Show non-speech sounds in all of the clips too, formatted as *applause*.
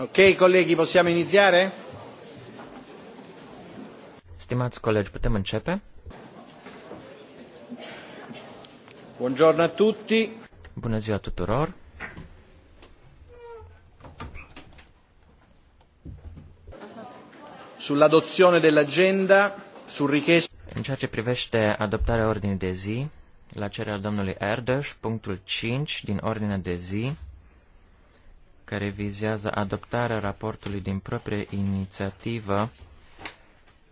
Ok, colleghi, possiamo iniziare? Stimați colegi, putem începe? Buongiorno a tutti. Bună ziua tuturor. Sull'adozione dell'agenda, su richiesta... În ceea ce privește adoptarea ordinii de zi, la cererea domnului Erdős, punctul 5 din ordinea de zi, care vizează adoptarea raportului din proprie inițiativă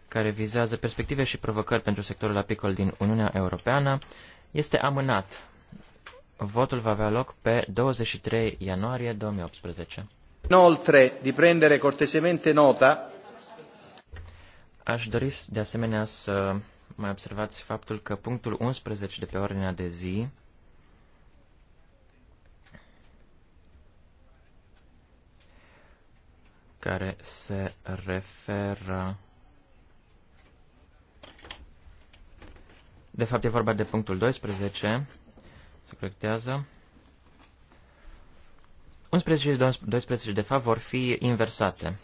care vizează perspective și provocări pentru sectorul apicol din Uniunea Europeană, este amânat. Votul va avea loc pe 23 ianuarie 2018. Inoltre, di prendere cortesemente nota. Aș dori de asemenea să mai observați faptul că punctul 11 de pe ordinea de zi care se referă De fapt, e vorba de punctul 12. Se corectează. 11 și 12, de fapt, vor fi inversate.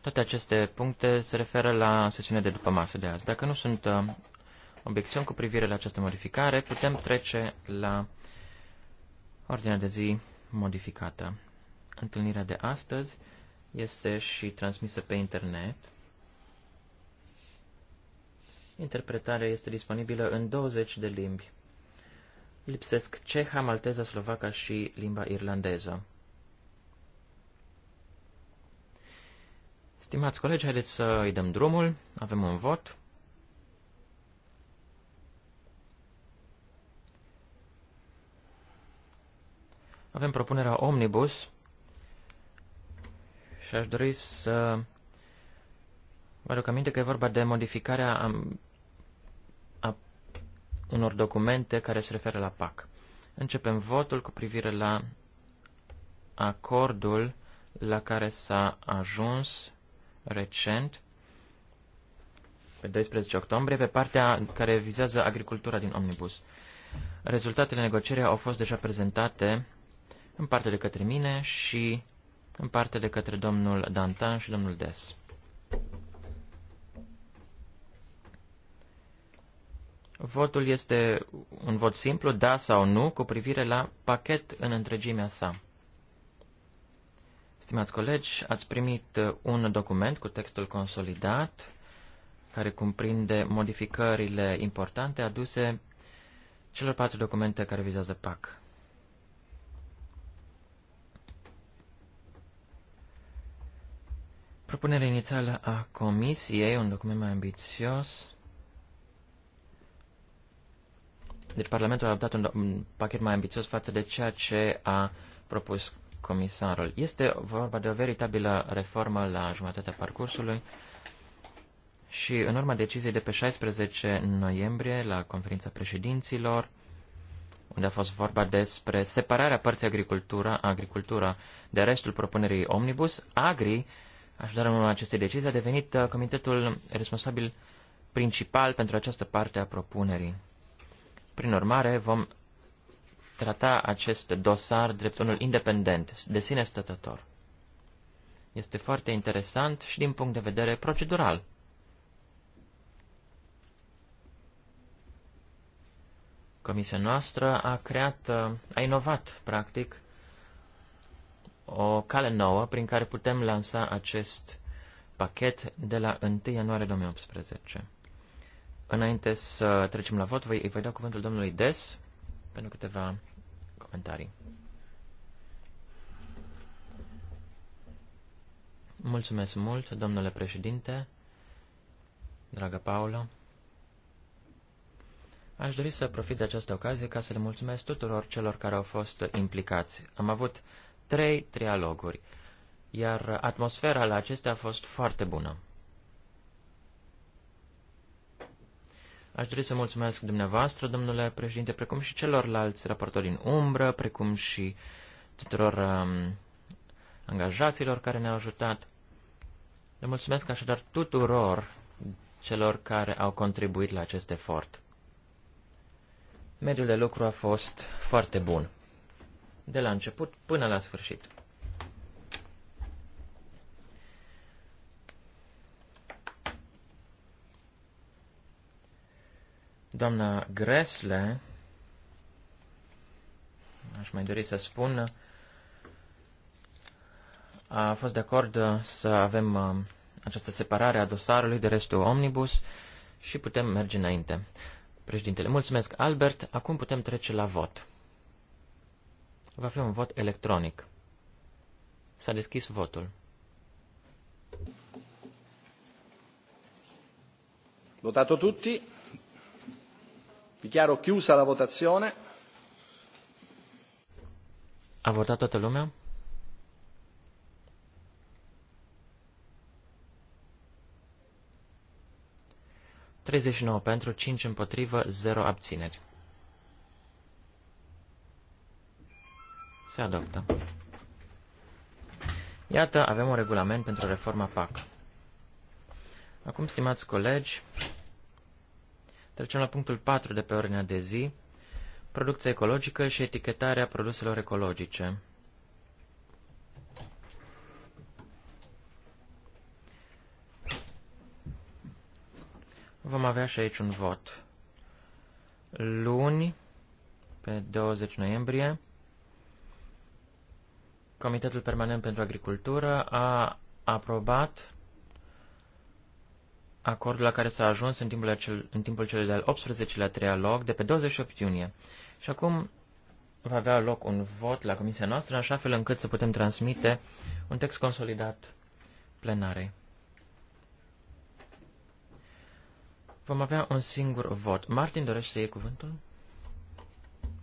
Toate aceste puncte se referă la sesiunea de după masă de azi. Dacă nu sunt uh, obiecțiuni cu privire la această modificare, putem trece la ordinea de zi modificată. Întâlnirea de astăzi este și transmisă pe internet. Interpretarea este disponibilă în 20 de limbi. Lipsesc ceha, malteza, slovaca și limba irlandeză. Stimați colegi, haideți să îi dăm drumul. Avem un vot. Avem propunerea Omnibus și aș dori să vă aduc aminte că e vorba de modificarea a, a unor documente care se referă la PAC. Începem votul cu privire la acordul la care s-a ajuns recent, pe 12 octombrie, pe partea care vizează agricultura din Omnibus. Rezultatele negocierii au fost deja prezentate în parte de către mine și în parte de către domnul Dantan și domnul Des. Votul este un vot simplu, da sau nu, cu privire la pachet în întregimea sa. Stimați colegi, ați primit un document cu textul consolidat, care cuprinde modificările importante aduse celor patru documente care vizează PAC. Propunerea inițială a Comisiei, un document mai ambițios. Deci Parlamentul a adoptat un, un pachet mai ambițios față de ceea ce a propus comisarul. Este vorba de o veritabilă reformă la jumătatea parcursului și în urma deciziei de pe 16 noiembrie la conferința președinților, unde a fost vorba despre separarea părții agricultura, agricultura de restul propunerii Omnibus, Agri Așadar, în urma acestei decizii a devenit uh, comitetul responsabil principal pentru această parte a propunerii. Prin urmare, vom trata acest dosar drept unul independent, de sine stătător. Este foarte interesant și din punct de vedere procedural. Comisia noastră a creat, uh, a inovat, practic, o cale nouă prin care putem lansa acest pachet de la 1 ianuarie 2018. Înainte să trecem la vot, îi voi da cuvântul domnului Des pentru câteva comentarii. Mulțumesc mult, domnule președinte, dragă Paula. Aș dori să profit de această ocazie ca să le mulțumesc tuturor celor care au fost implicați. Am avut trei trialoguri, iar atmosfera la acestea a fost foarte bună. Aș dori să mulțumesc dumneavoastră, domnule președinte, precum și celorlalți raportori din umbră, precum și tuturor um, angajaților care ne-au ajutat. Le mulțumesc așadar tuturor celor care au contribuit la acest efort. Mediul de lucru a fost foarte bun de la început până la sfârșit. Doamna Gresle, aș mai dori să spun, a fost de acord să avem uh, această separare a dosarului de restul omnibus și putem merge înainte. Președintele, mulțumesc, Albert. Acum putem trece la vot. Va fi un vot electronic. S-a deschis votul. Votato tutti. Dichiaro chiusa la votazione. A votat toată lumea? Treizeci și nouă pentru, cinci împotrivă, zero abțineri. Se adoptă. Iată, avem un regulament pentru reforma PAC. Acum, stimați colegi, trecem la punctul 4 de pe ordinea de zi, producția ecologică și etichetarea produselor ecologice. Vom avea și aici un vot. Luni, pe 20 noiembrie, Comitetul Permanent pentru Agricultură a aprobat acordul la care s-a ajuns în timpul, acel, în timpul celui de-al 18-lea trialog de pe 28 iunie. Și acum va avea loc un vot la comisia noastră, în așa fel încât să putem transmite un text consolidat plenarei. Vom avea un singur vot. Martin, dorește să iei cuvântul?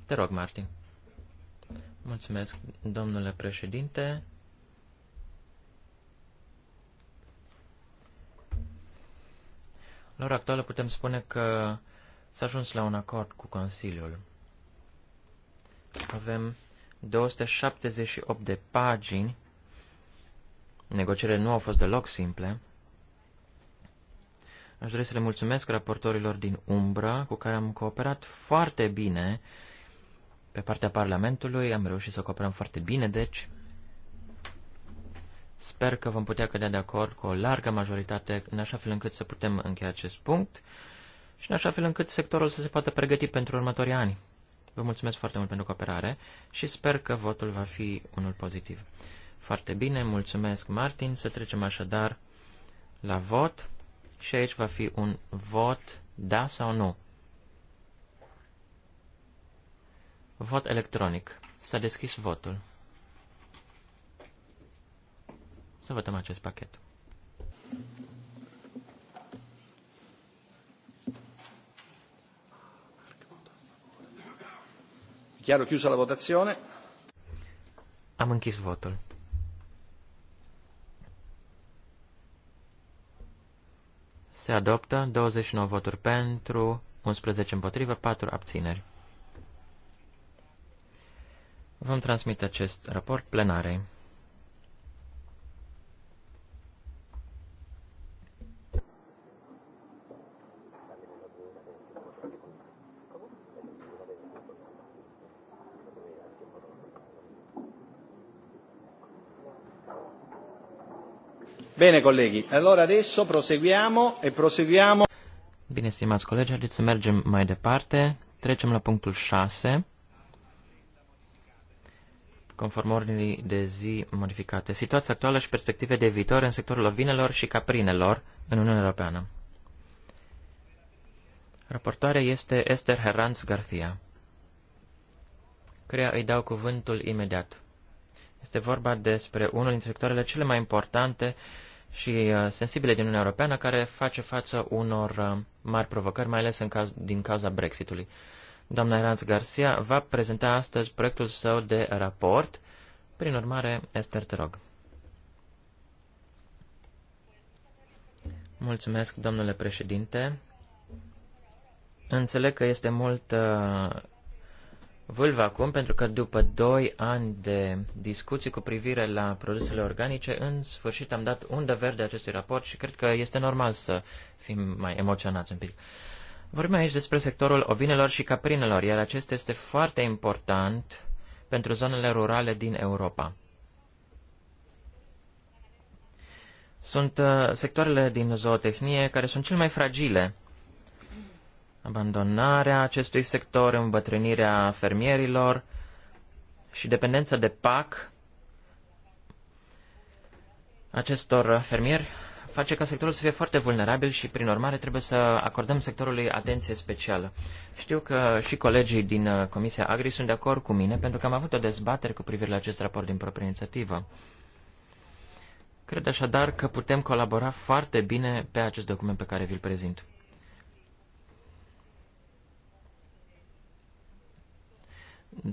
Te rog, Martin. Mulțumesc, domnule președinte. La ora actuală putem spune că s-a ajuns la un acord cu Consiliul. Avem 278 de pagini. Negocierile nu au fost deloc simple. Aș dori să le mulțumesc raportorilor din Umbra, cu care am cooperat foarte bine pe partea Parlamentului am reușit să cooperăm foarte bine, deci sper că vom putea cădea de acord cu o largă majoritate în așa fel încât să putem încheia acest punct și în așa fel încât sectorul să se poată pregăti pentru următorii ani. Vă mulțumesc foarte mult pentru cooperare și sper că votul va fi unul pozitiv. Foarte bine, mulțumesc Martin, să trecem așadar la vot și aici va fi un vot da sau nu. Vot electronic. S-a deschis votul. Să votăm acest pachet. Chiaro chiusa la votazione. Am închis votul. Se adoptă 29 voturi pentru, 11 împotrivă, 4 abțineri. Vom transmite acest raport plenarei. Bine, colegi. Allora adesso proseguiamo e proseguiamo. Bine, stimați colegi, haideți să mergem mai departe. Trecem la punctul 6 conform ordinii de zi modificate. Situația actuală și perspective de viitor în sectorul ovinelor și caprinelor în Uniunea Europeană. Raportoarea este Esther Herranz Garcia. Crea îi dau cuvântul imediat. Este vorba despre unul dintre sectoarele cele mai importante și uh, sensibile din Uniunea Europeană, care face față unor uh, mari provocări, mai ales în caz, din cauza Brexitului. ului Doamna Eranz Garcia va prezenta astăzi proiectul său de raport. Prin urmare, Esther, te rog. Mulțumesc, domnule președinte. Înțeleg că este mult uh, vâlvă acum, pentru că după doi ani de discuții cu privire la produsele organice, în sfârșit am dat undă verde acestui raport și cred că este normal să fim mai emoționați un pic. Uh, Vorbim aici despre sectorul ovinelor și caprinelor, iar acest este foarte important pentru zonele rurale din Europa. Sunt uh, sectoarele din zootehnie care sunt cel mai fragile. Abandonarea acestui sector, îmbătrânirea fermierilor și dependența de PAC acestor fermieri face ca sectorul să fie foarte vulnerabil și, prin urmare, trebuie să acordăm sectorului atenție specială. Știu că și colegii din uh, Comisia Agri sunt de acord cu mine, pentru că am avut o dezbatere cu privire la acest raport din proprie inițiativă. Cred așadar că putem colabora foarte bine pe acest document pe care vi-l prezint.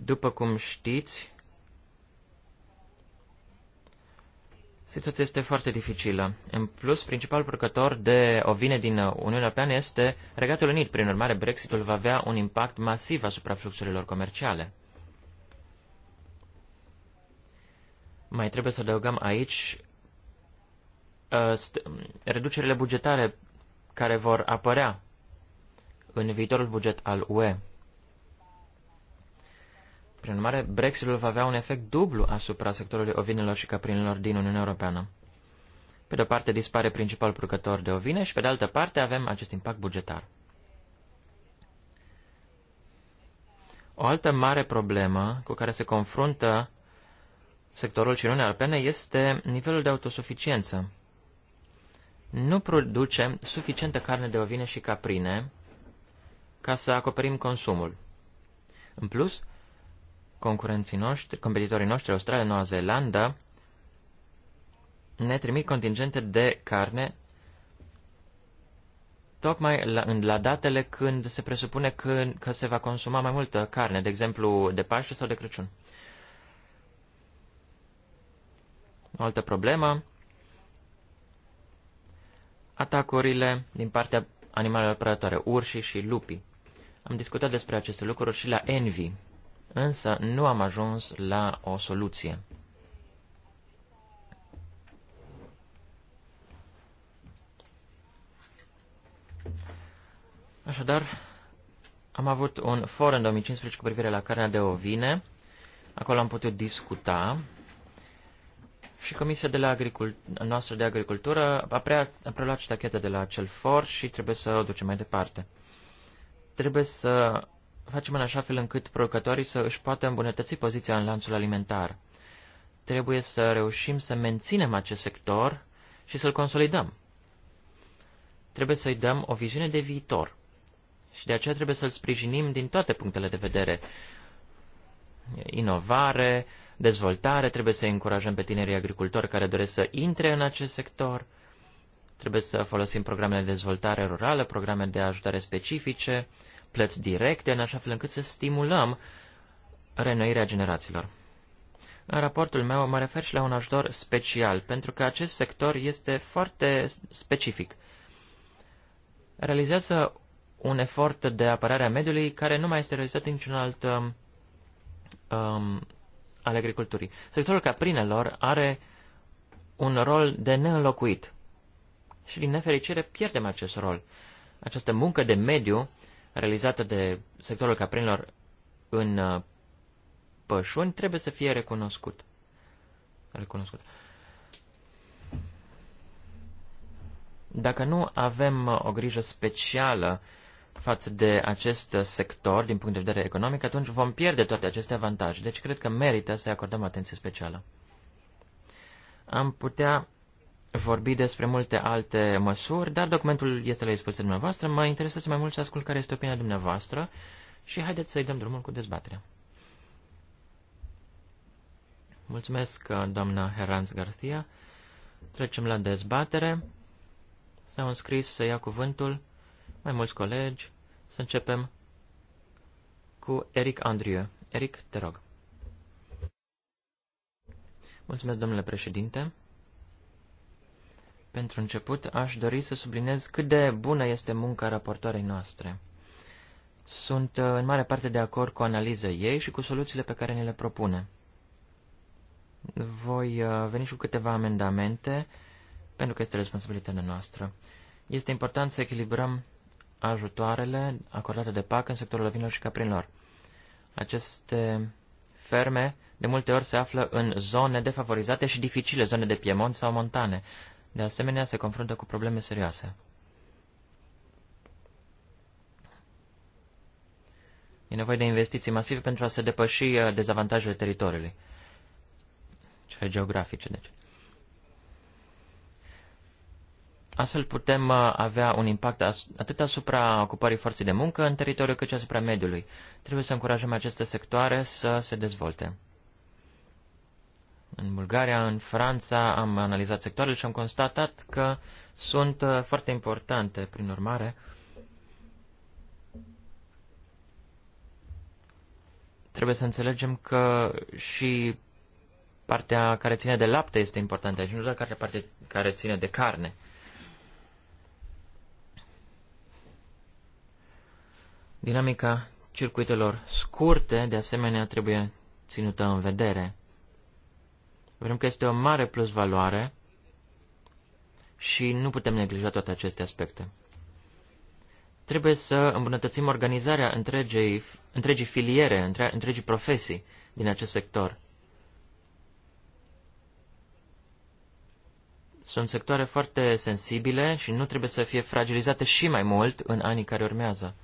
După cum știți, Situația este foarte dificilă. În plus, principalul producător de ovine din Uniunea Europeană este Regatul Unit. Prin urmare, Brexitul va avea un impact masiv asupra fluxurilor comerciale. Mai trebuie să adăugăm aici ă, reducerile bugetare care vor apărea în viitorul buget al UE. Prin urmare, Brexitul va avea un efect dublu asupra sectorului ovinelor și caprinelor din Uniunea Europeană. Pe de o parte dispare principal producător de ovine și pe de altă parte avem acest impact bugetar. O altă mare problemă cu care se confruntă sectorul și Uniunea Europeană este nivelul de autosuficiență. Nu producem suficientă carne de ovine și caprine ca să acoperim consumul. În plus, concurenții noștri, competitorii noștri, Australia, Noua Zeelandă, ne trimit contingente de carne tocmai la, la datele când se presupune că, că se va consuma mai multă carne, de exemplu de Paște sau de Crăciun. O altă problemă, atacurile din partea animalelor prădătoare, urșii și lupii. Am discutat despre aceste lucruri și la Envy, însă nu am ajuns la o soluție. Așadar, am avut un for în 2015 cu privire la carnea de ovine. Acolo am putut discuta și Comisia de la agricult- noastră de Agricultură a, prea... a preluat și tacheta de la acel for și trebuie să o ducem mai departe. Trebuie să facem în așa fel încât producătorii să își poată îmbunătăți poziția în lanțul alimentar. Trebuie să reușim să menținem acest sector și să-l consolidăm. Trebuie să-i dăm o viziune de viitor și de aceea trebuie să-l sprijinim din toate punctele de vedere. Inovare, dezvoltare, trebuie să încurajăm pe tinerii agricultori care doresc să intre în acest sector, trebuie să folosim programele de dezvoltare rurală, programe de ajutare specifice, plăți directe, în așa fel încât să stimulăm renoirea generațiilor. În raportul meu mă refer și la un ajutor special, pentru că acest sector este foarte specific. Realizează un efort de apărare a mediului care nu mai este realizat în niciun alt um, um al agriculturii. Sectorul caprinelor are un rol de neînlocuit și, din nefericire, pierdem acest rol. Această muncă de mediu realizată de sectorul caprinilor în uh, pășuni trebuie să fie recunoscut. recunoscut. Dacă nu avem uh, o grijă specială față de acest uh, sector din punct de vedere economic, atunci vom pierde toate aceste avantaje. Deci cred că merită să acordăm atenție specială. Am putea vorbi despre multe alte măsuri, dar documentul este la dispoziția dumneavoastră. Mă interesează mai mult să ascult care este opinia dumneavoastră și haideți să-i dăm drumul cu dezbaterea. Mulțumesc, doamna Heranz Garcia. Trecem la dezbatere. S-au înscris să ia cuvântul mai mulți colegi. Să începem cu Eric Andrieu. Eric, te rog. Mulțumesc, domnule președinte. Pentru început, aș dori să subliniez cât de bună este munca raportoarei noastre. Sunt uh, în mare parte de acord cu analiza ei și cu soluțiile pe care ne le propune. Voi uh, veni și cu câteva amendamente, pentru că este responsabilitatea noastră. Este important să echilibrăm ajutoarele acordate de PAC în sectorul vinilor și caprinilor. Aceste ferme de multe ori se află în zone defavorizate și dificile, zone de Piemont sau montane. De asemenea, se confruntă cu probleme serioase. E nevoie de investiții masive pentru a se depăși uh, dezavantajele teritoriului. Cele geografice, deci. Astfel putem uh, avea un impact atât asupra ocupării forței de muncă în teritoriu, cât și asupra mediului. Trebuie să încurajăm aceste sectoare să se dezvolte în Bulgaria, în Franța, am analizat sectoarele și am constatat că sunt uh, foarte importante, prin urmare. Trebuie să înțelegem că și partea care ține de lapte este importantă și nu doar partea care ține de carne. Dinamica circuitelor scurte, de asemenea, trebuie ținută în vedere. Vedem că este o mare plus valoare și nu putem neglija toate aceste aspecte. Trebuie să îmbunătățim organizarea întregii, întregii filiere, între, întregii profesii din acest sector. Sunt sectoare foarte sensibile și nu trebuie să fie fragilizate și mai mult în anii care urmează.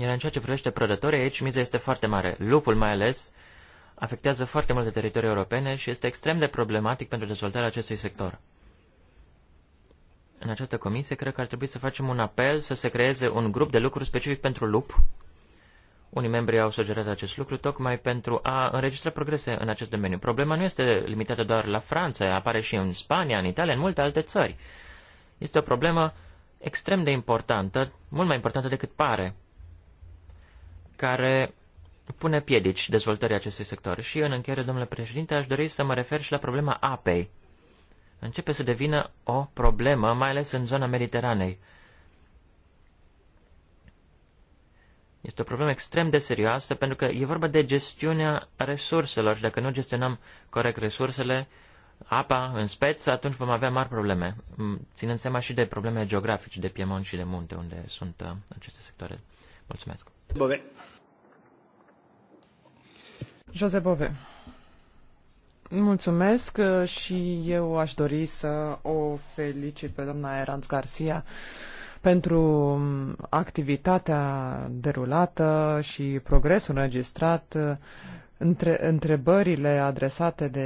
Iar în ceea ce privește prădătorii, aici miza este foarte mare. Lupul mai ales afectează foarte multe teritorii europene și este extrem de problematic pentru dezvoltarea acestui sector. În această comisie, cred că ar trebui să facem un apel să se creeze un grup de lucru specific pentru lup. Unii membri au sugerat acest lucru tocmai pentru a înregistra progrese în acest domeniu. Problema nu este limitată doar la Franța, apare și în Spania, în Italia, în multe alte țări. Este o problemă extrem de importantă, mult mai importantă decât pare care pune piedici dezvoltării acestui sector. Și în încheiere, domnule președinte, aș dori să mă refer și la problema apei. Începe să devină o problemă, mai ales în zona Mediteranei. Este o problemă extrem de serioasă pentru că e vorba de gestiunea resurselor și dacă nu gestionăm corect resursele, apa în speț, atunci vom avea mari probleme, ținând seama și de probleme geografice, de Piemont și de munte, unde sunt uh, aceste sectoare Mulțumesc. Bove. Jose Bove. Mulțumesc uh, și eu aș dori să o felicit pe doamna Eranț Garcia pentru um, activitatea derulată și progresul înregistrat uh, între, întrebările adresate de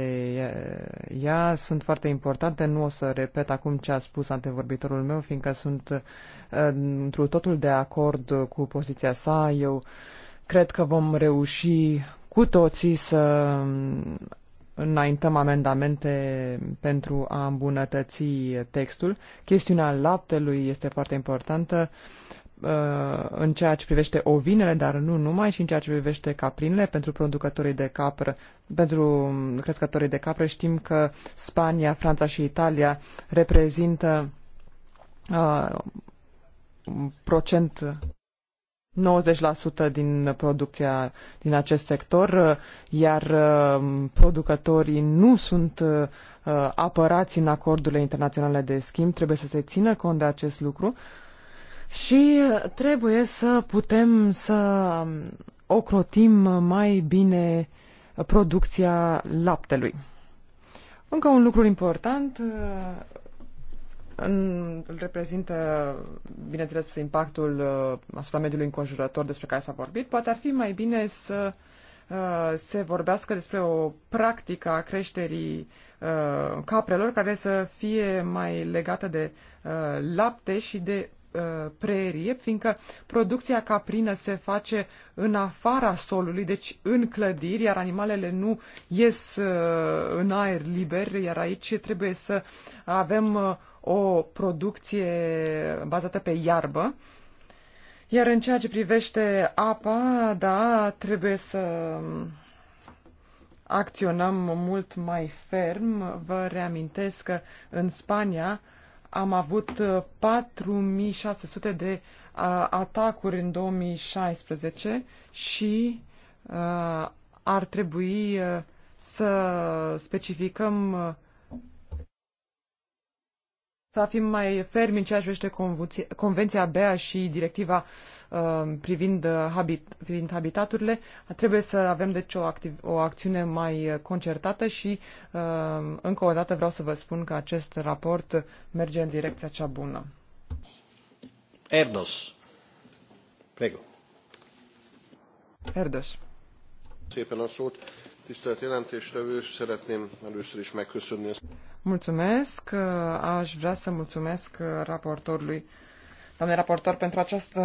ea sunt foarte importante. Nu o să repet acum ce a spus antevorbitorul meu, fiindcă sunt într uh, întru totul de acord cu poziția sa. Eu cred că vom reuși cu toții să um, înaintăm amendamente pentru a îmbunătăți textul. Chestiunea laptelui este foarte importantă. Uh, în ceea ce privește ovinele, dar nu numai, și în ceea ce privește caprinele, pentru producătorii de capră, pentru crescătorii de capră, știm că Spania, Franța și Italia reprezintă uh, un procent 90% din producția din acest sector, uh, iar uh, producătorii nu sunt apărați în acordurile internaționale de schimb. Trebuie să se țină cont de acest lucru și trebuie să putem să ocrotim mai bine producția laptelui. Încă un lucru important îl reprezintă, bineînțeles, impactul uh, asupra mediului înconjurător despre care s-a vorbit. Poate ar fi mai bine să uh, se vorbească despre o practică a creșterii uh, caprelor care să fie mai legată de lapte și de Uh, prerie, fiindcă producția caprină se face în afara solului, deci în clădiri, iar animalele nu ies uh, în aer liber, iar aici trebuie să avem uh, o producție bazată pe iarbă. Iar în ceea ce privește apa, da, trebuie să um, acționăm mult mai ferm. Vă reamintesc că în Spania am avut 4600 uh, de uh, atacuri în 2016 și uh, ar trebui uh, să specificăm uh, să fim mai fermi în ceea ce privește Convenția BEA și directiva uh, privind, uh, habit, privind habitaturile. Trebuie să avem deci o, activ, o acțiune mai concertată și uh, încă o dată vreau să vă spun că acest raport merge în direcția cea bună. Erdos. Prego. Erdos. Szépen a szót. Tisztelt jelentéstevő, szeretném először is megköszönni ezt. Mulțumesc. Aș vrea să mulțumesc raportorului, doamne raportor, pentru această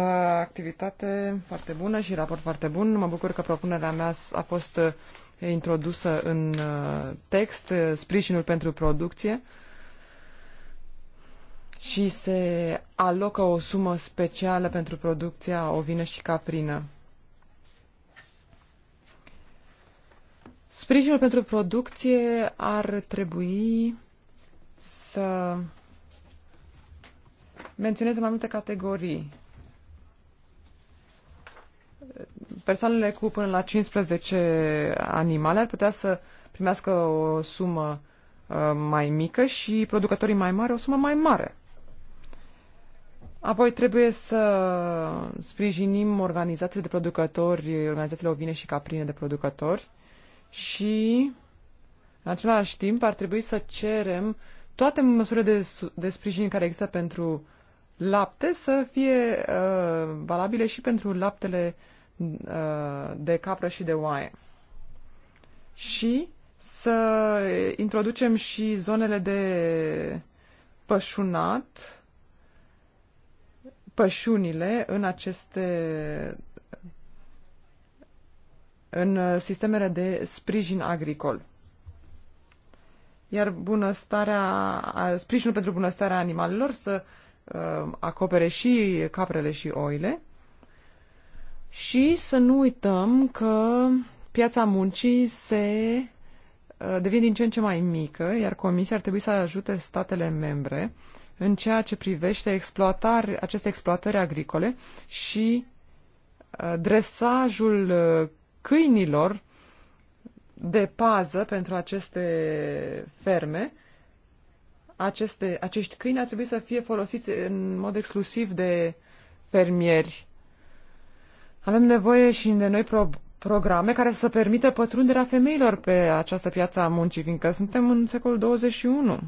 activitate foarte bună și raport foarte bun. Mă bucur că propunerea mea a fost introdusă în text, sprijinul pentru producție și se alocă o sumă specială pentru producția ovină și caprină. Sprijinul pentru producție ar trebui să menționez mai multe categorii. Persoanele cu până la 15 animale ar putea să primească o sumă uh, mai mică și producătorii mai mari o sumă mai mare. Apoi trebuie să sprijinim organizațiile de producători, organizațiile ovine și caprine de producători și în același timp ar trebui să cerem uh, toate măsurile de, de sprijin care există pentru lapte să fie uh, valabile și pentru laptele uh, de capră și de oaie. Și să introducem și zonele de pășunat, pășunile în aceste în uh, sistemele de sprijin agricol iar bunăstarea, sprijinul pentru bunăstarea animalelor să uh, acopere și caprele și oile. Și să nu uităm că piața muncii se uh, devine din ce în ce mai mică, iar Comisia ar trebui să ajute statele membre în ceea ce privește exploatare aceste exploatări agricole și uh, dresajul câinilor de pază pentru aceste ferme, aceste, acești câini ar trebui să fie folosiți în mod exclusiv de fermieri. Avem nevoie și de noi pro- programe care să permită pătrunderea femeilor pe această piață a muncii, fiindcă suntem în secolul 21.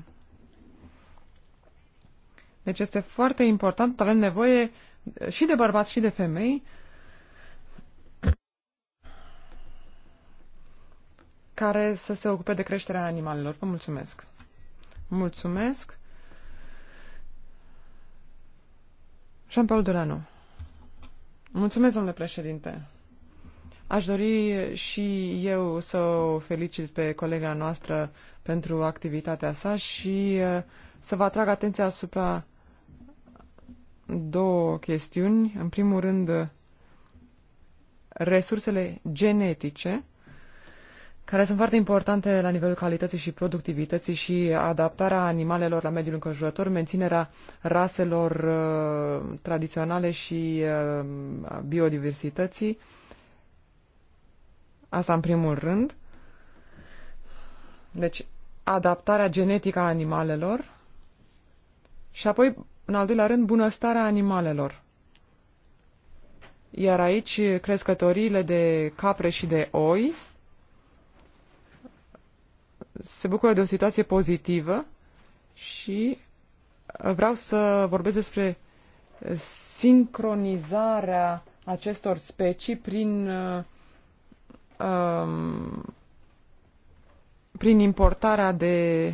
Deci este foarte important, avem nevoie și de bărbați și de femei care să se ocupe de creșterea animalelor. Vă mulțumesc. Mulțumesc. Jean-Paul Delano. Mulțumesc, domnule președinte. Aș dori și eu să o felicit pe colega noastră pentru activitatea sa și uh, să vă atrag atenția asupra două chestiuni. În primul rând, resursele genetice care sunt foarte importante la nivelul calității și productivității și adaptarea animalelor la mediul înconjurător, menținerea raselor uh, tradiționale și uh, biodiversității. Asta în primul rând. Deci, adaptarea genetică a animalelor și apoi, în al doilea rând, bunăstarea animalelor. Iar aici, crescătorile de capre și de oi se bucură de o situație pozitivă și uh, vreau să vorbesc despre sincronizarea acestor specii prin, uh, um, prin importarea de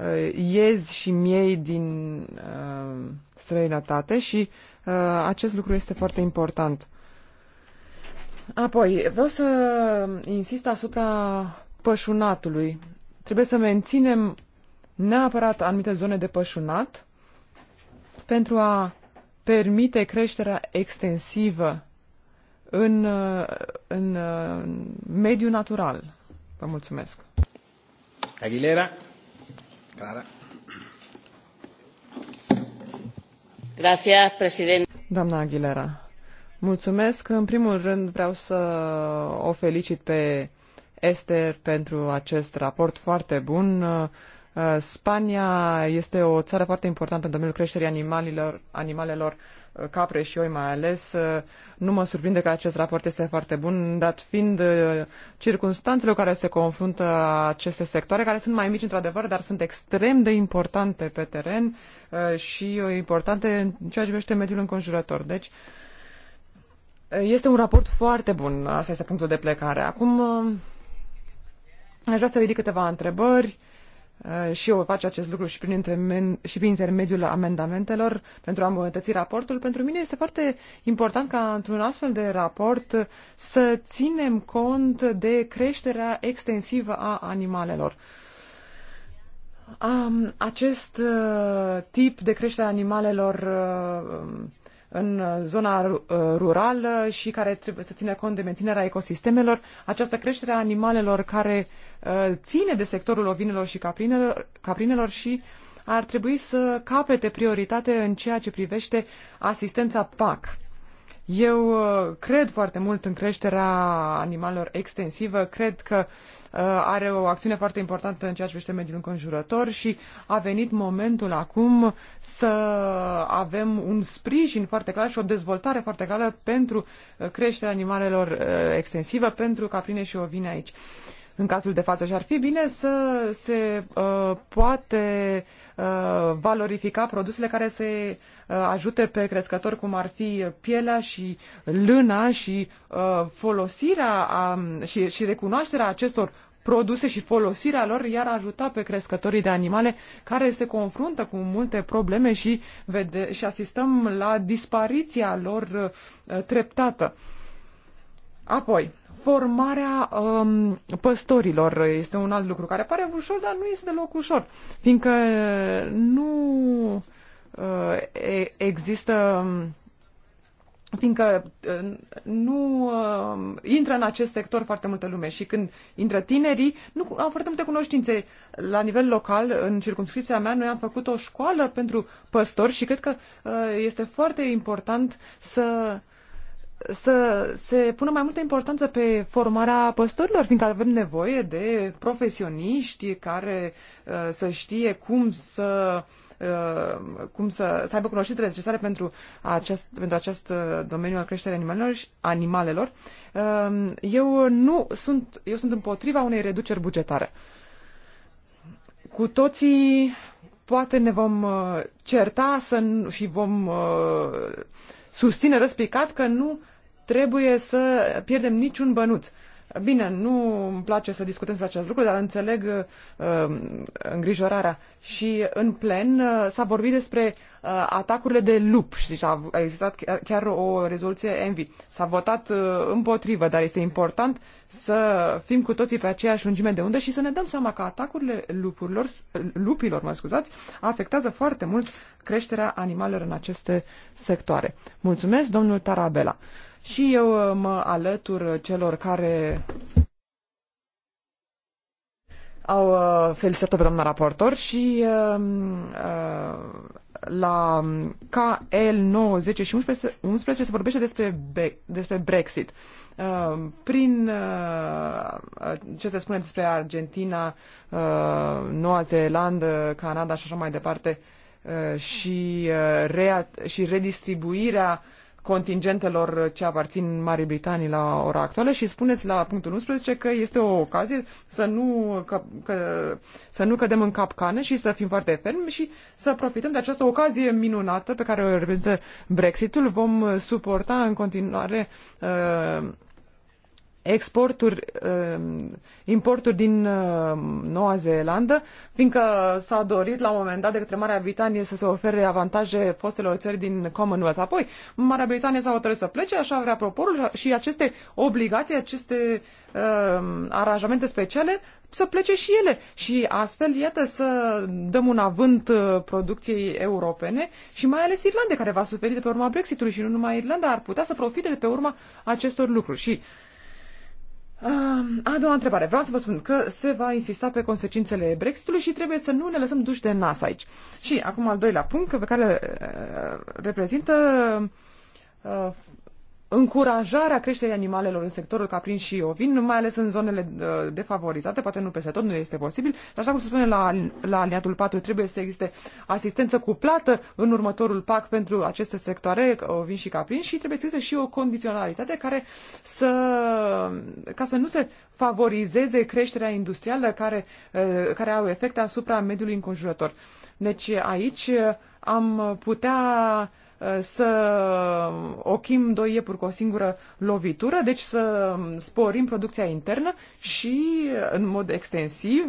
uh, iezi și miei din uh, străinătate și uh, acest lucru este foarte important. Apoi, vreau să insist asupra pășunatului. Trebuie să menținem neapărat anumite zone de pășunat pentru a permite creșterea extensivă în, în mediul natural. Vă mulțumesc. Aguilera. Clara. Gracias, president. Doamna Aguilera, mulțumesc. În primul rând vreau să o felicit pe este pentru acest raport foarte bun. Uh, Spania este o țară foarte importantă în domeniul creșterii animalilor, animalelor, uh, capre și oi mai ales. Uh, nu mă surprinde că acest raport este foarte bun, dat fiind circunstanțele cu care se confruntă aceste sectoare, care sunt mai mici într-adevăr, dar sunt extrem de importante pe teren și importante în ceea ce privește mediul înconjurător. Deci, este un raport foarte bun, asta este punctul de plecare. Acum, Aș vrea să ridic câteva întrebări uh, și eu fac acest lucru și prin, intermen, și prin intermediul amendamentelor pentru a îmbunătăți raportul. Pentru mine este foarte important ca într-un astfel de raport să ținem cont de creșterea extensivă a animalelor. Acest uh, tip de creștere a animalelor uh, um, în uh, zona uh, rurală și care trebuie să țină cont de menținerea ecosistemelor, această creștere a animalelor care uh, ține de sectorul ovinelor și caprinelor, caprinelor și ar trebui să capete prioritate în ceea ce privește asistența PAC. Eu uh, cred foarte mult în creșterea animalelor extensivă, cred că uh, are o acțiune foarte importantă în ceea ce privește mediul înconjurător și a venit momentul acum să avem un sprijin foarte clar și o dezvoltare foarte clară pentru uh, creșterea animalelor extensivă, pentru caprine și ovine aici. În cazul de față și ar fi bine să se uh, poate uh, Uh, valorifica produsele care se uh, ajute pe crescători, cum ar fi pielea și lâna și uh, folosirea um, și, și recunoașterea acestor produse și folosirea lor iar ajuta pe crescătorii de animale care se confruntă cu multe probleme și, vede- și asistăm la dispariția lor treptată. Apoi, formarea um, păstorilor este un alt lucru care pare ușor, dar nu este deloc ușor, fiindcă nu uh, există fiindcă uh, nu uh, intră în acest sector foarte multă lume și când intră tinerii, nu au foarte multe cunoștințe. La nivel local, în circumscripția mea, noi am făcut o școală pentru păstori și cred că uh, este foarte important să să se pună mai multă importanță pe formarea păstorilor, fiindcă avem nevoie de profesioniști care uh, să știe cum să uh, cum să, să aibă cunoștințele necesare pentru acest, pentru acest uh, domeniu al creșterii animalelor. Și, animalelor. Um, eu nu sunt, eu sunt împotriva unei reduceri bugetare. Cu toții poate ne vom certa să, și vom susține răspicat că nu trebuie să pierdem niciun bănuț. Bine, nu îmi place să discutăm despre acest lucru, dar înțeleg uh, îngrijorarea. Și în plen uh, s-a vorbit despre uh, atacurile de lup și a, a existat chiar, chiar o rezoluție Envy. S-a votat uh, împotrivă, dar este important să fim cu toții pe aceeași lungime de undă și să ne dăm seama că atacurile lupurilor, lupilor mă scuzați, afectează foarte mult creșterea animalelor în aceste sectoare. Mulțumesc, domnul Tarabela. Și eu uh, mă alătur celor care au uh, felicitat-o pe doamna raportor și um, uh, la KL 9, 10 și 11, 11 se vorbește despre, despre Brexit. Prin ce se spune despre Argentina, Noua Zeelandă, Canada și așa mai departe și, rea, și redistribuirea uh, contingentelor ce aparțin Marii Britanii la ora actuală și spuneți la punctul 11 că este o ocazie să nu, că, că, să nu cădem în capcane și să fim foarte fermi și să profităm de această ocazie minunată pe care o reprezintă Brexitul. Vom suporta în continuare uh, exporturi, um, importuri din uh, Noua Zeelandă, fiindcă s-a dorit la un moment dat de către Marea Britanie să se ofere avantaje fostelor țări din Commonwealth. Apoi, Marea Britanie s-a hotărât să plece, așa vrea proporul și aceste obligații, aceste uh, aranjamente speciale să plece și ele. Și astfel, iată, să dăm un avânt uh, producției europene și mai ales Irlande, care va suferi de pe urma Brexitului și nu numai Irlanda, ar putea să profite de pe urma acestor lucruri. Și uh, a doua întrebare. Vreau să vă spun că se va insista pe consecințele Brexitului și trebuie să nu ne lăsăm duși de nas aici. Și acum al doilea punct pe care uh, reprezintă uh, încurajarea creșterii animalelor în sectorul caprin și ovin, mai ales în zonele uh, defavorizate, poate nu peste tot, nu este posibil. Dar așa cum se spune la, la aliatul 4, trebuie să existe asistență cuplată în următorul PAC pentru aceste sectoare, uh, ovin și caprin, și trebuie să existe și o condiționalitate care să, ca să nu se favorizeze creșterea industrială care, uh, care au efecte asupra mediului înconjurător. Deci aici am putea uh, să ochim doi iepuri cu o singură lovitură, deci să sporim producția internă și în mod extensiv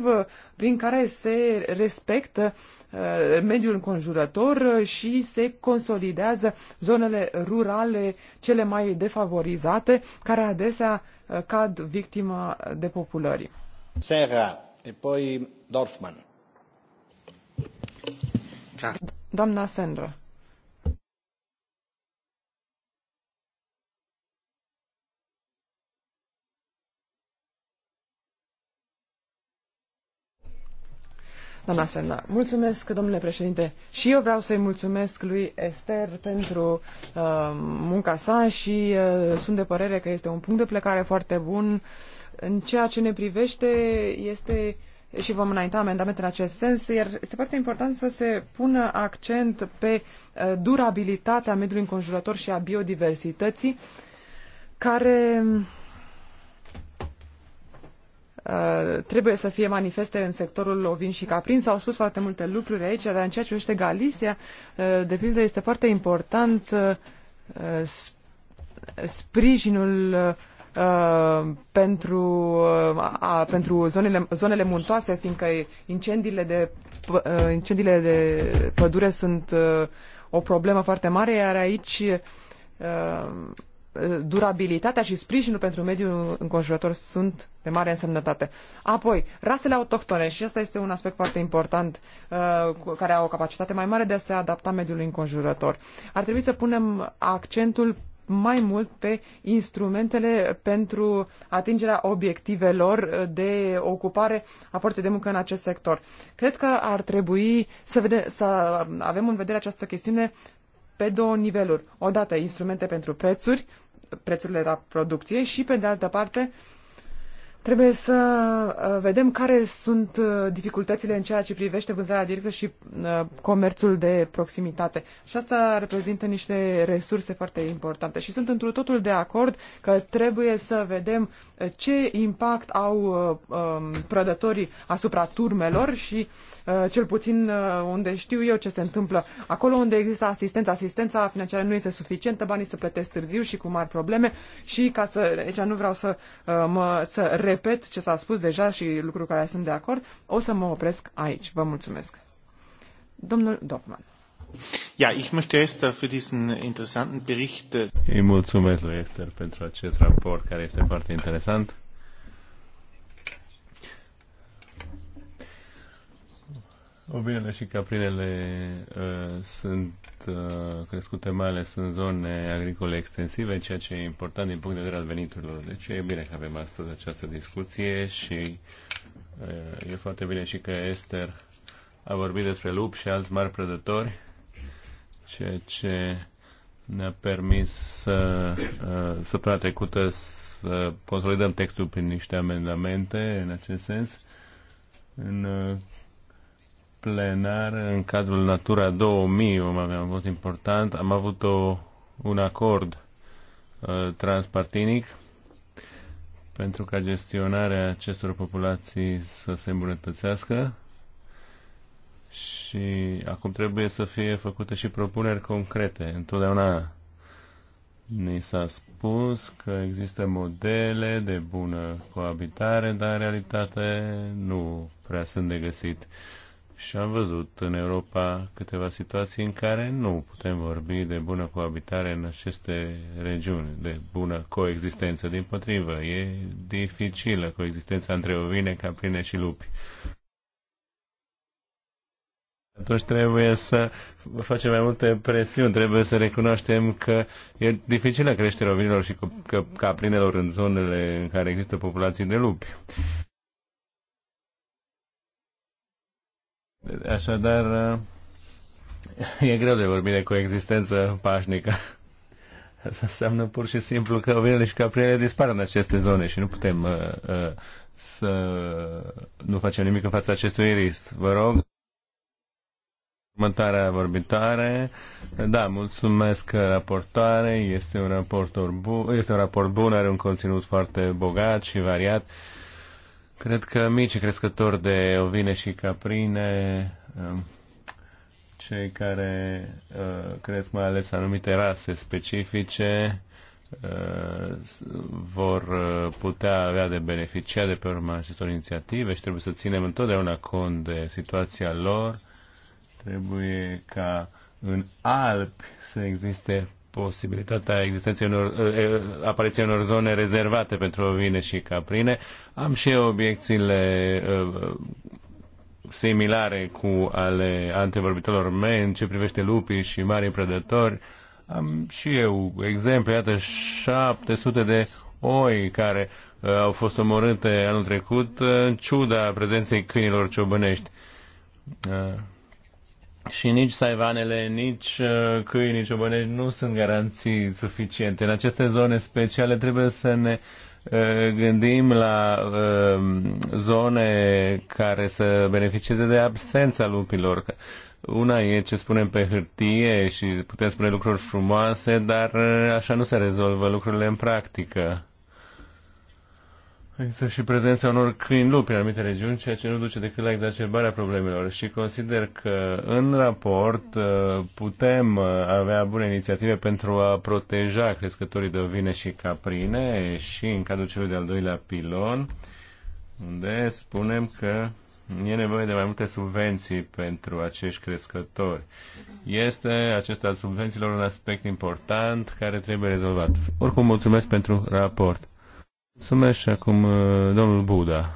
prin care se respectă uh, mediul înconjurător și se consolidează zonele rurale cele mai defavorizate, care adesea uh, cad victima depopulării. Serra, e poi Dorfman. Doamna Sandra. Doamna Semna, mulțumesc, domnule președinte. Și eu vreau să-i mulțumesc lui Ester pentru uh, munca sa și uh, sunt de părere că este un punct de plecare foarte bun. În ceea ce ne privește este și vom înainta amendamente în acest sens, iar este foarte important să se pună accent pe uh, durabilitatea mediului înconjurător și a biodiversității, care uh, Uh, trebuie să fie manifeste în sectorul ovin și caprin. S-au spus foarte multe lucruri aici, dar în ceea ce privește Galicia, uh, de pildă, este foarte important uh, sprijinul pentru, a, pentru zonele, zonele muntoase, fiindcă incendiile de, incendiile de pădure sunt o problemă foarte mare, iar aici durabilitatea și sprijinul pentru mediul înconjurător sunt de mare însemnătate. Apoi, rasele autohtone, și asta este un aspect foarte important, uh, care au o capacitate mai mare de a se adapta mediului înconjurător. Ar trebui să punem accentul mai mult pe instrumentele pentru atingerea obiectivelor de ocupare a forței de muncă în acest sector. Cred că ar trebui să, vede- să avem în vedere această chestiune pe două niveluri. Odată, instrumente pentru prețuri, prețurile la producție și, pe de altă parte, Trebuie să uh, vedem care sunt uh, dificultățile în ceea ce privește vânzarea directă și uh, comerțul de proximitate. Și asta reprezintă niște resurse foarte importante. Și sunt într totul de acord că trebuie să vedem ce impact au um, prădătorii asupra turmelor și cel puțin unde știu eu ce se întâmplă. Acolo unde există asistență, asistența financiară nu este suficientă, banii se plătesc târziu și cu mari probleme și ca să, aici nu vreau să mă să repet ce s-a spus deja și lucruri care sunt de acord, o să mă opresc aici. Vă mulțumesc. Domnul Dofman. Ja, ich möchte Esther für diesen interessanten Bericht. Ich äh, mulțumesc lui Esther pentru acest raport care este foarte interesant. Obiele și caprinele uh, sunt Uh, crescute mai ales în zone agricole extensive, ceea ce e important din punct de vedere al veniturilor. Deci e bine că avem astăzi această discuție și uh, e foarte bine și că Esther a vorbit despre lup și alți mari prădători, ceea ce ne-a permis să, uh, săptămâna trecută, să consolidăm textul prin niște amendamente în acest sens. În plenar în cadrul Natura 2000 vom avea un vot important. Am avut o, un acord uh, transpartinic pentru ca gestionarea acestor populații să se îmbunătățească și acum trebuie să fie făcute și propuneri concrete. Întotdeauna ni s-a spus că există modele de bună coabitare, dar în realitate nu prea sunt de găsit. Uh, și am văzut în Europa câteva situații în care nu putem vorbi de bună coabitare în aceste regiuni, de bună coexistență. Din potrivă, e dificilă coexistența între ovine, caprine și lupi. Atunci trebuie să facem mai multe presiuni, trebuie să recunoaștem că e dificilă creșterea ovinilor și caprinelor în zonele în care există populații de lupi. Așadar, e greu de vorbit de coexistență pașnică. Asta înseamnă pur și simplu că ovinele și capriele dispar în aceste zone și nu putem uh, uh, să nu facem nimic în fața acestui risc. Vă rog. Următoarea vorbitoare. Da, mulțumesc raportoare. Este un, raport bun, este un raport bun, are un conținut foarte bogat și variat. Uh, Cred că mici crescători de ovine și caprine, um, cei care uh, cresc mai ales anumite rase specifice, uh, vor uh, putea avea de beneficia de pe urma acestor inițiative și trebuie să ținem întotdeauna cont de situația lor. Trebuie ca în Alpi să existe posibilitatea existenței unor, eh, eh, apariției unor zone rezervate pentru ovine și caprine. Am și eu obiecțiile eh, similare cu ale antevorbitorilor mei în ce privește lupii și marii prădători. Am și eu exemplu, iată 700 de oi care uh, au fost omorâte anul trecut uh, în ciuda prezenței câinilor ciobănești. Uh, și nici saivanele, nici uh, nici obănești nu sunt garanții suficiente. În aceste zone speciale trebuie să ne uh, gândim la uh, zone care să beneficieze de absența lupilor. Una e ce spunem pe hârtie și putem spune lucruri frumoase, dar așa nu se rezolvă lucrurile în practică. Există și prezența unor câini lupi în anumite regiuni, ceea ce nu duce decât la exacerbarea problemelor și consider că în raport uh, putem uh, avea bune inițiative pentru a proteja crescătorii de ovine și caprine și în cadrul celui de-al doilea pilon, unde spunem că e nevoie de mai multe subvenții pentru acești crescători. Este acesta al subvențiilor un aspect important care trebuie rezolvat. Oricum, mulțumesc pentru raport. Mulțumesc și acum uh, domnul Buda.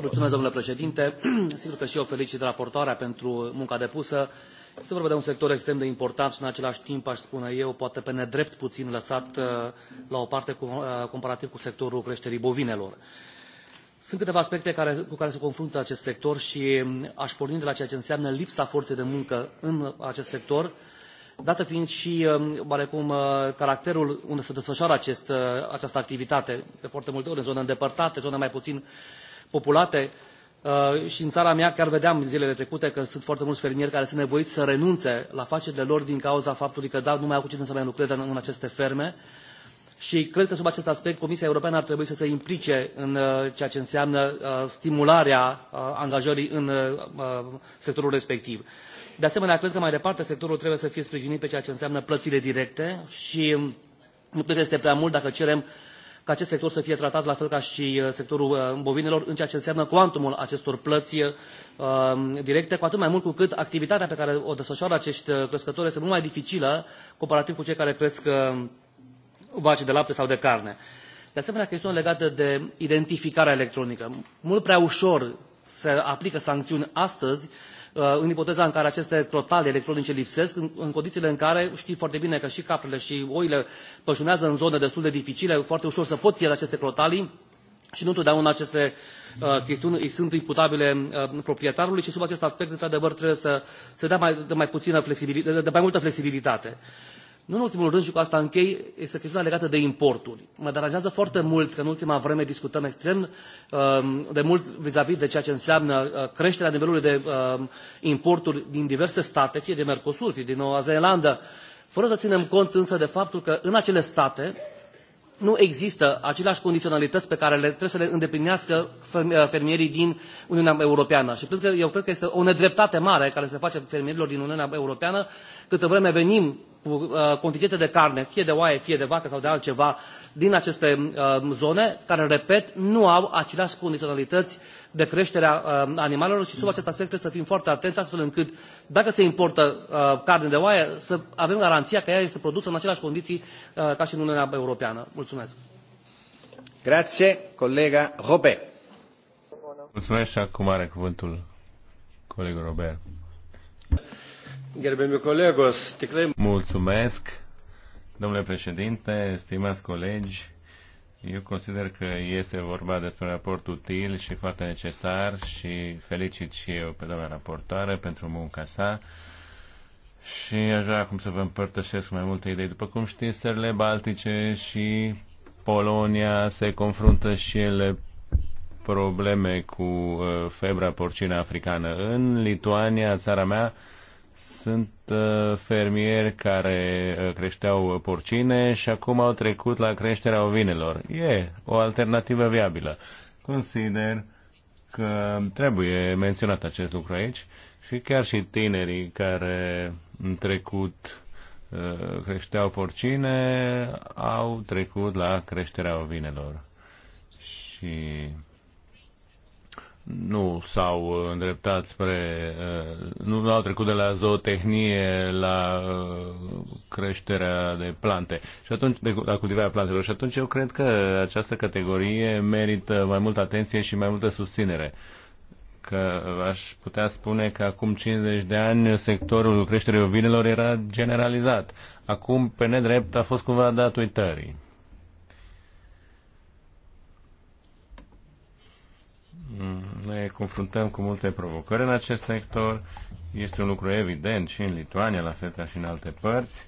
Mulțumesc, domnule președinte. *clears throat* Sigur că și eu felicit raportoarea pentru munca depusă. Se vorba de un sector extrem de important și în același timp, aș spune eu, poate pe nedrept puțin lăsat uh, la o parte uh, comparativ cu sectorul creșterii bovinelor. Sunt câteva aspecte care, cu care se confruntă acest sector și aș porni de la ceea ce înseamnă lipsa forței de muncă în acest sector, dată fiind și um, oarecum uh, caracterul unde se desfășoară acest, uh, această activitate, de foarte multe ori în zone îndepărtate, zone mai puțin populate, uh, și în țara mea chiar vedeam zilele trecute că sunt foarte mulți fermieri care sunt nevoiți să renunțe la afacerile lor din cauza faptului că da, nu mai au cu cine să mai lucreze în, în aceste ferme. Și cred că sub acest aspect Comisia Europeană ar trebui să se implice în ceea ce înseamnă stimularea angajării în sectorul respectiv. De asemenea, cred că mai departe sectorul trebuie să fie sprijinit pe ceea ce înseamnă plățile directe și mm, nu cred că este prea mult dacă cerem ca acest sector să fie tratat la fel ca și uh, sectorul uh, bovinelor în ceea ce înseamnă cuantumul acestor plăți uh, directe, cu atât mai mult cu cât activitatea pe care o desfășoară acești uh, crescători este mult mai dificilă comparativ cu cei care cresc uh, vaci de lapte sau de carne. De asemenea, chestiuni legate de identificarea electronică. Mult prea ușor se aplică sancțiuni astăzi Uh, în ipoteza în care aceste crotale electronice lipsesc, în, în condițiile în care știi foarte bine că și caprele și oile pășunează în zone destul de dificile, foarte ușor să pot pierde aceste crotalii și nu întotdeauna aceste uh, chestiuni îi sunt imputabile uh, proprietarului și sub acest aspect, într-adevăr, trebuie să să dea mai, de mai, puțină flexibilitate, de mai multă flexibilitate. Uh, nu în ultimul rând, și cu asta închei, este chestiunea legată de importuri. Mă deranjează foarte mult că în ultima vreme discutăm extrem uh, de mult vis-a-vis de ceea ce înseamnă uh, creșterea nivelului de uh, importuri din diverse state, fie din Mercosur, fie din Noua Zeelandă, fără să ținem cont însă de faptul că în acele state nu există aceleași condiționalități pe care le, trebuie să le îndeplinească fermierii din Uniunea Europeană. Și cred că, eu cred că este o nedreptate mare care se face fermierilor din Uniunea Europeană câtă vreme venim cu uh, contingente de carne, fie de oaie, fie de vacă sau de altceva, din aceste uh, zone, care, repet, nu au aceleași condiționalități de creștere a uh, animalelor și sub acest aspect trebuie să fim foarte atenți, astfel încât, dacă se importă carne de oaie, să avem garanția că ea este produsă în aceleași condiții ca și în Uniunea Europeană. Mulțumesc! Grazie, colega Robert. Mulțumesc și acum are cuvântul colegul Robert. Mulțumesc, domnule președinte, stimați colegi. Eu consider că este vorba despre un raport util și foarte necesar și felicit și eu pe doamna raportoare pentru munca sa. Și aș vrea acum să vă împărtășesc mai multe idei. După cum știți, țările Baltice și Polonia se confruntă și ele probleme cu uh, febra porcină africană. În Lituania, țara mea, sunt uh, fermieri care uh, creșteau porcine și acum au trecut la creșterea ovinelor. E o alternativă viabilă. Consider că trebuie menționat acest lucru aici și chiar și tinerii care în trecut uh, creșteau porcine au trecut la creșterea ovinelor. Și nu s-au uh, îndreptat spre, uh, nu au trecut de la zootehnie la uh, creșterea de plante și atunci, de, la cultivarea plantelor. Și atunci eu cred că această categorie merită mai multă atenție și mai multă susținere. Că aș putea spune că acum 50 de ani sectorul creșterii ovinelor era generalizat. Acum, pe nedrept, a fost cumva dat uitării. ne confruntăm cu multe provocări în acest sector. Este un lucru evident și în Lituania, la fel ca și în alte părți.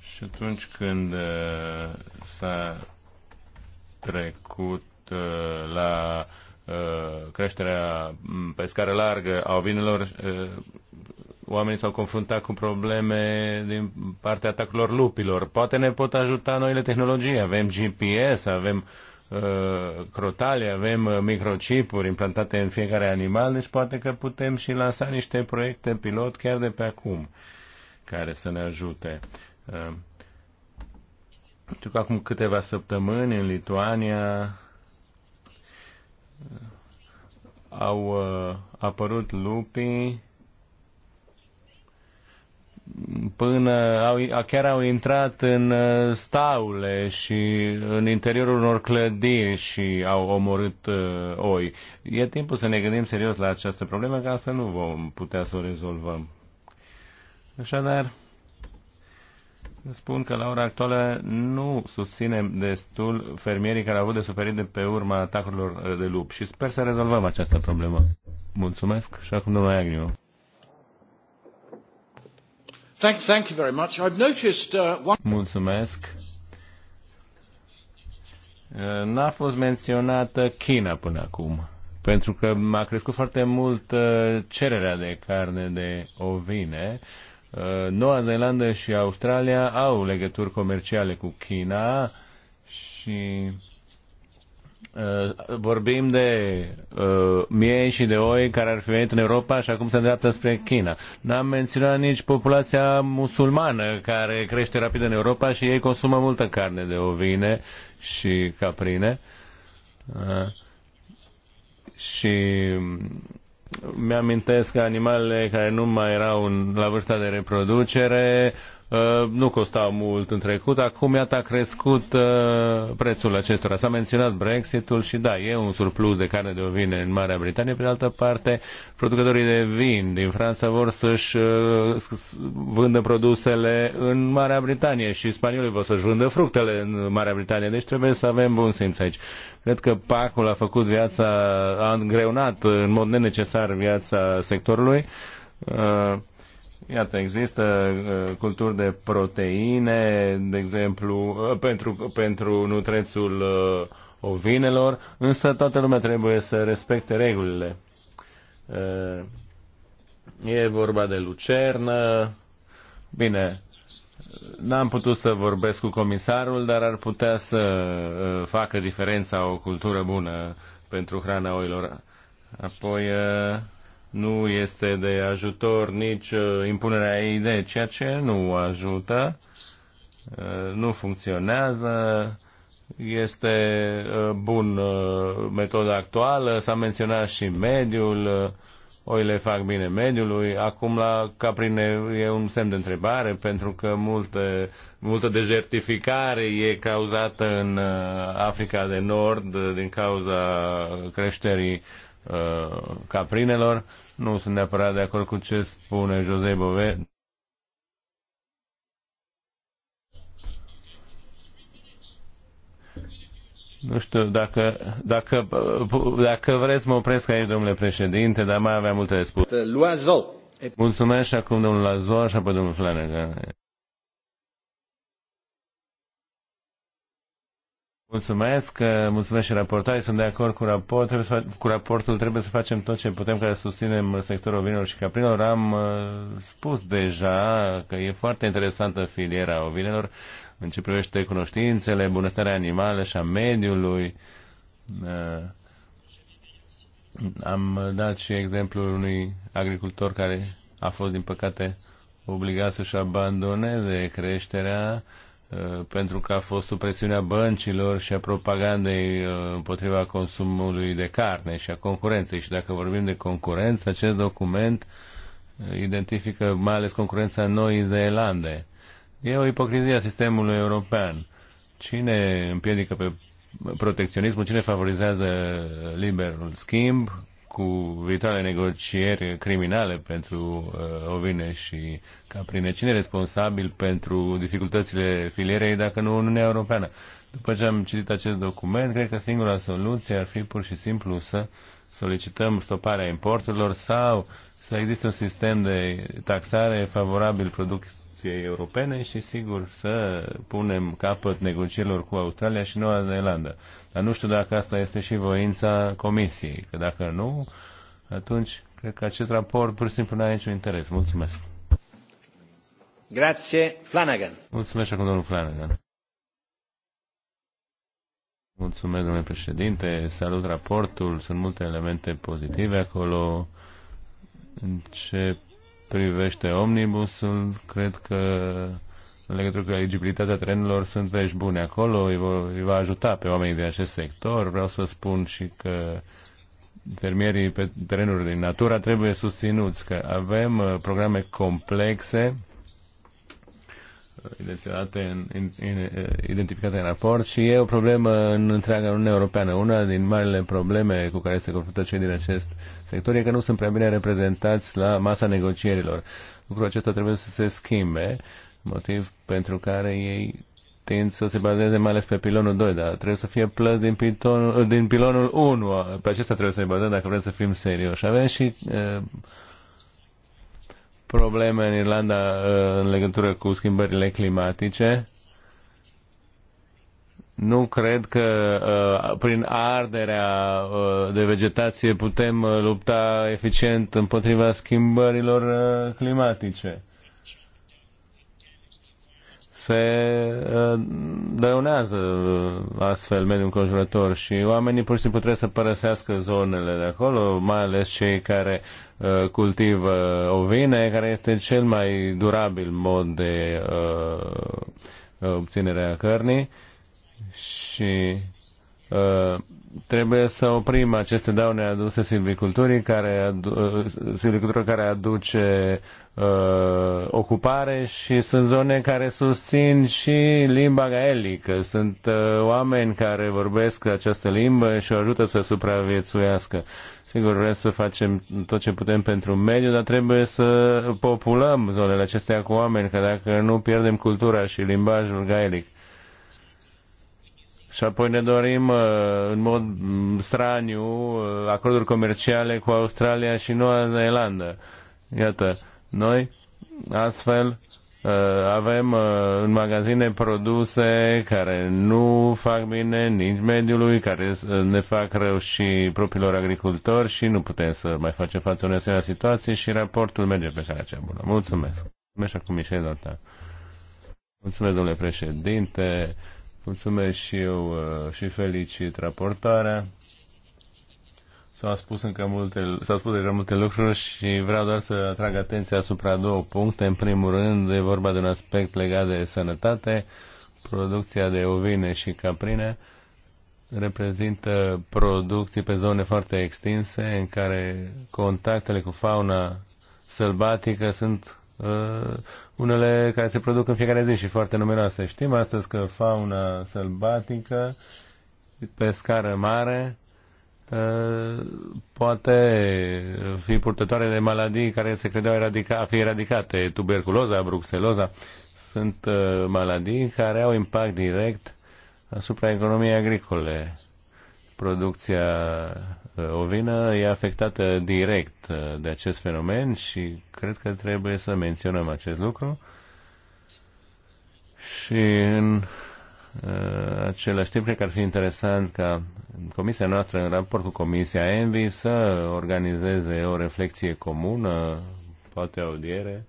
Și atunci când uh, s-a trecut uh, la uh, creșterea pe scară largă a ovinelor, oamenii s-au confruntat cu probleme din partea atacurilor lupilor. Poate ne pot ajuta noile tehnologii. Avem GPS, avem uh, Uh, crotale, avem uh, microchipuri implantate în fiecare animal, deci poate că putem și lansa niște proiecte pilot chiar de pe acum care să ne ajute. Uh, știu că acum câteva săptămâni în Lituania au apărut lupii până au, chiar au intrat în uh, staule și în interiorul unor clădiri și au omorât uh, oi. E timpul să ne gândim serios la această problemă, că altfel nu vom putea să o rezolvăm. Așadar, spun că la ora actuală nu susținem destul fermierii care au avut de suferit de pe urma atacurilor de lup și sper să rezolvăm această problemă. Mulțumesc și acum domnul Agniu. Thank, thank you very much. I've noticed, uh, one... Mulțumesc. Uh, n-a fost menționată China până acum, pentru că m-a crescut foarte mult uh, cererea de carne de ovine. Uh, Noua Zeelandă și Australia au legături comerciale cu China și Uh, vorbim de uh, miei și de oi care ar fi venit în Europa și acum se îndreaptă spre China. N-am menționat nici populația musulmană care crește rapid în Europa și ei consumă multă carne de ovine și caprine. Uh, și mi-amintesc că animalele care nu mai erau la vârsta de reproducere uh, Uh, nu costau mult în trecut, acum iată a crescut uh, prețul acestora. S-a menționat Brexitul și da, e un surplus de carne de ovine în Marea Britanie. Pe de altă parte, producătorii de vin din Franța vor să-și uh, vândă produsele în Marea Britanie și spaniolii vor să-și vândă fructele în Marea Britanie. Deci trebuie să avem bun simț aici. Cred că pacul a făcut viața, a îngreunat în mod nenecesar viața sectorului. Uh, Iată, există uh, culturi de proteine, de exemplu, uh, pentru, pentru nutrețul uh, ovinelor, însă toată lumea trebuie să respecte regulile. Uh, e vorba de lucernă. Bine, n-am putut să vorbesc cu comisarul, dar ar putea să uh, facă diferența o cultură bună pentru hrana oilor. Apoi... Uh, nu este de ajutor nici uh, impunerea ei de ceea ce nu ajută, uh, nu funcționează, este uh, bun metoda actuală, s-a menționat și mediul, oile fac bine mediului, acum la caprine e un semn de întrebare pentru că multe, multă dejertificare e cauzată în Africa de Nord din cauza creșterii caprinelor nu sunt neapărat de acord cu ce spune Jose Bove. Nu știu, dacă, dacă, dacă vreți mă opresc aici, domnule președinte, dar mai avea multe de spus. Mulțumesc și acum domnul Lazo și apoi domnul Flanagan. Mulțumesc, mulțumesc și raportare, sunt de acord cu, raport, trebuie să, cu raportul, trebuie să facem tot ce putem ca să susținem sectorul ovinelor și caprinelor. Am uh, spus deja că e foarte interesantă filiera ovinelor în ce privește cunoștințele, bunătatea animală și a mediului. Uh, am dat și exemplul unui agricultor care a fost, din păcate, obligat să-și abandoneze creșterea Uh, pentru că a fost o presiune a băncilor și a propagandei uh, împotriva consumului de carne și a concurenței. Și dacă vorbim de concurență, acest document uh, identifică mai ales concurența Noii Zeelande. E o ipocrizie a sistemului european. Cine împiedică pe protecționismul, cine favorizează liberul schimb, cu viitoare negocieri criminale pentru uh, ovine și caprine? Cine e responsabil pentru dificultățile filierei dacă nu Uniunea Europeană? După ce am citit acest document, cred că singura soluție ar fi pur și simplu să solicităm stoparea importurilor sau să existe un sistem de taxare favorabil produs, construcției europene și sigur să punem capăt negocierilor cu Australia și Noua Zeelandă. Dar nu știu dacă asta este și voința Comisiei, că dacă nu, atunci cred că acest raport pur și simplu nu are niciun interes. Mulțumesc. Grazie, Flanagan. Mulțumesc acum domnul Flanagan. Mulțumesc, domnule președinte. Salut raportul. Sunt multe elemente pozitive acolo. Încep ce privește omnibusul, cred că în legătură cu eligibilitatea trenurilor sunt vești bune acolo, îi, vor, îi va ajuta pe oamenii din acest sector. Vreau să spun și că fermierii pe trenuri din natura trebuie susținuți, că avem uh, programe complexe identificate în, în, identificate în raport și e o problemă în întreaga Uniune Europeană. Una din marile probleme cu care se confruntă cei din acest sector e că nu sunt prea bine reprezentați la masa negocierilor. Lucrul acesta trebuie să se schimbe, motiv pentru care ei tind să se bazeze mai ales pe pilonul 2, dar trebuie să fie plăți din, pitonul, din pilonul 1. Pe acesta trebuie să ne bazăm dacă vrem să fim serioși. Avem și uh, probleme în Irlanda uh, în legătură cu schimbările climatice. Nu cred că uh, prin arderea uh, de vegetație putem lupta eficient împotriva schimbărilor climatice se dăunează astfel mediul înconjurător și oamenii pur și simplu trebuie să părăsească zonele de acolo, mai ales cei care cultivă ovine, care este cel mai durabil mod de obținere a cărnii și trebuie să oprim aceste daune aduse silviculturii care, adu- uh, silvicultura care aduce uh, ocupare și sunt zone care susțin și limba gaelică. Sunt uh, oameni care vorbesc această limbă și o ajută să supraviețuiască. Sigur, vrem să facem tot ce putem pentru mediu, dar trebuie să populăm zonele acestea cu oameni, că dacă nu pierdem cultura și limbajul gaelic. Și apoi ne dorim uh, în mod mm, straniu uh, acorduri comerciale cu Australia și Noua Zeelandă. Iată, noi astfel uh, avem în magazine produse care nu fac bine nici mediului, care ne fac rău și propriilor agricultori și nu putem să mai facem față unei asemenea situații și raportul merge pe care cea bună. Mulțumesc! Mulțumesc acum Michel Mulțumesc, domnule președinte. Mulțumesc și eu uh, și felicit raportarea. s a spus încă multe, s a spus încă multe lucruri și vreau doar să atrag atenția asupra două puncte. În primul rând, e vorba de un aspect legat de sănătate. Producția de ovine și caprine reprezintă producții pe zone foarte extinse în care contactele cu fauna sălbatică sunt Uh, unele care se produc în fiecare zi și foarte numeroase. Știm astăzi că fauna sălbatică pe scară mare uh, poate fi purtătoare de maladii care se credeau eradica, a fi eradicate, tuberculoza, bruxeloza. Sunt uh, maladii care au impact direct asupra economiei agricole. Producția ovină e afectată direct de acest fenomen și cred că trebuie să menționăm acest lucru și în uh, același timp, cred că ar fi interesant ca comisia noastră, în raport cu comisia Envi, să organizeze o reflexie comună, poate audiere,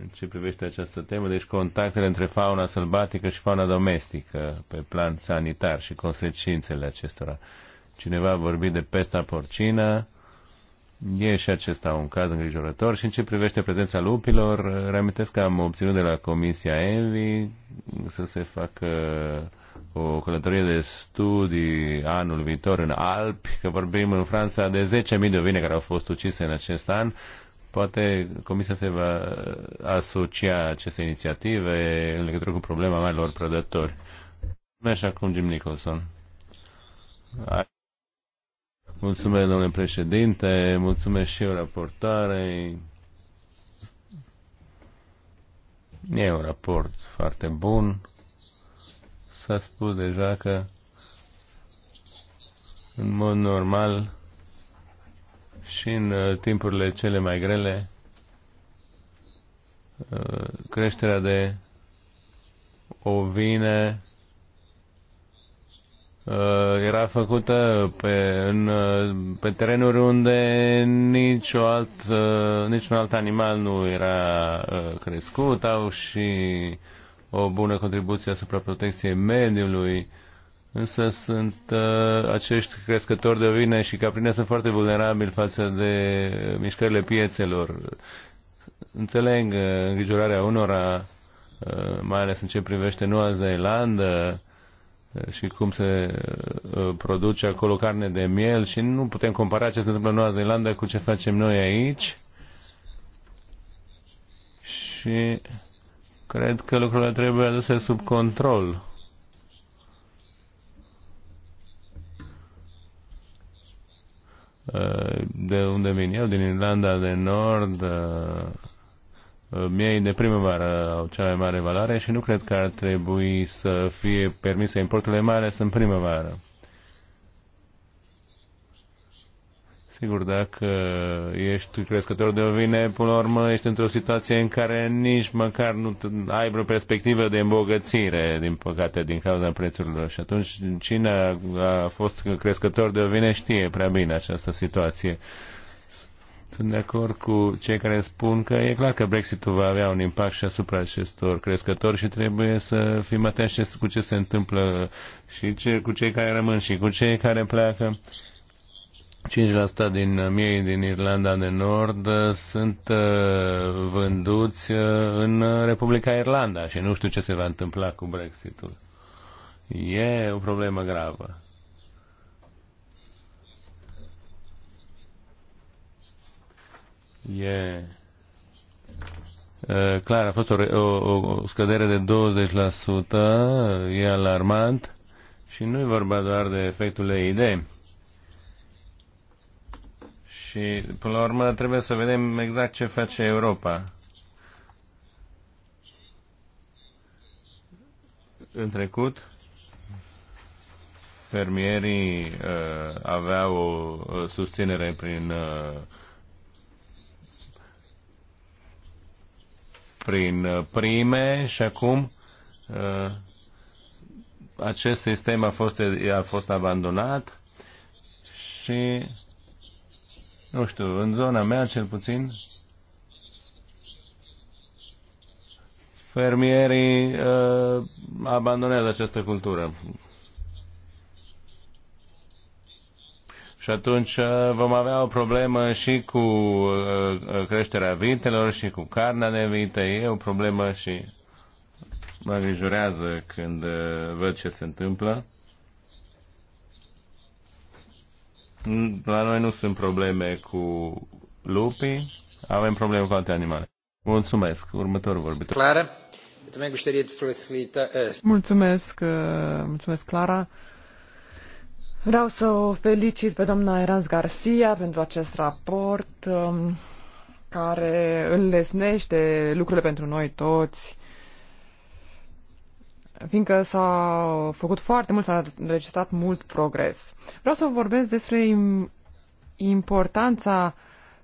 în ce privește această temă, deci contactele între fauna sălbatică și fauna domestică pe plan sanitar și consecințele acestora. Cineva a vorbit de pesta porcină, E și acesta un caz îngrijorător și în ce privește prezența lupilor, reamintesc că am obținut de la Comisia Envi să se facă o călătorie de studii anul viitor în Alpi, că vorbim în Franța de 10.000 de ovine care au fost ucise în acest an. Poate Comisia se va asocia aceste inițiative în legătură cu problema marilor prădători. Așa cum Jim Nicholson. Ai Mulțumesc, domnule președinte, mulțumesc și eu raportarei. E un raport foarte bun. S-a spus deja că în mod normal și în uh, timpurile cele mai grele uh, creșterea de ovine Uh, era făcută pe, în, uh, pe terenuri unde nici, alt, uh, niciun alt animal nu era crescut, au și o bună contribuție asupra protecției mediului, însă sunt acești crescători de ovine și caprine sunt foarte vulnerabili față de mișcările piețelor. Înțeleg îngrijorarea unora, mai ales în ce privește Noua Zeelandă, și cum se uh, produce acolo carne de miel și nu putem compara ce se întâmplă în Noua Zeelandă cu ce facem noi aici. Și cred că lucrurile trebuie aduse sub control. Uh, de unde vin eu, din Irlanda de Nord, uh, miei de primăvară au cea mai mare valoare și nu cred că ar trebui să fie permise importurile, mai ales în primăvară. Sigur, dacă ești crescător de ovine, până la urmă ești într-o situație în care nici măcar nu ai vreo perspectivă de îmbogățire, din păcate, din cauza prețurilor. Și atunci cine a, a fost crescător de ovine știe prea bine această situație. Sunt de acord cu cei care spun că e clar că Brexitul va avea un impact și asupra acestor crescători și trebuie să fim atenți cu ce se întâmplă și ce, cu cei care rămân și cu cei care pleacă. 5% din miei din Irlanda de Nord uh, sunt uh, vânduți uh, în Republica Irlanda și nu știu ce se va întâmpla cu Brexitul. E o problemă gravă. e clar, a fost o, o, o scădere de 20%, e alarmant și nu e vorba doar de efectul EID. Și, până la urmă, trebuie să vedem exact ce face Europa. În trecut, fermierii uh, aveau o susținere prin uh, prin uh, prime și acum uh, acest sistem a fost, a fost abandonat și, nu știu, în zona mea cel puțin, fermierii uh, abandonează această cultură. Și atunci uh, vom avea o problemă și cu uh, uh, creșterea vitelor și cu carnea de vite. E o problemă și mă îngrijorează când văd ce se întâmplă. La noi nu sunt probleme cu lupii, avem probleme cu alte animale. Mulțumesc. Următorul vorbitor. Clara, mulțumesc, mulțumesc Clara. Vreau să o felicit pe doamna Erans Garcia pentru acest raport um, care înlesnește lucrurile pentru noi toți fiindcă s-a făcut foarte mult, s-a înregistrat mult progres. Vreau să vorbesc despre importanța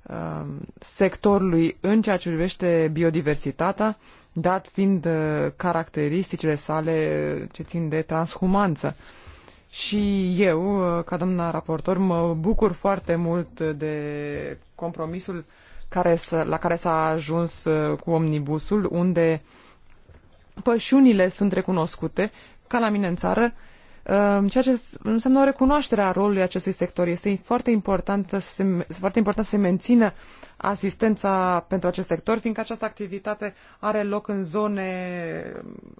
um, sectorului în ceea ce privește biodiversitatea, dat fiind uh, caracteristicile sale ce țin de transhumanță. Uh, și eu, ca doamna raportor, mă bucur foarte mult de compromisul care la care s-a ajuns uh, cu omnibusul, unde pășunile sunt recunoscute, ca la mine în țară, Ehm, ceea ce înseamnă o recunoaștere a rolului acestui sector. Este foarte important să se, foarte important să se mențină asistența pentru acest sector, fiindcă această activitate are loc în zone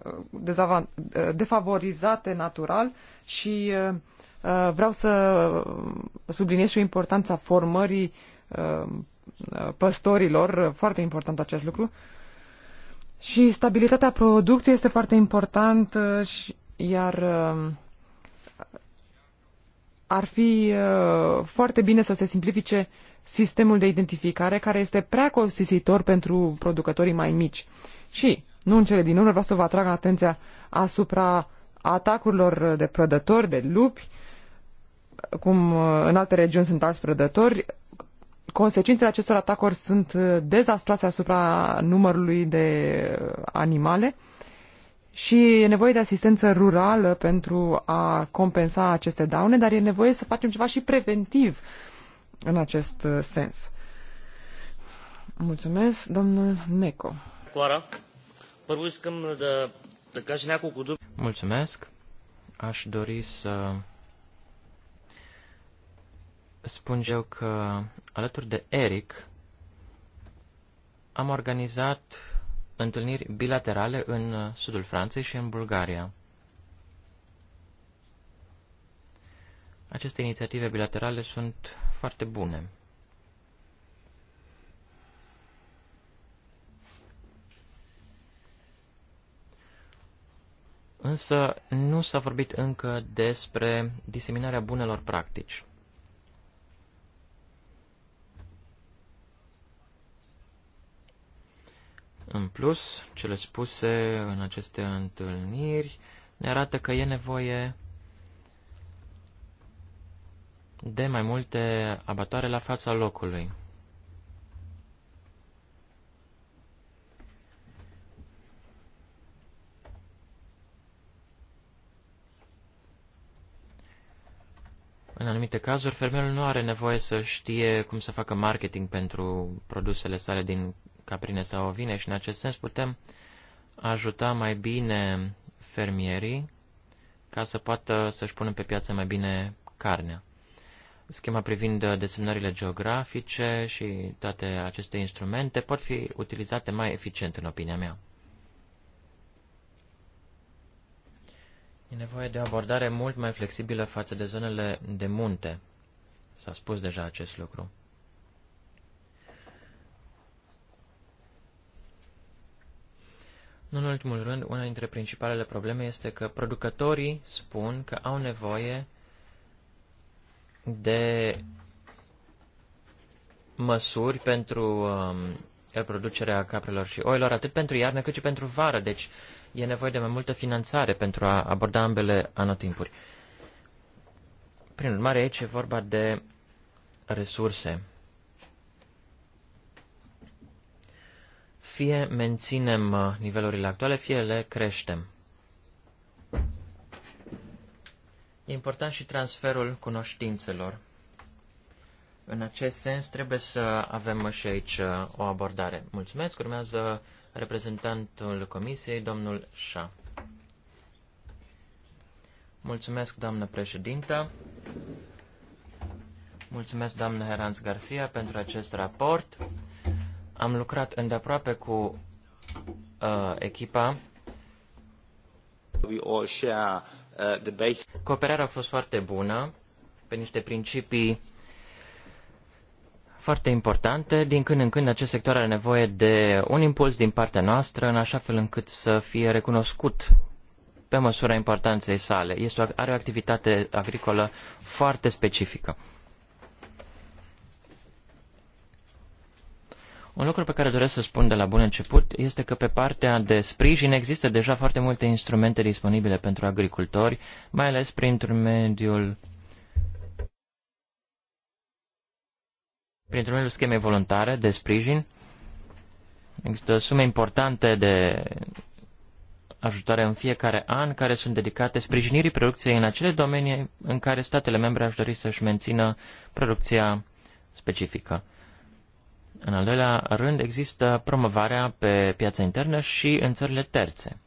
ehm, ehm, defavorizate natural și vreau să subliniez și importanța formării păstorilor, foarte important acest lucru. Și stabilitatea producției este foarte importantă, și, iar uh, ar fi uh, foarte bine să se simplifice sistemul de identificare care este prea costisitor pentru producătorii mai mici. Și, nu în cele din urmă, vreau să vă atrag atenția asupra atacurilor de prădători, de lupi, cum uh, în alte regiuni sunt alți prădători. Consecințele acestor atacuri sunt uh, dezastroase asupra numărului de animale și e nevoie de asistență rurală pentru a compensa aceste daune, dar e nevoie să facem ceva și preventiv în acest uh, sens. Mulțumesc, domnul Neco. Coara, părbuiscăm de, de cu dublu. Mulțumesc. Aș dori să spun eu că alături de Eric am organizat întâlniri bilaterale în uh, sudul Franței și în Bulgaria. Aceste inițiative bilaterale sunt foarte bune. Însă nu s-a vorbit încă despre diseminarea bunelor practici. plus, cele spuse în aceste întâlniri ne arată că e nevoie de mai multe abatoare la fața locului. În anumite cazuri, fermierul nu are nevoie să știe cum să facă marketing pentru produsele sale din caprine sau ovine și în acest sens putem ajuta mai bine fermierii ca să poată să-și pună pe piață mai bine carnea. Schema privind desemnările geografice și toate aceste instrumente pot fi utilizate mai eficient, în opinia mea. E nevoie de o abordare mult mai flexibilă față de zonele de munte. S-a spus deja acest lucru. Nu în ultimul rând, una dintre principalele probleme este că producătorii spun că au nevoie de măsuri pentru um, reproducerea caprelor și oilor, atât pentru iarnă cât și pentru vară. Deci e nevoie de mai multă finanțare pentru a aborda ambele anotimpuri. Prin urmare, aici e vorba de resurse. Fie menținem uh, nivelurile actuale, fie le creștem. E important și transferul cunoștințelor. În acest sens, trebuie să avem și aici uh, o abordare. Mulțumesc. Urmează reprezentantul Comisiei, domnul Șa. Mulțumesc, doamnă președintă. Mulțumesc, doamnă Heranz Garcia, pentru acest raport. Am lucrat îndeaproape cu uh, echipa. We all share, uh, the base. Cooperarea a fost foarte bună pe niște principii foarte importante. Din când în când acest sector are nevoie de un impuls din partea noastră în așa fel încât să fie recunoscut pe măsura importanței sale. Este, o, are o activitate agricolă foarte specifică. Un lucru pe care doresc să spun de la bun început este că pe partea de sprijin există deja foarte multe instrumente disponibile pentru agricultori, mai ales prin intermediul prin intermediul schemei voluntare de sprijin. Există sume importante de ajutoare în fiecare an care sunt dedicate sprijinirii producției în acele domenii în care statele membre aș dori să-și mențină producția specifică. În al doilea rând, există promovarea pe piața internă și în țările terțe.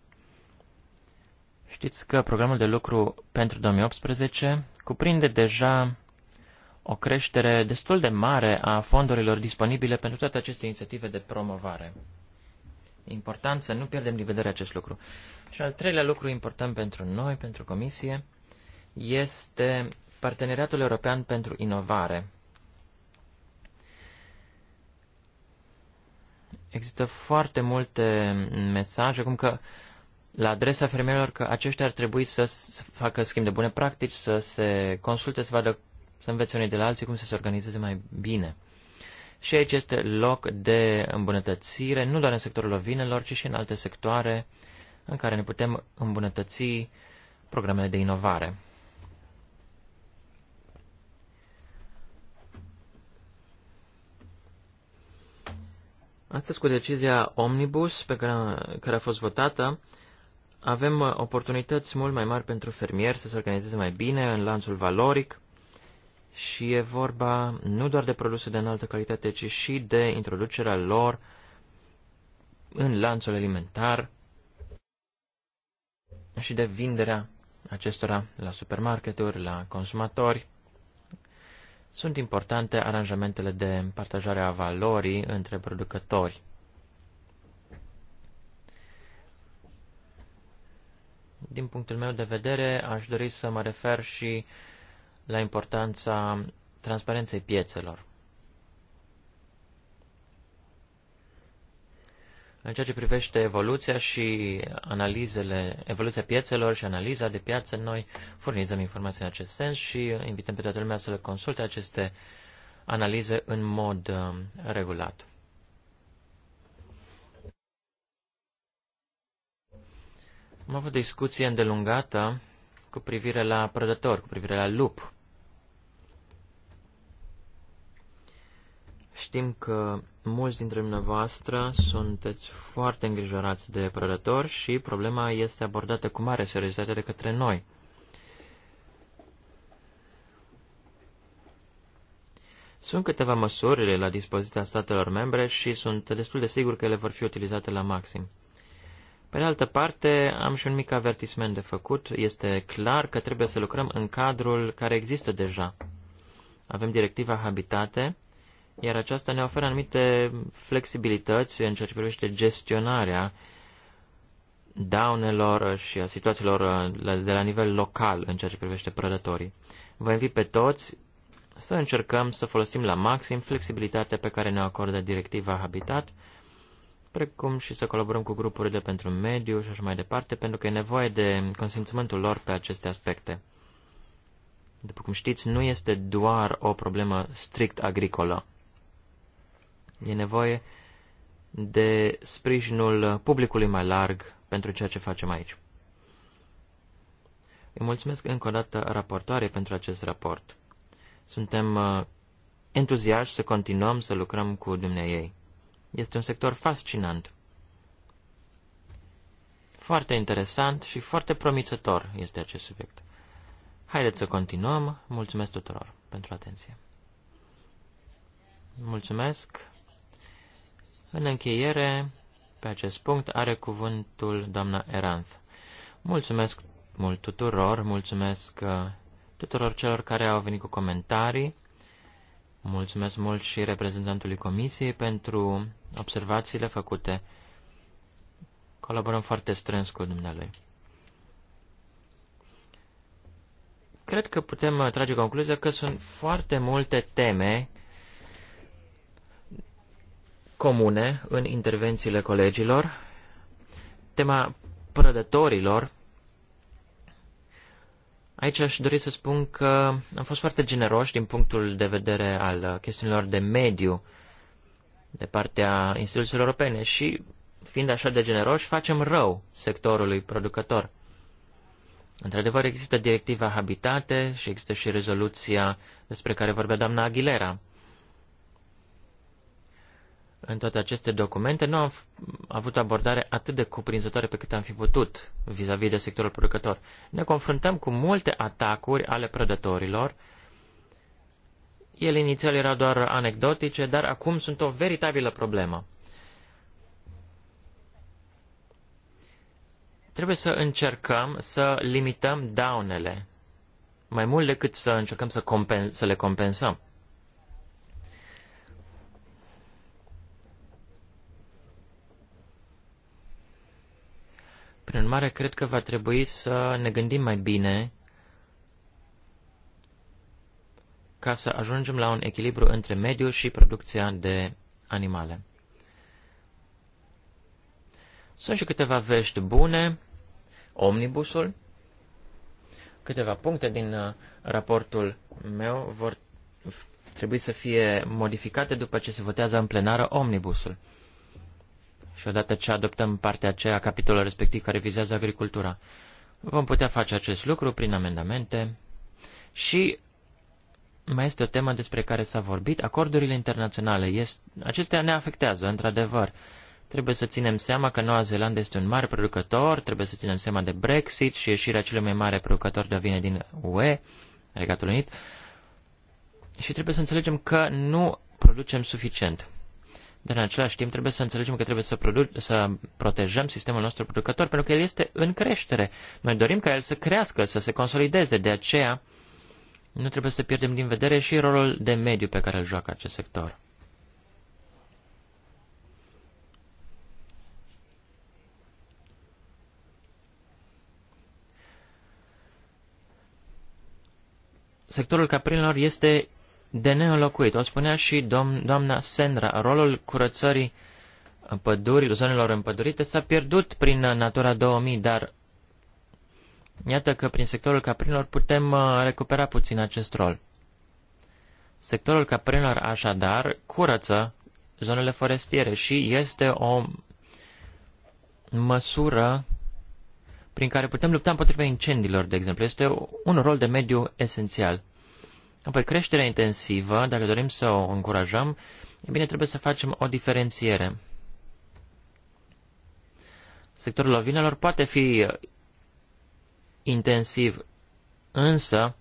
Știți că programul de lucru pentru 2018 cuprinde deja o creștere destul de mare a fondurilor disponibile pentru toate aceste inițiative de promovare. Important să nu pierdem din vedere acest lucru. Și al treilea lucru important pentru noi, pentru Comisie, este Parteneriatul European pentru Inovare, Există foarte multe mesaje, cum că la adresa fermierilor că aceștia ar trebui să facă schimb de bune practici, să se consulte, să vadă, să învețe unii de la alții cum să se organizeze mai bine. Și aici este loc de îmbunătățire, nu doar în sectorul ovinelor, ci și în alte sectoare în care ne putem îmbunătăți programele de inovare. Astăzi, cu decizia Omnibus, pe care, care a fost votată, avem uh, oportunități mult mai mari pentru fermieri să se organizeze mai bine în lanțul valoric și e vorba nu doar de produse de înaltă calitate, ci și de introducerea lor în lanțul alimentar și de vinderea acestora la supermarketuri, la consumatori. Sunt importante aranjamentele de partajare a valorii între producători. Din punctul meu de vedere, aș dori să mă refer și la importanța transparenței piețelor. În ceea ce privește evoluția și analizele, evoluția piețelor și analiza de piață, noi furnizăm informații în acest sens și invităm pe toată lumea să le consulte aceste analize în mod uh, regulat. Am avut discuție îndelungată cu privire la prădător, cu privire la lup. Știm că mulți dintre dumneavoastră sunteți foarte îngrijorați de prădători și problema este abordată cu mare seriozitate de către noi. Sunt câteva măsuri la dispoziția statelor membre și sunt destul de sigur că ele vor fi utilizate la maxim. Pe de altă parte, am și un mic avertisment de făcut. Este clar că trebuie să lucrăm în cadrul care există deja. Avem directiva Habitate, iar aceasta ne oferă anumite flexibilități în ceea ce privește gestionarea daunelor și a situațiilor de la nivel local în ceea ce privește prădătorii. Vă invit pe toți să încercăm să folosim la maxim flexibilitatea pe care ne acordă directiva Habitat, precum și să colaborăm cu grupurile pentru mediu și așa mai departe, pentru că e nevoie de consimțământul lor pe aceste aspecte. După cum știți, nu este doar o problemă strict agricolă. E nevoie de sprijinul publicului mai larg pentru ceea ce facem aici. Îi mulțumesc încă o dată raportoare pentru acest raport. Suntem uh, entuziaști să continuăm să lucrăm cu dumneai. Este un sector fascinant. Foarte interesant și foarte promițător este acest subiect. Haideți să continuăm. Mulțumesc tuturor pentru atenție. Mulțumesc. În încheiere, pe acest punct are cuvântul doamna Eranth. Mulțumesc mult tuturor, mulțumesc uh, tuturor celor care au venit cu comentarii, mulțumesc mult și reprezentantului comisiei pentru observațiile făcute. Colaborăm foarte strâns cu dumnealui. Cred că putem trage concluzia că sunt foarte multe teme comune în intervențiile colegilor. Tema prădătorilor. Aici aș dori să spun că am fost foarte generoși din punctul de vedere al chestiunilor de mediu de partea instituțiilor europene și, fiind așa de generoși, facem rău sectorului producător. Într-adevăr, există directiva Habitate și există și rezoluția despre care vorbea doamna Aguilera. În toate aceste documente nu am avut abordare atât de cuprinzătoare pe cât am fi putut vis-a-vis -vis de sectorul producător. Ne confruntăm cu multe atacuri ale prădătorilor. Ele inițial erau doar anecdotice, dar acum sunt o veritabilă problemă. Trebuie să încercăm să limităm daunele mai mult decât să încercăm să, compen- să le compensăm. Prin urmare, cred că va trebui să ne gândim mai bine ca să ajungem la un echilibru între mediu și producția de animale. Sunt și câteva vești bune, omnibusul, câteva puncte din uh, raportul meu vor trebui să fie modificate după ce se votează în plenară omnibusul și odată ce adoptăm partea aceea, capitolul respectiv care vizează agricultura. Vom putea face acest lucru prin amendamente și mai este o temă despre care s-a vorbit, acordurile internaționale. Este, acestea ne afectează, într-adevăr. Trebuie să ținem seama că Noua Zeelandă este un mare producător, trebuie să ținem seama de Brexit și ieșirea celui mai mare producător de vine din UE, Regatul Unit, și trebuie să înțelegem că nu producem suficient. Dar în același timp trebuie să înțelegem că trebuie să, produ- să protejăm sistemul nostru producător, pentru că el este în creștere. Noi dorim ca el să crească, să se consolideze. De aceea nu trebuie să pierdem din vedere și rolul de mediu pe care îl joacă acest sector. sectorul caprinelor este de neînlocuit. O spunea și domn, doamna Sendra, rolul curățării pădurii, zonelor împădurite s-a pierdut prin Natura 2000, dar iată că prin sectorul caprinilor putem uh, recupera puțin acest rol. Sectorul caprinilor așadar curăță zonele forestiere și este o măsură prin care putem lupta împotriva incendiilor, de exemplu. Este un rol de mediu esențial. Apoi, creșterea intensivă, dacă dorim să o încurajăm, e bine, trebuie să facem o diferențiere. Sectorul ovinelor poate fi intensiv, însă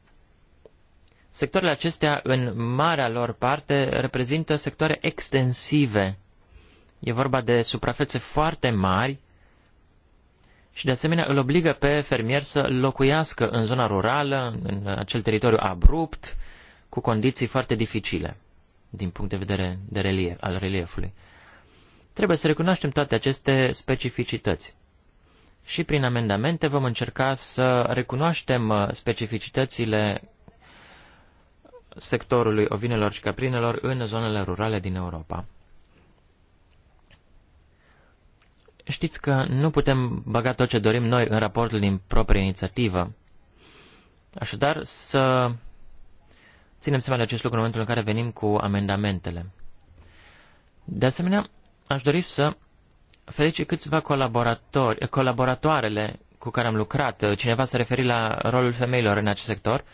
sectoarele acestea, în marea lor parte, reprezintă sectoare extensive. E vorba de suprafețe foarte mari și, de asemenea, îl obligă pe fermier să locuiască în zona rurală, în acel teritoriu abrupt, cu condiții foarte dificile din punct de vedere de relief, al reliefului. Trebuie să recunoaștem toate aceste specificități. Și prin amendamente vom încerca să recunoaștem uh, specificitățile sectorului ovinelor și caprinelor în zonele rurale din Europa. Știți că nu putem băga tot ce dorim noi în raportul din proprie inițiativă. Așadar, să ținem seama de acest lucru în momentul în care venim cu amendamentele. De asemenea, aș dori să felicit câțiva colaboratori, colaboratoarele cu care am lucrat. Cineva s-a referit la rolul femeilor în acest sector.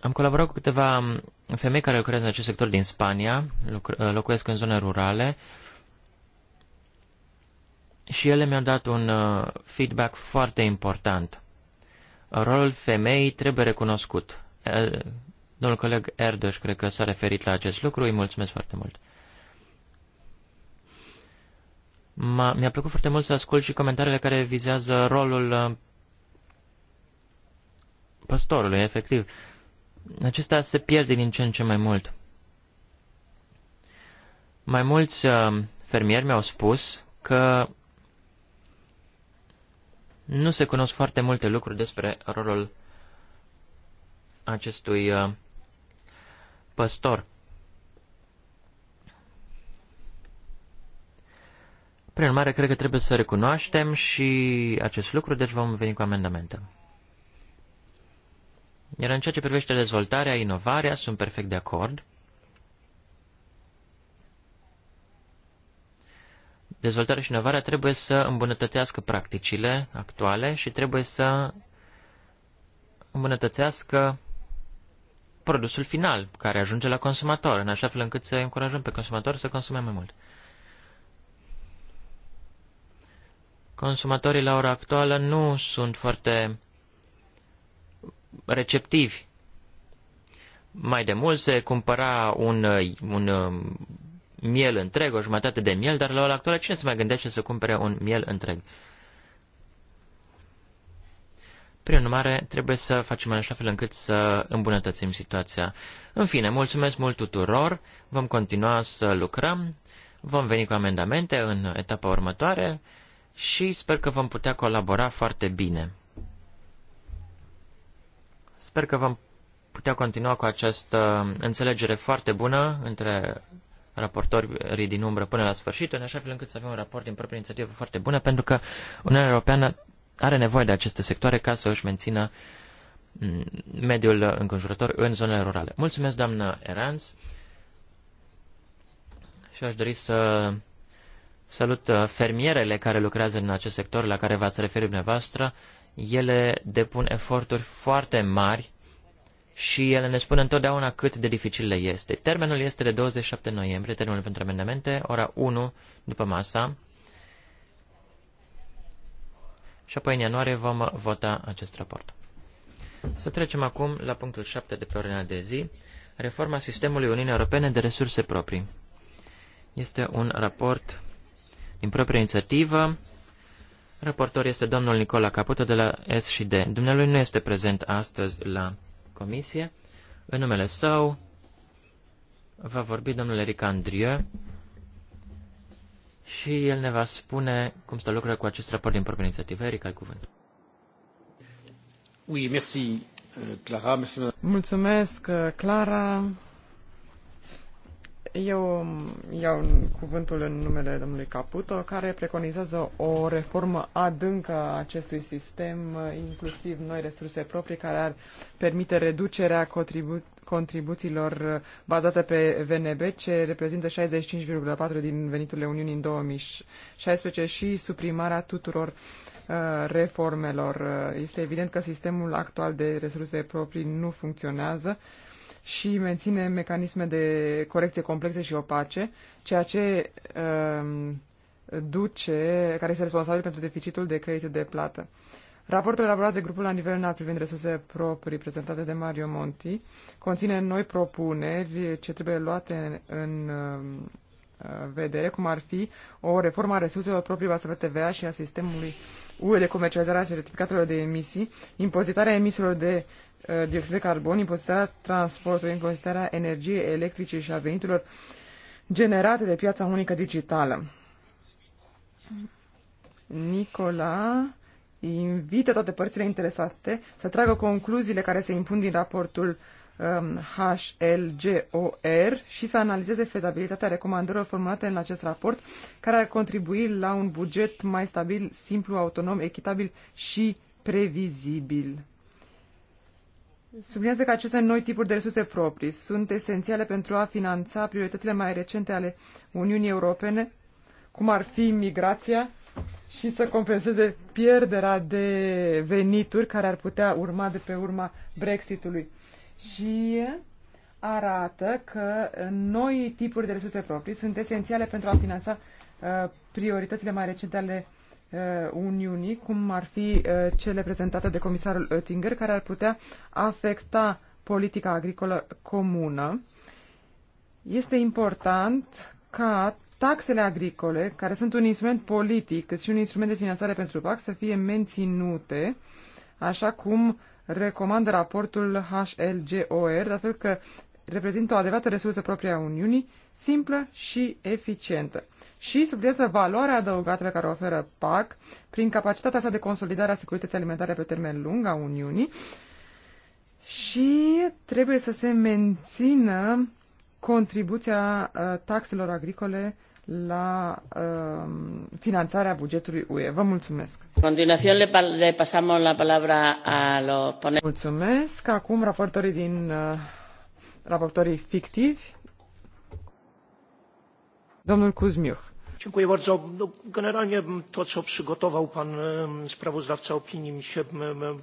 Am colaborat cu câteva femei care lucrează în acest sector din Spania, locuiesc în zone rurale și ele mi-au dat un uh, feedback foarte important. Rolul femeii trebuie recunoscut. Uh, Domnul coleg Erdos cred că s-a referit la acest lucru, îi mulțumesc foarte mult. mi-a plăcut foarte mult să ascult și comentariile care vizează rolul uh, păstorului, efectiv. Acesta se pierde din ce în ce mai mult. Mai mulți uh, fermieri mi-au spus că nu se cunosc foarte multe lucruri despre rolul acestui uh, păstor. Prin urmare, cred că trebuie să recunoaștem și acest lucru, deci vom veni cu amendamente. Iar în ceea ce privește dezvoltarea, inovarea, sunt perfect de acord. Dezvoltarea și inovarea trebuie să îmbunătățească practicile actuale și trebuie să îmbunătățească produsul final care ajunge la consumator, în așa fel încât să încurajăm pe consumator să consume mai mult. Consumatorii la ora actuală nu sunt foarte receptivi. Mai de mult se cumpăra un, un um, miel întreg, o jumătate de miel, dar la ora actuală cine se mai gândește să cumpere un miel întreg? Prin urmare, trebuie să facem în așa fel încât să îmbunătățim situația. În fine, mulțumesc mult tuturor, vom continua să lucrăm, vom veni cu amendamente în etapa următoare și sper că vom putea colabora foarte bine. Sper că vom putea continua cu această înțelegere foarte bună între raportorii din umbră până la sfârșit, în așa fel încât să avem un raport din proprie inițiativă foarte bună, pentru că Uniunea Europeană are nevoie de aceste sectoare ca să își mențină mediul înconjurător în zonele rurale. Mulțumesc, doamnă Eranz, și aș dori să salut uh, fermierele care lucrează în acest sector la care v-ați referit dumneavoastră. Ele depun eforturi foarte mari și ele ne spun întotdeauna cât de dificil le este. Termenul este de 27 noiembrie, termenul pentru amendamente, ora 1 după masa, și apoi în ianuarie vom vota acest raport. Să trecem acum la punctul 7 de pe ordinea de zi, reforma sistemului Uniunii Europene de resurse proprii. Este un raport din proprie inițiativă. Raportor este domnul Nicola Caputo de la S&D. Dumnealui nu este prezent astăzi la comisie. În numele său va vorbi domnul Eric Andrieu, și el ne va spune cum stă lucrurile cu acest raport din propria inițiativă. Eric, ai cuvânt. Oui, merci, euh, Clara. Merci, Mulțumesc, uh, Clara. Eu iau cuvântul în numele domnului Caputo, care preconizează o reformă adâncă a acestui sistem, uh, inclusiv noi resurse proprii, care ar permite reducerea contribu- contribuțiilor uh, bazate pe VNB, ce reprezintă 65,4% din veniturile Uniunii în 2016 și suprimarea tuturor uh, reformelor. Uh, este evident că sistemul actual de resurse proprii nu funcționează și menține mecanisme de corecție complexe și opace, ceea ce duce, care este responsabil pentru deficitul de credite de plată. Raportul elaborat de grupul la nivel înalt privind resurse proprii prezentate de Mario Monti conține noi propuneri ce trebuie luate în uh, vedere, cum ar fi o reformă a resurselor proprii bazate pe TVA și a sistemului UE de comercializare a certificatelor de emisii, impozitarea emisiilor de uh, dioxid de carbon, impozitarea transportului, impozitarea energiei electrice și a veniturilor generate de piața unică digitală. Nicola invită toate părțile interesate să tragă concluziile care se impun din raportul um, HLGOR și să analizeze fezabilitatea recomandărilor formulate în acest raport, care ar contribui la un buget mai stabil, simplu, autonom, echitabil și previzibil. Subliniază că aceste noi tipuri de resurse proprii sunt esențiale pentru a finanța prioritățile mai recente ale Uniunii Europene, cum ar fi migrația, și să compenseze pierderea de venituri care ar putea urma de pe urma Brexitului. Și arată că noi tipuri de resurse proprii sunt esențiale pentru a finanța uh, prioritățile mai recente ale uh, Uniunii, cum ar fi uh, cele prezentate de comisarul Oettinger, care ar putea afecta politica agricolă comună. Este important ca taxele agricole, care sunt un instrument politic, cât și un instrument de finanțare pentru PAC, să fie menținute, așa cum recomandă raportul HLGOR, de astfel că reprezintă o adevărată resursă proprie a Uniunii, simplă și eficientă. Și subliniază valoarea adăugată pe care o oferă PAC prin capacitatea sa de consolidare a securității alimentare pe termen lung a Uniunii și trebuie să se mențină contribuția uh, taxelor agricole la uh, finanțarea bugetului UE. Vă mulțumesc. Continuación le, le pasamos la palabra a los ponentes. Mulțumesc. Acum raportorii din uh, raportorii fictivi. Domnul Kuzmiuch. Dziękuję bardzo. No, generalnie to, co przygotował pan sprawozdawca opinii, mi się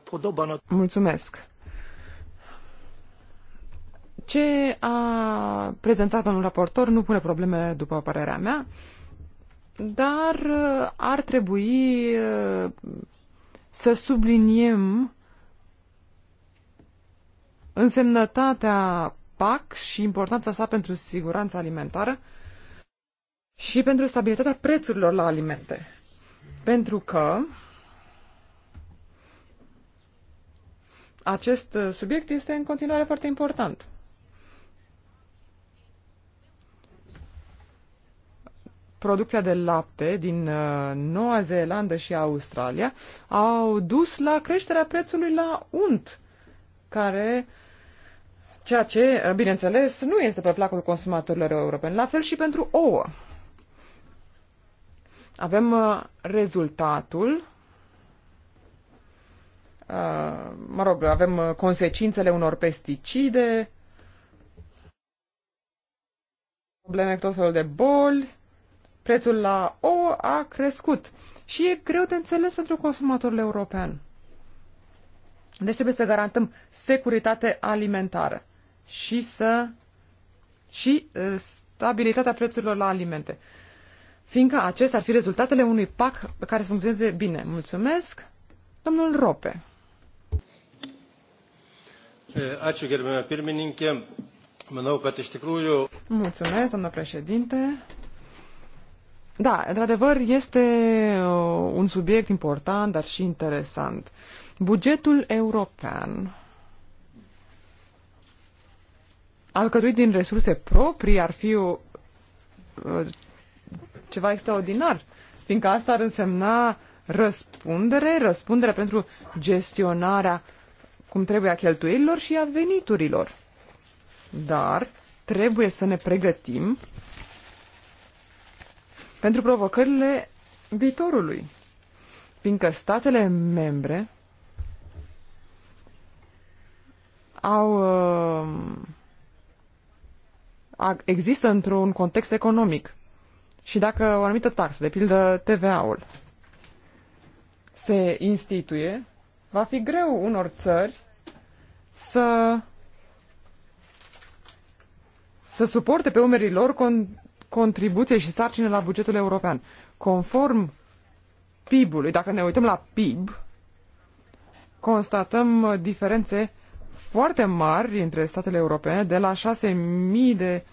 podoba. Mulțumesc ce a prezentat domnul raportor nu pune probleme, după părerea mea, dar uh, ar trebui uh, să subliniem însemnătatea PAC și importanța sa pentru siguranța alimentară și pentru stabilitatea prețurilor la alimente. Pentru că acest subiect este în continuare foarte important. producția de lapte din uh, Noua Zeelandă și Australia au dus la creșterea prețului la unt, care ceea ce, uh, bineînțeles, nu este pe placul consumatorilor europeni. La fel și pentru ouă. Avem uh, rezultatul, mă rog, avem consecințele unor pesticide, probleme cu tot felul de boli, prețul la ouă a crescut și e greu de înțeles pentru consumatorul european. Deci trebuie să garantăm securitate alimentară și să și stabilitatea prețurilor la alimente. Fiindcă acestea ar fi rezultatele unui pac care să funcționeze bine. Mulțumesc, domnul Rope. Mulțumesc, domnul președinte. Da, într-adevăr, este uh, un subiect important, dar și interesant. Bugetul european alcătuit din resurse proprii ar fi o, uh, ceva extraordinar, fiindcă asta ar însemna răspundere, răspundere pentru gestionarea cum trebuie a cheltuielilor și a veniturilor. Dar trebuie să ne pregătim pentru provocările viitorului, fiindcă statele membre au uh, există într-un context economic. Și dacă o anumită taxă, de pildă TVA-ul, se instituie, va fi greu unor țări să să suporte pe umerii lor con- contribuție și sarcină la bugetul european. Conform PIB-ului, dacă ne uităm la PIB, constatăm uh, diferențe foarte mari între statele europene, de la 6.000 de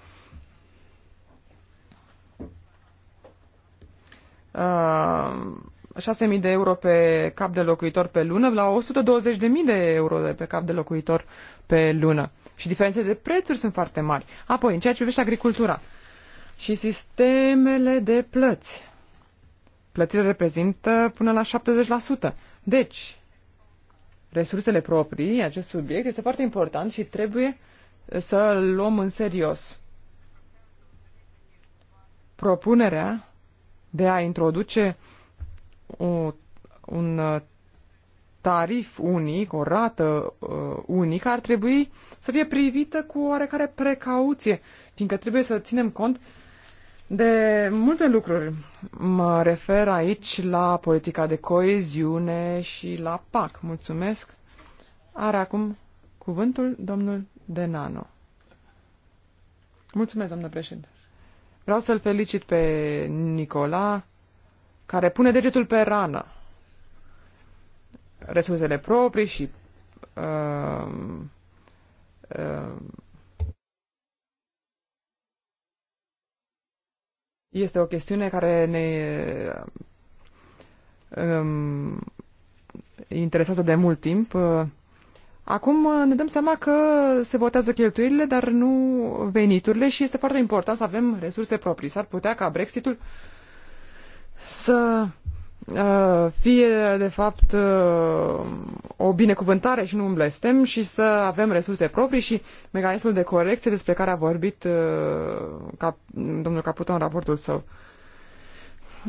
uh, 6.000 de euro pe cap de locuitor pe lună la 120.000 de euro de pe cap de locuitor pe lună. Și diferențe de prețuri sunt foarte mari. Apoi, în ceea ce privește agricultura, și sistemele de plăți. Plățile reprezintă până la 70%. Deci, resursele proprii, acest subiect, este foarte important și trebuie uh, să îl luăm în serios. Propunerea de a introduce o, un uh, tarif unic, o rată uh, unică, ar trebui să fie privită cu oarecare precauție, fiindcă trebuie să ținem cont uh, de multe lucruri. Mă refer aici la politica de coeziune și la PAC. Mulțumesc. Are acum cuvântul domnul Denano. Mulțumesc, domnule președinte. Vreau să-l felicit pe Nicola, care pune degetul pe rană. Resursele proprii și uh, uh, Este o chestiune care ne um, interesează de mult timp. Acum ne dăm seama că se votează cheltuielile, dar nu veniturile și este foarte important să avem resurse proprii. S-ar putea ca Brexitul să Uh, fie de fapt uh, o binecuvântare și nu un blestem și să avem resurse proprii și mecanismul de corecție despre care a vorbit uh, domnul Caputo în raportul său.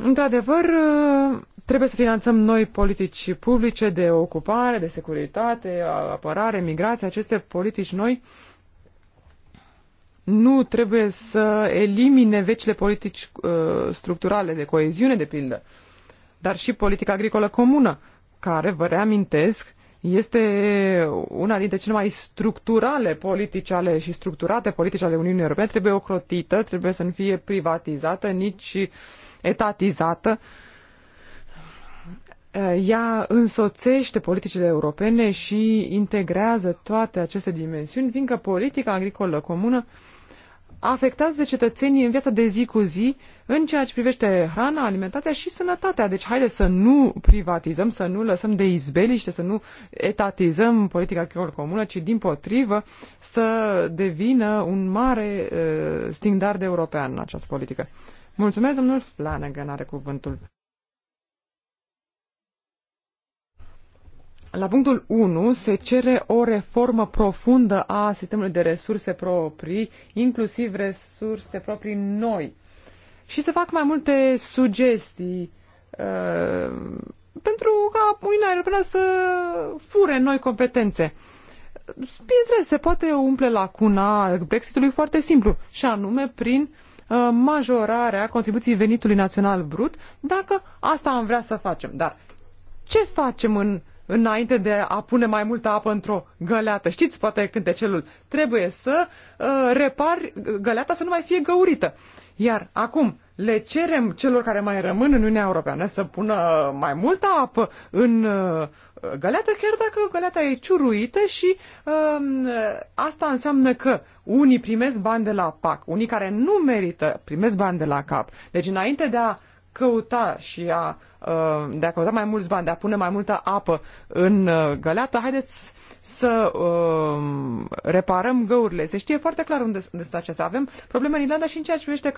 Într-adevăr, trebuie să finanțăm noi politici publice de ocupare, de securitate, apărare, migrație. Aceste politici noi nu trebuie să elimine vecile politici structurale de coeziune, de pildă. Uh, dar și politica agricolă comună, care, vă reamintesc, este una dintre cele mai structurale politici ale și structurate politici ale Uniunii Europene. Trebuie ocrotită, trebuie să nu fie privatizată, nici etatizată. Ea însoțește politicile europene și integrează toate aceste dimensiuni, fiindcă politica agricolă comună uh, afectați de cetățenii în viața de zi cu zi în ceea ce privește hrana, alimentația și sănătatea. Deci haide să nu privatizăm, să nu lăsăm de izbeliște, să nu etatizăm politica chiar comună, ci din potrivă să devină un mare uh, standard european în această politică. Mulțumesc, domnul Flanagan are cuvântul. La punctul 1 se cere o reformă profundă a sistemului de resurse proprii, inclusiv resurse proprii noi. Și se fac mai multe sugestii uh, pentru ca Uniunea Europeană să fure noi competențe. Bineînțeles, se poate umple lacuna Brexitului foarte simplu, și anume prin uh, majorarea contribuției venitului național brut, dacă asta am vrea să facem. Dar ce facem în înainte de a pune mai multă apă într-o găleată. Știți, poate cântecelul, trebuie să uh, repari găleata să nu mai fie găurită. Iar acum le cerem celor care mai rămân în Uniunea Europeană să pună mai multă apă în uh, găleată, chiar dacă găleata e ciuruită și uh, asta înseamnă că unii primesc bani de la PAC, unii care nu merită primesc bani de la cap. Deci înainte de a căuta și a de a căuta mai mulți bani, de a pune mai multă apă în uh, găleată, haideți să uh, reparăm găurile. Se știe foarte clar unde, unde sunt acestea. Avem probleme în Irlanda și în ceea ce privește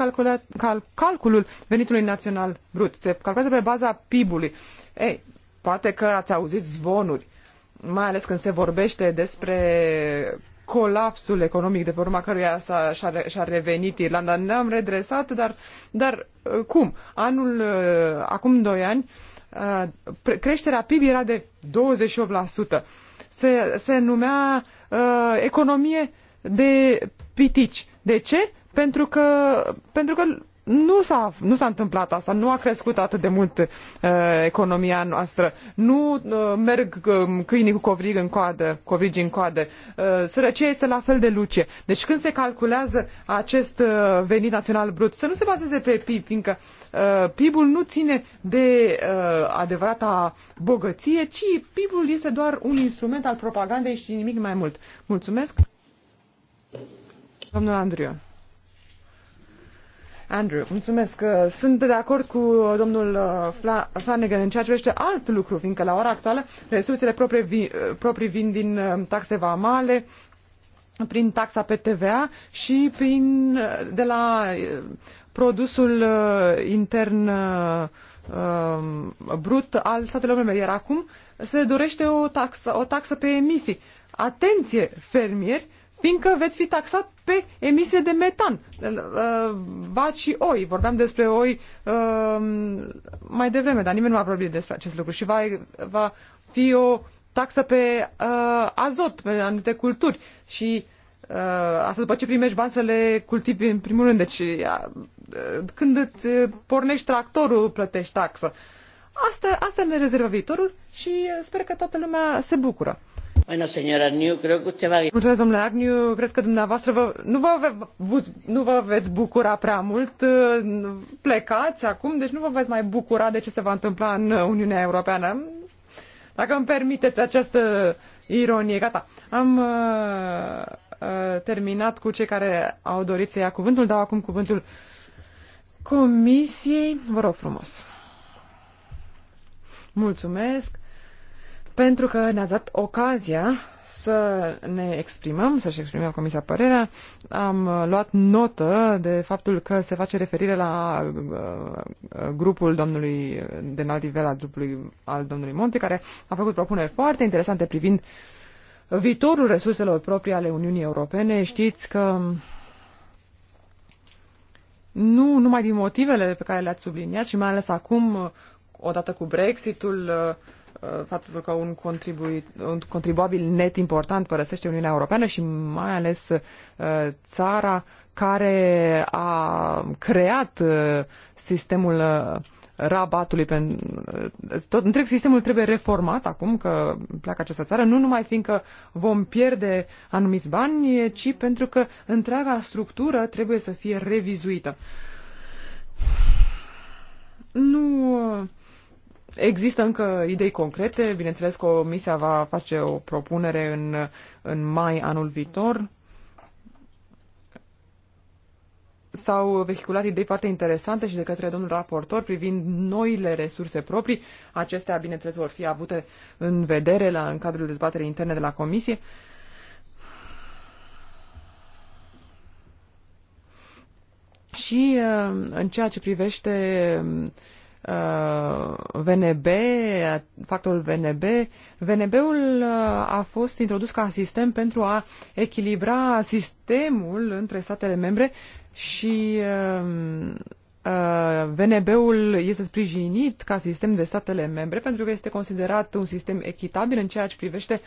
cal, calculul venitului național brut. Se calculează pe baza PIB-ului. Ei, poate că ați auzit zvonuri, mai ales când se vorbește despre colapsul economic de pe urma căruia s-a, și-a, și-a revenit Irlanda. Ne-am redresat, dar, dar uh, cum? Anul, uh, acum doi ani, uh, creșterea PIB era de 28%. Se, se numea uh, economie de pitici. De ce? Pentru că, pentru că nu s-a, nu s-a întâmplat asta, nu a crescut atât de mult uh, economia noastră, nu uh, merg uh, câinii cu covrig în coadă, covrigi în coadă, uh, sărăcia este la fel de luce. Deci când se calculează acest uh, venit național brut, să nu se bazeze pe PIB, fiindcă uh, PIB-ul nu ține de uh, adevărata bogăție, ci PIB-ul este doar un instrument al propagandei și nimic mai mult. Mulțumesc! Domnul Andriu. Andrew, mulțumesc. Uh, sunt de acord cu domnul uh, Flanagan în ceea ce privește alt lucru, fiindcă la ora actuală resursele proprii vin, uh, proprii vin din taxe vamale, prin taxa pe TVA și prin, de la produsul intern um, brut al statelor membre. Iar acum se dorește o taxă, o taxă pe emisii. Atenție, fermieri, fiindcă veți fi taxat pe emisie de metan. Uh, vaci și oi, vorbeam despre oi uh, mai devreme, dar nimeni nu a vorbit despre acest lucru și va, va fi o taxă pe uh, azot, pe anumite culturi și asta după ce primești bani să le cultivi în primul rând. Deci când îți pornești tractorul, plătești taxă. Asta, asta ne rezervă viitorul și sper că toată lumea se bucură. Bueno, señora New, creo que usted va... Mulțumesc, domnule Agnew. Cred că dumneavoastră vă, nu, vă ve... nu vă veți bucura prea mult. Uh, plecați acum, deci nu vă veți mai bucura de ce se va întâmpla în Uniunea Europeană. Dacă îmi permiteți această ironie. Gata. Am uh, uh, terminat cu cei care au dorit să ia cuvântul. Dau acum cuvântul Comisiei. Vă rog frumos. Mulțumesc pentru că ne-ați dat ocazia să ne exprimăm, să-și exprimăm Comisia părerea. Am luat notă de faptul că se face referire la uh, uh, grupul domnului de înalt nivel al, grupului, al domnului Monte, care a făcut propuneri foarte interesante privind viitorul resurselor proprii ale Uniunii Europene. Știți că nu numai din motivele pe care le-ați subliniat și mai ales acum, odată cu Brexitul, uh, faptul că un, un contribuabil net important părăsește Uniunea Europeană și mai ales uh, țara care a creat uh, sistemul uh, rabatului pentru tot întreg sistemul trebuie reformat acum că pleacă această țară, nu numai fiindcă vom pierde anumiți bani, ci pentru că întreaga structură trebuie să fie revizuită. Nu Există încă idei concrete, bineînțeles că comisia va face o propunere în, în mai anul viitor. S-au vehiculat idei foarte interesante și de către domnul raportor privind noile resurse proprii. Acestea, bineînțeles, vor fi avute în vedere la, în cadrul dezbaterii interne de la comisie. Și uh, în ceea ce privește um, Uh, VNB, factorul VNB. VNB-ul uh, a fost introdus ca sistem pentru a echilibra sistemul între statele membre și um, uh, VNB-ul este sprijinit ca sistem de statele membre pentru că este considerat un sistem echitabil în ceea ce privește uh,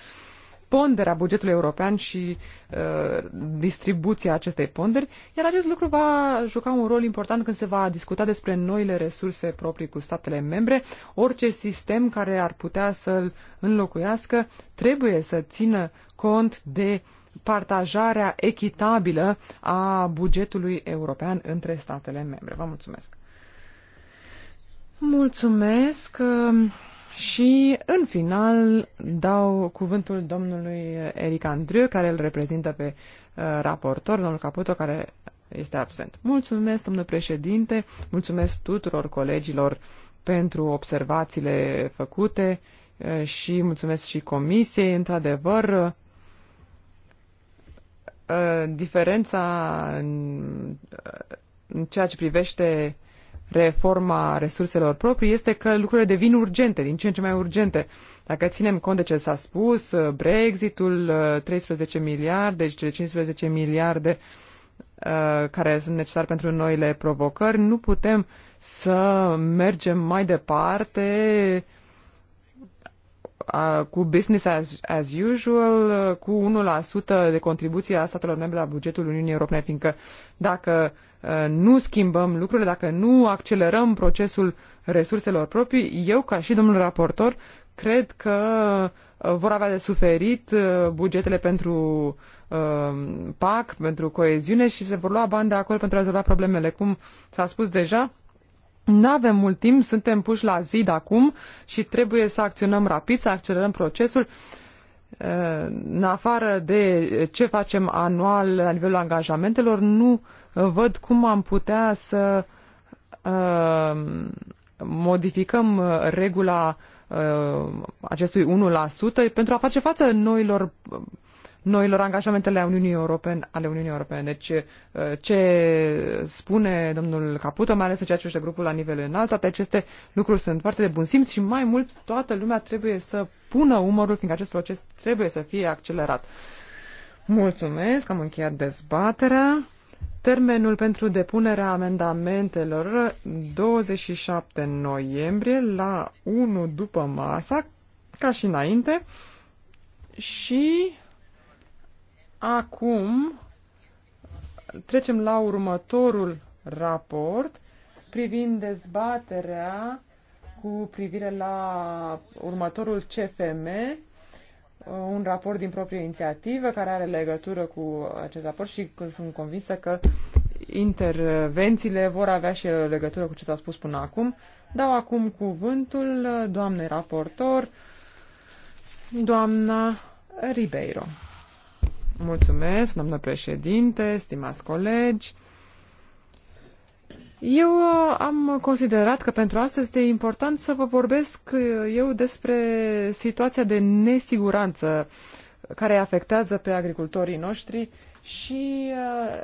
ponderea bugetului european și uh, distribuția acestei ponderi, iar acest lucru va juca un rol important când se va discuta despre noile resurse proprii cu statele membre. Orice sistem care ar putea să-l înlocuiască trebuie să țină cont de partajarea echitabilă a bugetului european între statele membre. Vă mulțumesc! Mulțumesc! Uh... Și, în final, dau cuvântul domnului Eric Andriu, care îl reprezintă pe uh, raportor, domnul Caputo, care este absent. Mulțumesc, domnule președinte, mulțumesc tuturor colegilor pentru observațiile făcute uh, și mulțumesc și comisiei. Într-adevăr, uh, diferența în, uh, în ceea ce privește uh, reforma resurselor proprii este că lucrurile devin urgente, din ce în ce mai urgente. Dacă ținem cont de ce s-a spus, uh, Brexitul, 13 uh, miliarde deci cele 15 miliarde uh, care sunt necesare pentru noile provocări, nu putem să mergem mai departe cu business as, as usual, cu 1% de contribuție a statelor membre la bugetul Uniunii Europene, fiindcă dacă uh, Uh, nu schimbăm lucrurile, dacă nu accelerăm procesul resurselor proprii, eu, ca și domnul raportor, cred că uh, vor avea de suferit uh, bugetele pentru PAC, pentru coeziune și se vor lua bani de acolo pentru a rezolva problemele. Cum s-a spus deja, nu avem mult timp, suntem puși la zid acum și trebuie să acționăm rapid, să accelerăm procesul în afară de ce facem anual la nivelul angajamentelor, nu văd cum am putea să uh, modificăm uh, regula uh, acestui 1% pentru a face față noilor noilor angajamentele ale Uniunii Europene. Ale Uniunii Europene. Deci, eh, ce spune domnul Caputo, mai ales în ceea ce este grupul la nivel înalt, toate aceste lucruri sunt foarte de bun simț și mai mult toată lumea trebuie să pună umărul, fiindcă acest proces trebuie să fie accelerat. Mulțumesc, am încheiat dezbaterea. Termenul pentru depunerea amendamentelor 27 noiembrie la 1 după masa, ca și înainte, și Acum trecem la următorul raport privind dezbaterea cu privire la următorul CFM, uh, un raport din proprie inițiativă care are legătură cu acest raport și sunt convinsă că intervențiile vor avea și legătură cu ce s-a spus până acum. Dau acum cuvântul doamnei raportor, doamna Ribeiro. Mulțumesc, domnule președinte, stimați colegi. Eu uh, am considerat că pentru asta este important să vă vorbesc uh, eu despre situația de nesiguranță care afectează pe agricultorii noștri și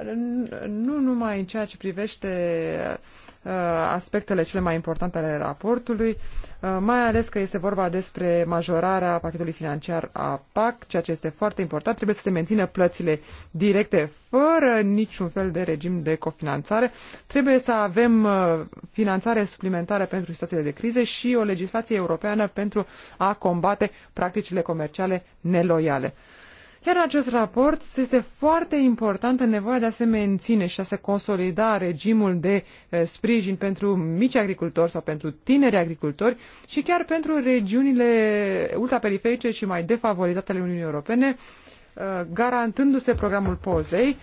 uh, nu numai în ceea ce privește Uh, aspectele cele mai importante ale raportului, uh, mai ales că este vorba despre majorarea pachetului financiar a PAC, ceea ce este foarte important. Trebuie să se mențină plățile directe fără niciun fel de regim de cofinanțare. Trebuie să avem uh, finanțare suplimentară pentru situațiile de crize și o legislație europeană pentru a combate practicile comerciale neloiale. Iar acest raport este foarte important în nevoia de a se menține și a se consolida regimul de eh, sprijin pentru mici agricultori sau pentru tineri agricultori și chiar pentru regiunile ultraperiferice și mai defavorizate ale Uniunii Europene, eh, garantându-se programul POZEI,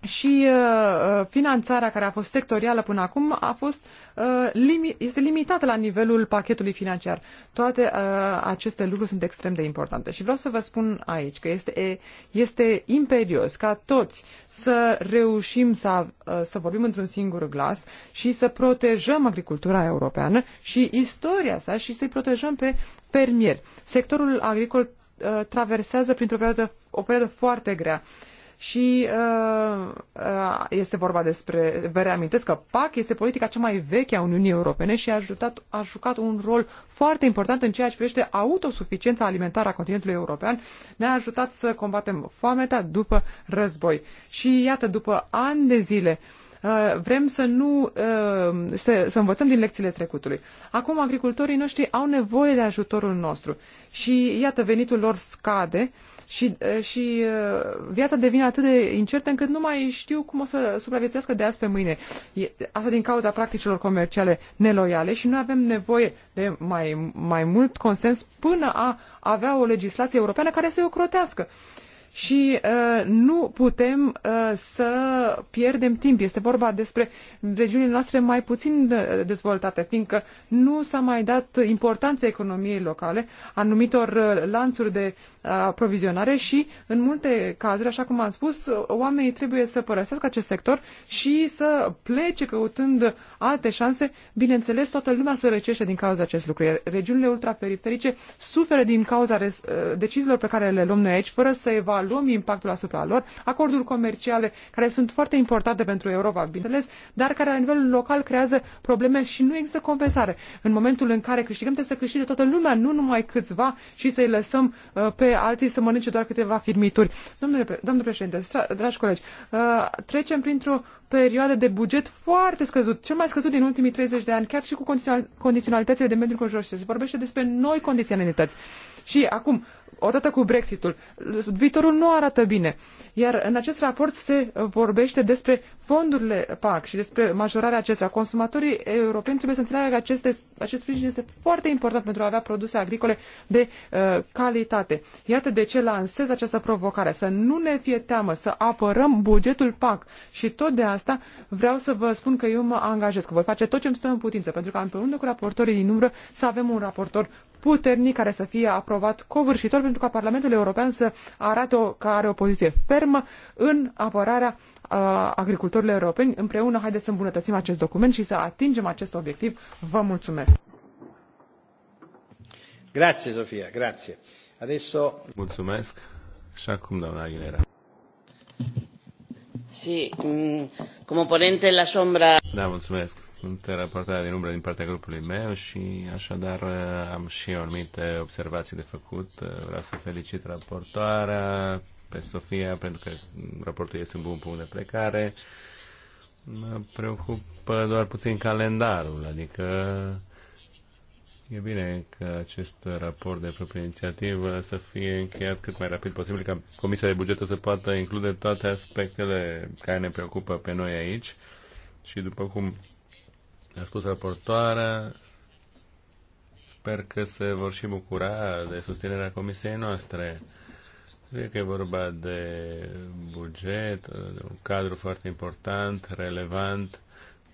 și uh, finanțarea care a fost sectorială până acum a fost Uh, este limitată la nivelul pachetului financiar. Toate uh, aceste lucruri sunt extrem de importante și vreau să vă spun aici că este, este imperios ca toți să reușim să, uh, să vorbim într-un singur glas și să protejăm agricultura europeană și istoria sa și să-i protejăm pe fermieri. Sectorul agricol traversează printr-o perioadă, o perioadă foarte grea. Uh, și uh, uh, este vorba despre, vă reamintesc că PAC este politica cea mai veche a Uniunii Europene și a, ajutat, a jucat un rol foarte important în ceea ce privește autosuficiența alimentară a continentului european. Ne-a ajutat să combatem foamea după război. Și iată, după ani de zile, uh, vrem să nu uh, să, să învățăm din lecțiile trecutului. Acum agricultorii noștri au nevoie de ajutorul nostru și iată venitul lor scade uh, și, și viața devine atât de incertă încât nu mai știu cum o să supraviețuiască de azi pe mâine. asta din cauza practicilor comerciale neloiale și noi avem nevoie de mai, mai mult consens până a avea o legislație europeană care să-i ocrotească. Uh, și uh, nu putem uh, să pierdem timp. Este vorba despre regiunile noastre mai puțin dezvoltate, fiindcă nu s-a mai dat importanță economiei locale, anumitor uh, lanțuri de uh, aprovizionare și, în multe cazuri, așa cum am spus, oamenii trebuie să părăsească acest sector și să plece căutând alte șanse. Bineînțeles, toată lumea se răcește din cauza acest lucru. regiunile ultraperiferice suferă din cauza uh, deciziilor pe care le luăm noi aici, fără să evaluăm lumii, impactul asupra lor, acorduri comerciale care sunt foarte importante pentru Europa, bineînțeles, dar care la nivel local creează probleme și nu există compensare. În momentul în care câștigăm, trebuie să câștige toată lumea, nu numai câțiva și să-i lăsăm uh, pe alții să mănânce doar câteva firmituri. Domnule, domnule președinte, dragi colegi, uh, trecem printr-o perioadă de buget foarte scăzut, cel mai scăzut din ultimii 30 de ani, chiar și cu condiționalitățile de mediu înconjurător. Se vorbește despre noi condiționalități. Și acum, odată cu Brexitul. Viitorul nu arată bine. Iar în acest raport se vorbește despre fondurile PAC și despre majorarea acestea. Consumatorii europeni trebuie să înțeleagă că aceste, acest sprijin este foarte important pentru a avea produse agricole de uh, calitate. Iată de ce lansez această provocare. Să nu ne fie teamă, să apărăm bugetul PAC. Și tot de asta vreau să vă spun că eu mă angajez, că voi face tot ce îmi stă în putință, pentru că împreună cu raportorii din umbră să avem un raportor puternic care să fie aprobat covârșitor pentru ca Parlamentul European să arate o, că are o poziție fermă în apărarea uh, agricultorilor europeni. Împreună, haideți să îmbunătățim acest document și să atingem acest obiectiv. Vă mulțumesc! Grazie, Sofia, grazie. Adesso... Mulțumesc și acum, doamna Aguilera. Și, cum ponente la sombra... Da, mulțumesc. Sunt raportarea din umbră din partea grupului meu și așadar am și eu anumite observații de făcut. Vreau să felicit raportoarea pe Sofia pentru că raportul este un bun punct de plecare. Mă preocupă doar puțin calendarul, adică E bine că acest raport de proprie inițiativă să fie încheiat cât mai rapid posibil, ca Comisia de Bugetă să poată include toate aspectele care ne preocupă pe noi aici. Și după cum a spus raportoarea, sper că se vor și bucura de susținerea comisiei noastre. Cred că e vorba de buget, de un cadru foarte important, relevant.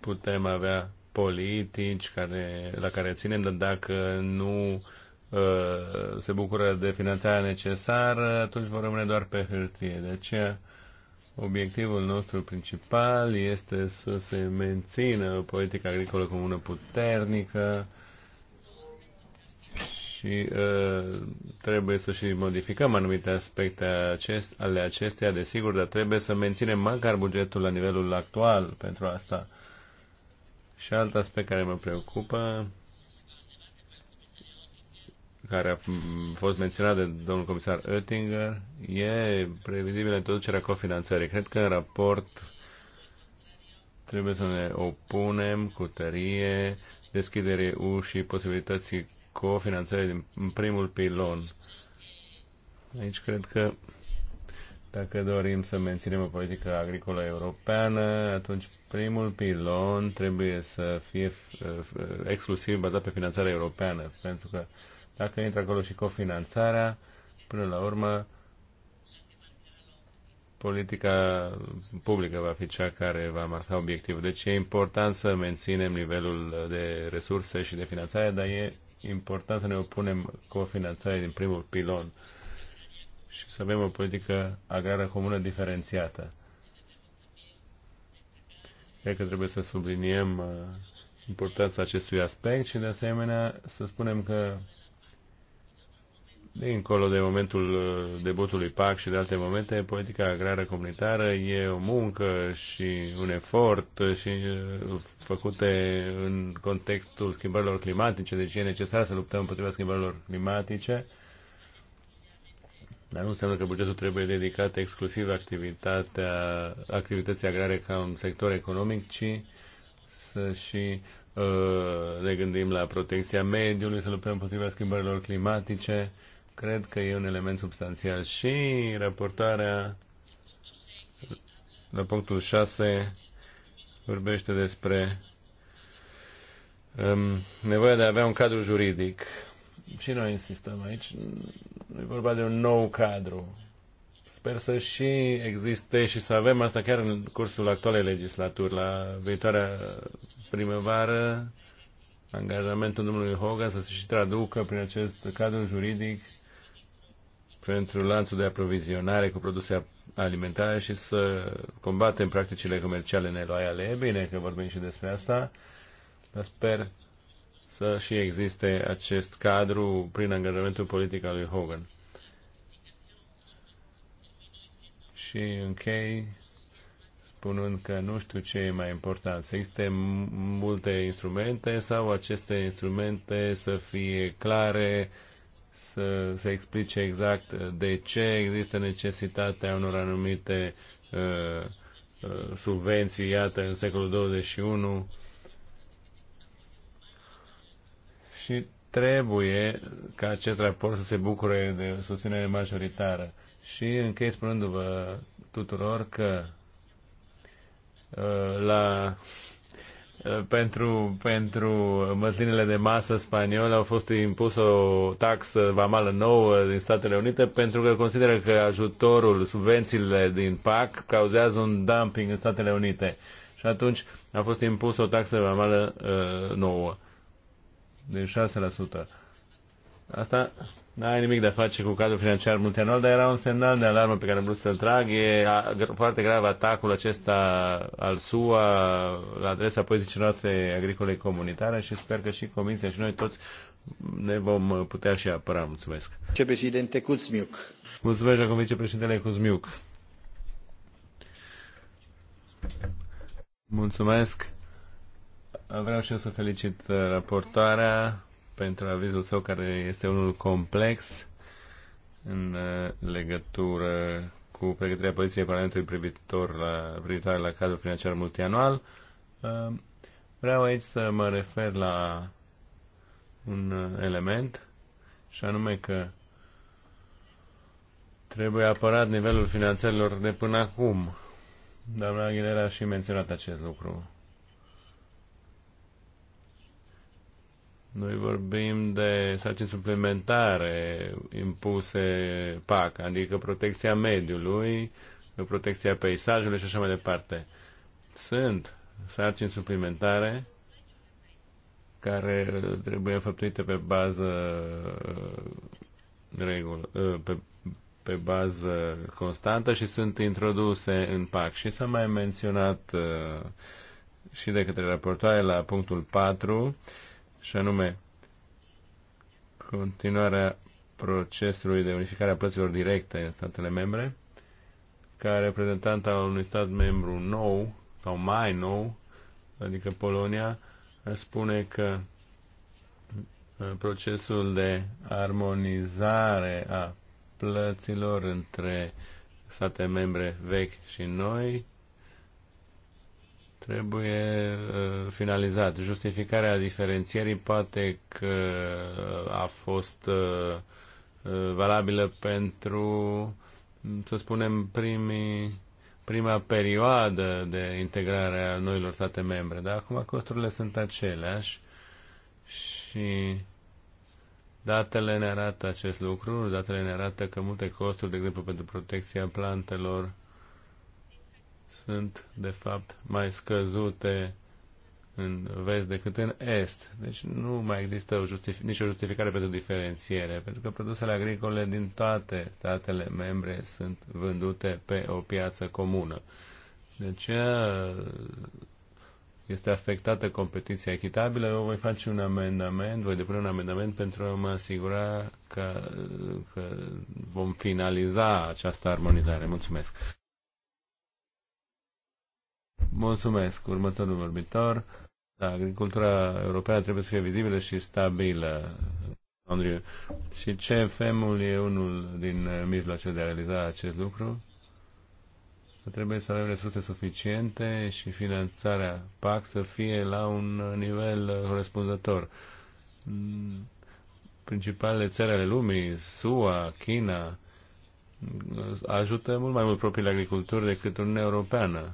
Putem avea politici care, la care ținem, dar dacă nu uh, se bucură de finanțarea necesară, atunci vor rămâne doar pe hârtie. De aceea, obiectivul nostru principal este să se mențină politica agricolă comună puternică și uh, trebuie să și modificăm anumite aspecte acest, ale acesteia, desigur, dar trebuie să menținem măcar bugetul la nivelul actual pentru asta. Uh, și alt aspect care mă preocupă, care a fost menționat de domnul comisar Oettinger, e previzibilă introducerea cofinanțării. Cred că în raport trebuie să ne opunem cu tărie deschidere ușii posibilității cofinanțării din primul pilon. Aici cred că dacă dorim să menținem o politică agricolă europeană, atunci primul pilon trebuie să fie uh, uh, exclusiv bazat pe finanțarea europeană, pentru că dacă intră acolo și cofinanțarea, până la urmă politica publică va fi cea care va marca obiectivul. Deci e important să menținem nivelul de resurse și de finanțare, dar e important să ne opunem cofinanțare din primul pilon și să avem o politică agrară comună diferențiată. Cred că trebuie să subliniem uh, importanța acestui aspect și de asemenea să spunem că dincolo de momentul uh, debutului PAC și de alte momente, politica agrară comunitară e o muncă și un efort și uh, făcute în contextul schimbărilor climatice, deci e necesar să luptăm împotriva schimbărilor climatice dar nu înseamnă că bugetul trebuie dedicat exclusiv activitatea, activității agrare ca un sector economic, ci să și uh, ne gândim la protecția mediului, să luptăm împotriva schimbărilor climatice. Cred că e un element substanțial. Și raportarea la punctul 6 vorbește despre um, nevoia de a avea un cadru juridic și noi insistăm aici, e vorba de un nou cadru. Sper să și existe și să avem asta chiar în cursul actualei legislaturi, la viitoarea primăvară, angajamentul domnului Hoga să se și traducă prin acest cadru juridic pentru lanțul de aprovizionare cu produse alimentare și să combatem practicile comerciale neloiale. E bine că vorbim și despre asta, dar sper să și existe acest cadru prin angajamentul politic al lui Hogan. Și închei spunând că nu știu ce e mai important. Să existe multe instrumente sau aceste instrumente să fie clare, să se explice exact de ce există necesitatea unor anumite uh, uh, subvenții, iată, în secolul 21 și trebuie ca acest raport să se bucure de susținere majoritară. Și închei spunându-vă tuturor că uh, la uh, pentru, pentru măslinele de masă spaniole au fost impus o taxă vamală nouă din Statele Unite pentru că consideră că ajutorul, subvențiile din PAC cauzează un dumping în Statele Unite. Și atunci a fost impus o taxă vamală uh, nouă de 6%. Asta nu are nimic de a face cu cadrul financiar multianual, dar era un semnal de alarmă pe care am vrut să-l trag. E foarte grav atacul acesta al SUA la adresa politicii noastre agricole comunitare și sper că și Comisia și noi toți ne vom putea și apăra. Mulțumesc. Vicepreședinte Cuzmiuc. Mulțumesc, acum vicepreședintele Cuzmiuc. Mulțumesc. Vreau și eu să felicit uh, raportoarea pentru avizul său care este unul complex în uh, legătură cu pregătirea poziției Parlamentului privitor la, privitoare la cadrul financiar multianual. Uh, vreau aici să mă refer la un element și anume că trebuie apărat nivelul finanțelor de până acum. Doamna Aguilera a și menționat acest lucru. Noi vorbim de sarcini suplimentare impuse PAC, adică protecția mediului, protecția peisajului și așa mai departe. Sunt sarcini suplimentare care trebuie făptuite pe bază uh, regulă, uh, pe, pe bază constantă și sunt introduse în PAC. Și s-a mai menționat uh, și de către raportoare la punctul 4 și anume continuarea procesului de unificare a plăților directe în statele membre, ca reprezentant al unui stat membru nou sau mai nou, adică Polonia, spune că uh, procesul de armonizare a plăților între state membre vechi și noi trebuie uh, finalizat. Justificarea diferențierii poate că uh, a fost uh, valabilă pentru, să spunem, primii prima perioadă de integrare a noilor state membre, dar acum costurile sunt aceleași și datele ne arată acest lucru, datele ne arată că multe costuri, de exemplu pentru protecția plantelor, sunt, de fapt, mai scăzute în vest decât în est. Deci nu mai există o justific- nicio justificare pentru diferențiere, pentru că produsele agricole din toate statele membre sunt vândute pe o piață comună. Deci este afectată competiția echitabilă, eu voi face un amendament, voi depune un amendament pentru a mă asigura că, că vom finaliza această armonizare. Mulțumesc! Mulțumesc. Următorul vorbitor. Da, agricultura europeană trebuie să fie vizibilă și stabilă. Andriu. Și CFM-ul e unul din mijloace de a realiza acest lucru. Trebuie să avem resurse suficiente și finanțarea PAC să fie la un nivel corespunzător. Principalele țări ale lumii, SUA, China, ajută mult mai mult propriile agriculturi decât Uniunea Europeană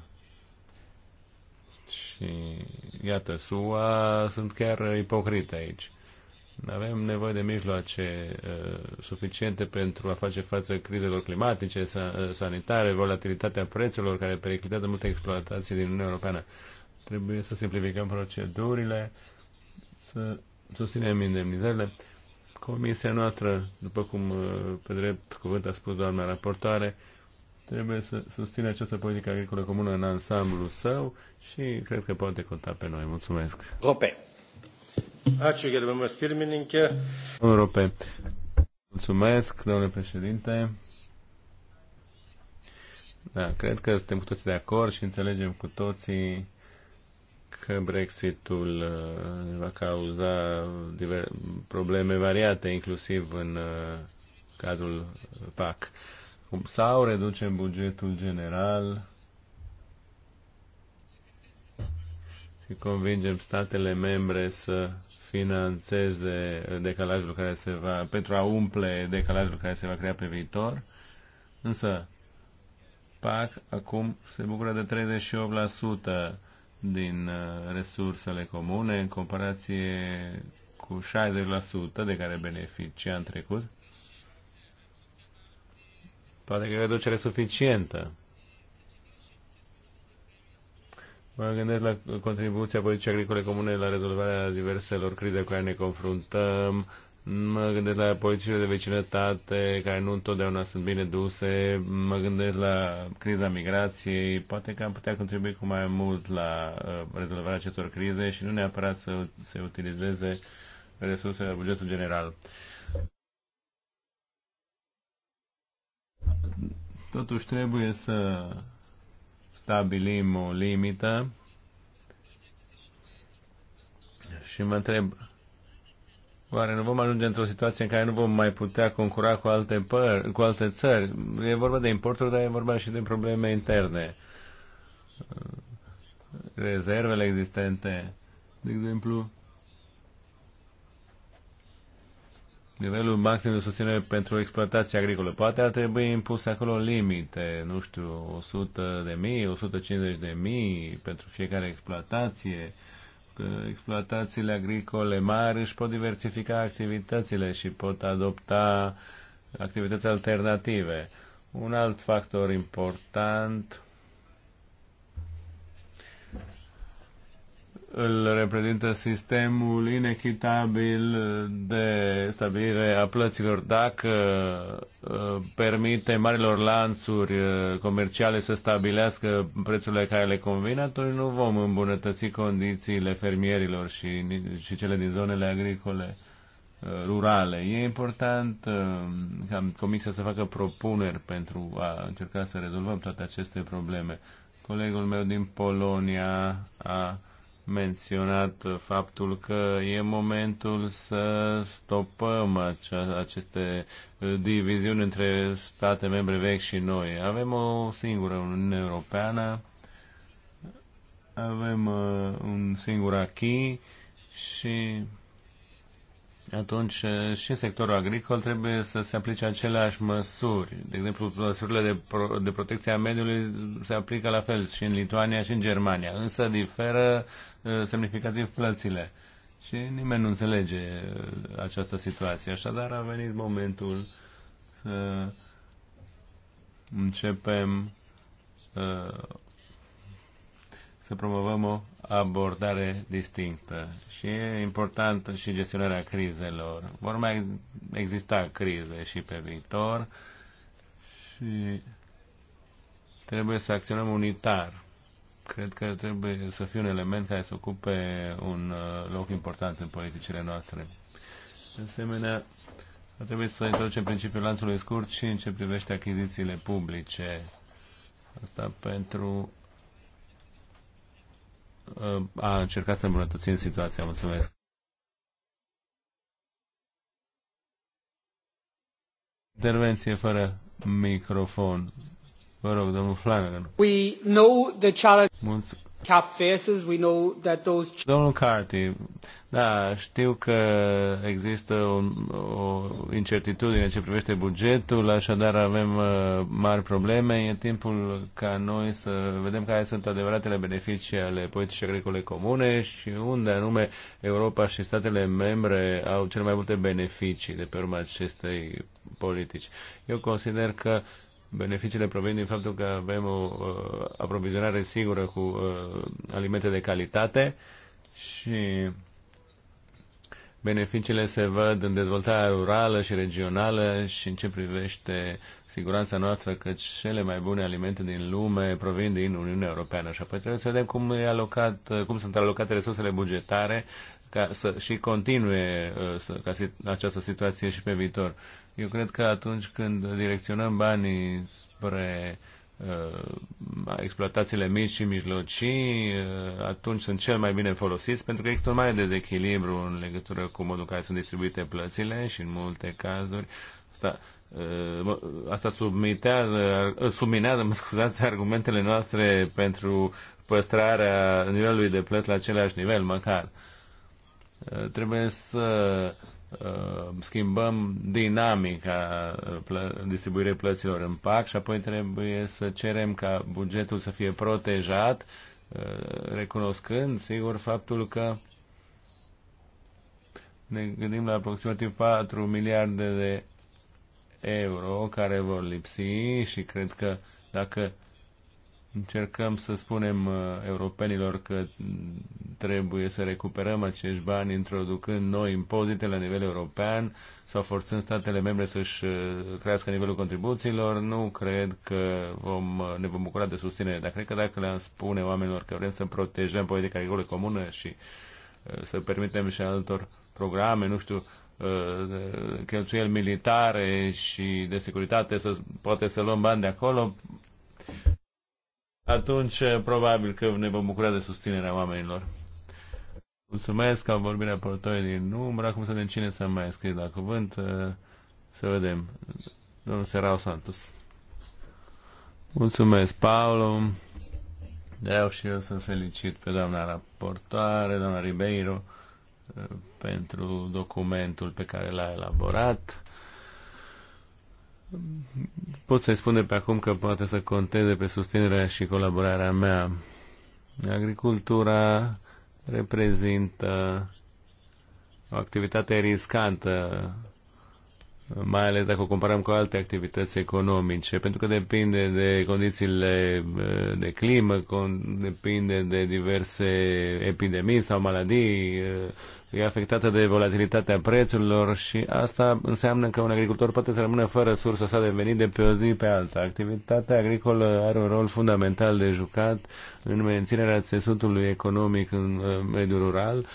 și iată, SUA sunt chiar ipocrite aici. Avem nevoie de mijloace uh, suficiente pentru a face față crizelor climatice, sa, uh, sanitare, volatilitatea prețurilor care periclitează multe exploatații din Uniunea Europeană. Trebuie să simplificăm procedurile, să susținem indemnizările. Comisia noastră, după cum uh, pe drept cuvânt a spus doamna raportoare, uh, trebuie să susține această politică agricolă comună în ansamblu său și cred că poate conta pe noi. Mulțumesc. Rope. Ačiū, gerbiamas pirmininkė. Rope. Mulțumesc, domnule președinte. Da, cred că suntem cu toții de acord și înțelegem cu toții că Brexitul uh, va cauza probleme variate, inclusiv în uh, cadrul PAC sau reducem bugetul general și convingem statele membre să financeze decalajul care se va, pentru a umple decalajul care se va crea pe viitor. Însă, PAC acum se bucură de 38% din uh, resursele comune în comparație cu 60% de care beneficia în trecut. Poate că e o reducere suficientă. Mă gândesc la contribuția politicii agricole comune la rezolvarea diverselor crize cu care ne confruntăm, mă gândesc la politicile de vecinătate care nu întotdeauna sunt bine duse, mă gândesc la criza migrației, poate că am putea contribui cu mai mult la uh, rezolvarea acestor crize și nu neapărat să se utilizeze resursele la bugetul general. Totuși trebuie să stabilim o limită și mă întreb, oare nu vom ajunge într-o situație în care nu vom mai putea concura cu alte, păr, cu alte țări? E vorba de importuri, dar e vorba și de probleme interne. Rezervele existente, de exemplu, nivelul maxim de susținere pentru exploatație agricolă. Poate ar trebui impus acolo limite, nu știu, 100 de mii, 150 de mii pentru fiecare exploatație. Că exploatațiile agricole mari își pot diversifica activitățile și pot adopta activități alternative. Un alt factor important îl reprezintă sistemul inechitabil de stabilire a plăților. Dacă uh, permite marilor lanțuri uh, comerciale să stabilească prețurile care le convine atunci nu vom îmbunătăți condițiile fermierilor și, și cele din zonele agricole uh, rurale. E important ca Comisia să facă propuneri pentru a încerca să rezolvăm toate aceste probleme. Colegul meu din Polonia a menționat faptul că e momentul să stopăm acea, aceste diviziuni între state membre vechi și noi. Avem o singură Uniune Europeană, avem uh, un singur acquis și atunci eh, și în sectorul agricol trebuie să se aplice aceleași măsuri. De exemplu, măsurile de, pro- de protecție a mediului se aplică la fel și în Lituania și în Germania, însă diferă eh, semnificativ plățile. Și nimeni nu înțelege eh, această situație. Așadar a venit momentul să începem să promovăm o abordare distinctă și e importantă și gestionarea crizelor. Vor mai exista crize și pe viitor și trebuie să acționăm unitar. Cred că trebuie să fie un element care să ocupe un uh, loc important în politicile noastre. De asemenea, trebuie să introducem principiul lanțului scurt și în ce privește achizițiile publice. Asta pentru a încercat să îmbunătățim situația. Mulțumesc! Intervenție fără microfon. Vă rog, domnul Flanagan. We know the challenge. Mulțumesc cap faces, we know that those... Domnul Carty, da, știu că există o, o incertitudine ce privește bugetul, așadar avem uh, mari probleme. E timpul ca noi să vedem care sunt adevăratele beneficii ale politicii agricole comune și unde anume Europa și statele membre au cele mai multe beneficii de pe urma acestei politici. Eu consider că uh, beneficiile provin din faptul că avem o uh, aprovizionare sigură cu uh, alimente de calitate și beneficiile se văd în dezvoltarea rurală și regională și în ce privește siguranța noastră că cele mai bune alimente din lume provin din Uniunea Europeană. Și apoi trebuie să vedem cum, e alocat, uh, cum sunt alocate resursele bugetare ca să și continue să, ca această situație și pe viitor. Eu cred că atunci când direcționăm banii spre uh, exploatațiile mici și mijlocii, uh, atunci sunt cel mai bine folosiți pentru că există un mare dezechilibru în legătură cu modul în care sunt distribuite plățile și în multe cazuri asta, uh, asta submitează, subminează, mă scuzați, argumentele noastre pentru păstrarea nivelului de plăți la același nivel, măcar. Trebuie să Uh, schimbăm dinamica distribuirei uh, distribuirii plăților în PAC și apoi trebuie să cerem ca bugetul să fie protejat, uh, recunoscând, sigur, faptul că ne gândim la aproximativ 4 miliarde de euro care vor lipsi și cred că dacă încercăm să spunem uh, europenilor că trebuie să recuperăm acești bani introducând noi impozite la nivel european sau forțând statele membre să-și uh, crească nivelul contribuțiilor, nu cred că vom, uh, ne vom bucura de susținere. Dar cred că dacă le-am spune oamenilor că vrem să protejăm politica agricolă comună și să permitem și altor programe, nu știu, cheltuieli militare și de securitate, să, poate să luăm bani de acolo, atunci eh, probabil că ne vom bucura de susținerea oamenilor. Mulțumesc că am vorbit raportorii din număr. Acum să vedem cine să mai scrie la da, cuvânt. Eh, să vedem. Domnul Serau Santos. Mulțumesc, Paolo. De și eu să felicit pe doamna raportoare, doamna Ribeiro, eh, pentru documentul pe care l-a elaborat pot să-i spune pe acum că poate să conteze pe susținerea și colaborarea mea. Agricultura reprezintă o activitate riscantă, mai ales dacă o comparăm cu alte activități economice, pentru că depinde de condițiile eh, de climă, depinde de diverse epidemii sau maladii, eh, e afectată de volatilitatea prețurilor și asta înseamnă că un agricultor poate să rămână fără sursa sa de venit de pe o zi pe alta. Activitatea agricolă are un rol fundamental de jucat în menținerea țesutului economic în uh, mediul rural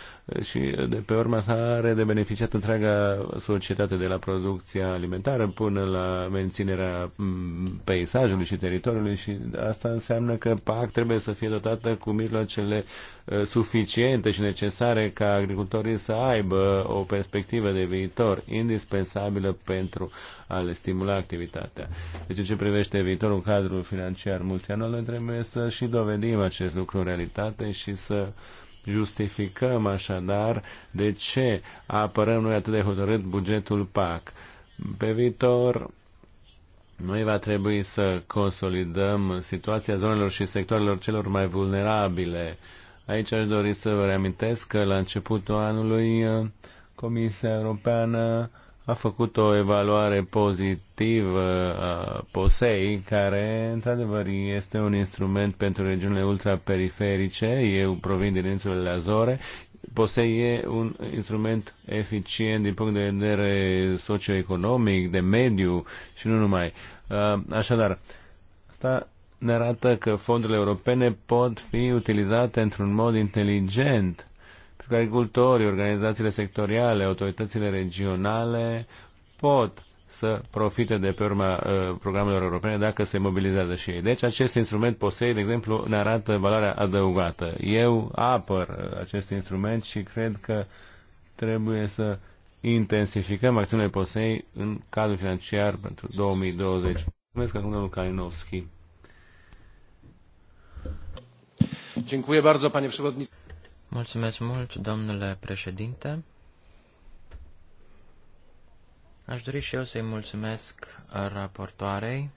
și uh, de pe urma sa are de beneficiat întreaga societate de la producția alimentară până la menținerea mm, peisajului și teritoriului și asta înseamnă că PAC trebuie să fie dotată cu mijloacele uh, suficiente și necesare ca agricultor dori să aibă o perspectivă de viitor indispensabilă pentru a le stimula activitatea. Deci în ce privește viitorul cadru financiar multianual, noi trebuie să și dovedim acest lucru în realitate și să justificăm așadar de ce apărăm noi atât de hotărât bugetul PAC. Pe viitor, noi va trebui să consolidăm situația zonelor și sectoarelor celor mai vulnerabile Aici aș dori să vă reamintesc că la începutul anului uh, Comisia Europeană a făcut o evaluare pozitivă a uh, POSEI, care într-adevăr este un instrument pentru regiunile ultraperiferice. Eu provin din insulele Azore. POSEI e un instrument eficient din punct de vedere socioeconomic, de mediu și nu numai. Uh, așadar, asta ne arată că fondurile europene pot fi utilizate într-un mod inteligent, pentru că agricultorii, organizațiile sectoriale, autoritățile regionale pot să profite de pe urma uh, programelor europene dacă se mobilizează și ei. Deci acest instrument POSEI, de exemplu, ne arată valoarea adăugată. Eu apăr uh, acest instrument și cred că trebuie să intensificăm acțiunile POSEI în cadrul financiar pentru 2020. Mulțumesc domnul Kalinowski. Dziękuję bardzo, panie przewodniczący. Mulțumesc mult, domnule președinte. Aș dori și eu să-i mulțumesc raportoarei.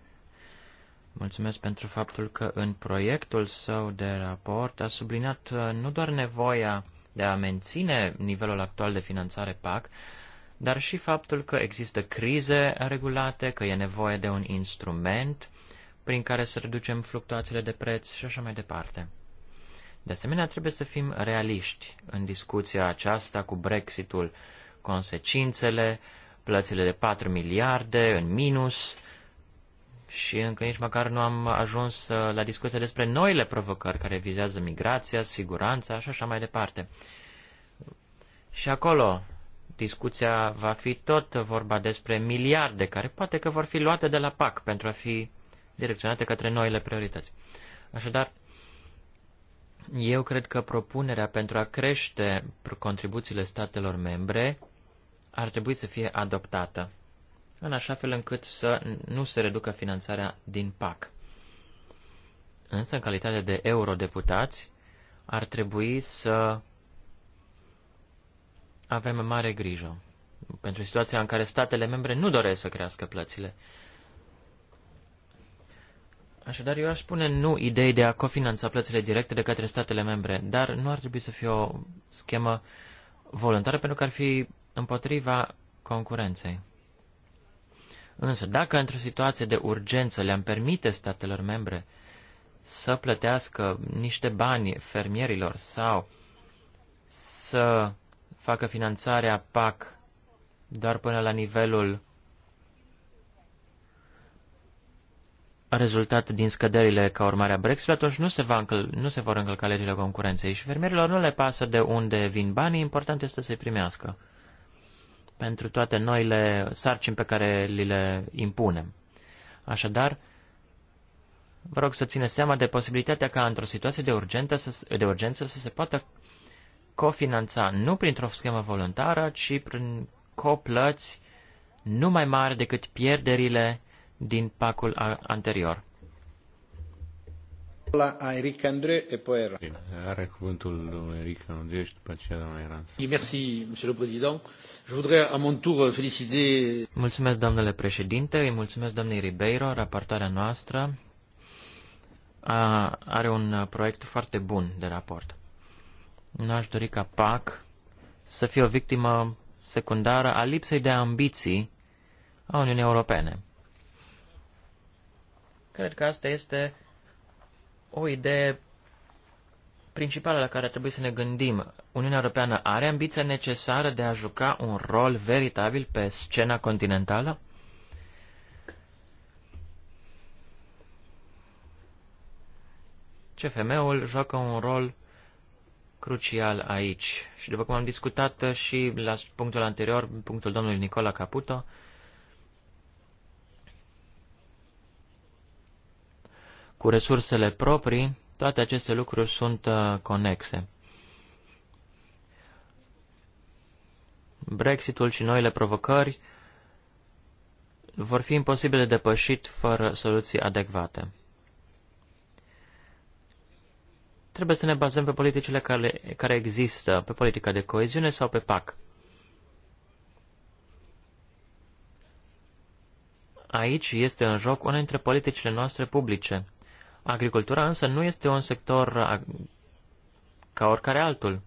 Mulțumesc pentru faptul că în proiectul său de raport a subliniat uh, nu doar nevoia de a menține nivelul actual de finanțare PAC, dar și faptul că există crize regulate, că e nevoie de un instrument prin care să reducem fluctuațiile de preț și așa mai departe. De asemenea, trebuie să fim realiști în discuția aceasta cu Brexitul, consecințele, plățile de 4 miliarde în minus și încă nici măcar nu am ajuns uh, la discuția despre noile provocări care vizează migrația, siguranța și așa mai departe. Și acolo discuția va fi tot vorba despre miliarde care poate că vor fi luate de la PAC pentru a fi direcționate către noile priorități. Așadar, eu cred că propunerea pentru a crește contribuțiile statelor membre ar trebui să fie adoptată, în așa fel încât să nu se reducă finanțarea din PAC. Însă, în calitate de eurodeputați, ar trebui să avem mare grijă pentru situația în care statele membre nu doresc să crească plățile. Așadar, eu aș spune nu idei de a cofinanța plățile directe de către statele membre, dar nu ar trebui să fie o schemă voluntară pentru că ar fi împotriva concurenței. Însă, dacă într-o situație de urgență le-am permite statelor membre să plătească niște bani fermierilor sau să facă finanțarea PAC doar până la nivelul a rezultat din scăderile ca urmare a brexit atunci nu se, va încăl- nu se vor încălca legile concurenței și fermierilor nu le pasă de unde vin banii, important este să-i primească pentru toate noile sarcini pe care li le impunem. Așadar, vă rog să țineți seama de posibilitatea ca într-o situație de, urgență să, de urgență să se poată cofinanța nu printr-o schemă voluntară, ci prin coplăți nu mai mari decât pierderile din pacul anterior. La Eric Andre, e poi era. are cuvântul domnul Eric André și după aceea doamna Eranz. Merci, monsieur le président. Je voudrais à mon tour féliciter... Mulțumesc, domnule președinte, îi mulțumesc doamnei Ribeiro, raportarea noastră. A, are un proiect foarte bun de raport. Nu aș dori ca PAC să fie o victimă secundară a lipsei de ambiții a Uniunii Europene. Cred că asta este o idee principală la care trebuie să ne gândim. Uniunea Europeană are ambiția necesară de a juca un rol veritabil pe scena continentală? CFM-ul joacă un rol crucial aici. Și după cum am discutat și la punctul anterior, punctul domnului Nicola Caputo, cu resursele proprii, toate aceste lucruri sunt uh, conexe. Brexitul și noile provocări vor fi imposibile de depășit fără soluții adecvate. Trebuie să ne bazăm pe politicile care, care există, pe politica de coeziune sau pe PAC. Aici este în joc una dintre politicile noastre publice. Agricultura însă nu este un sector ca oricare altul.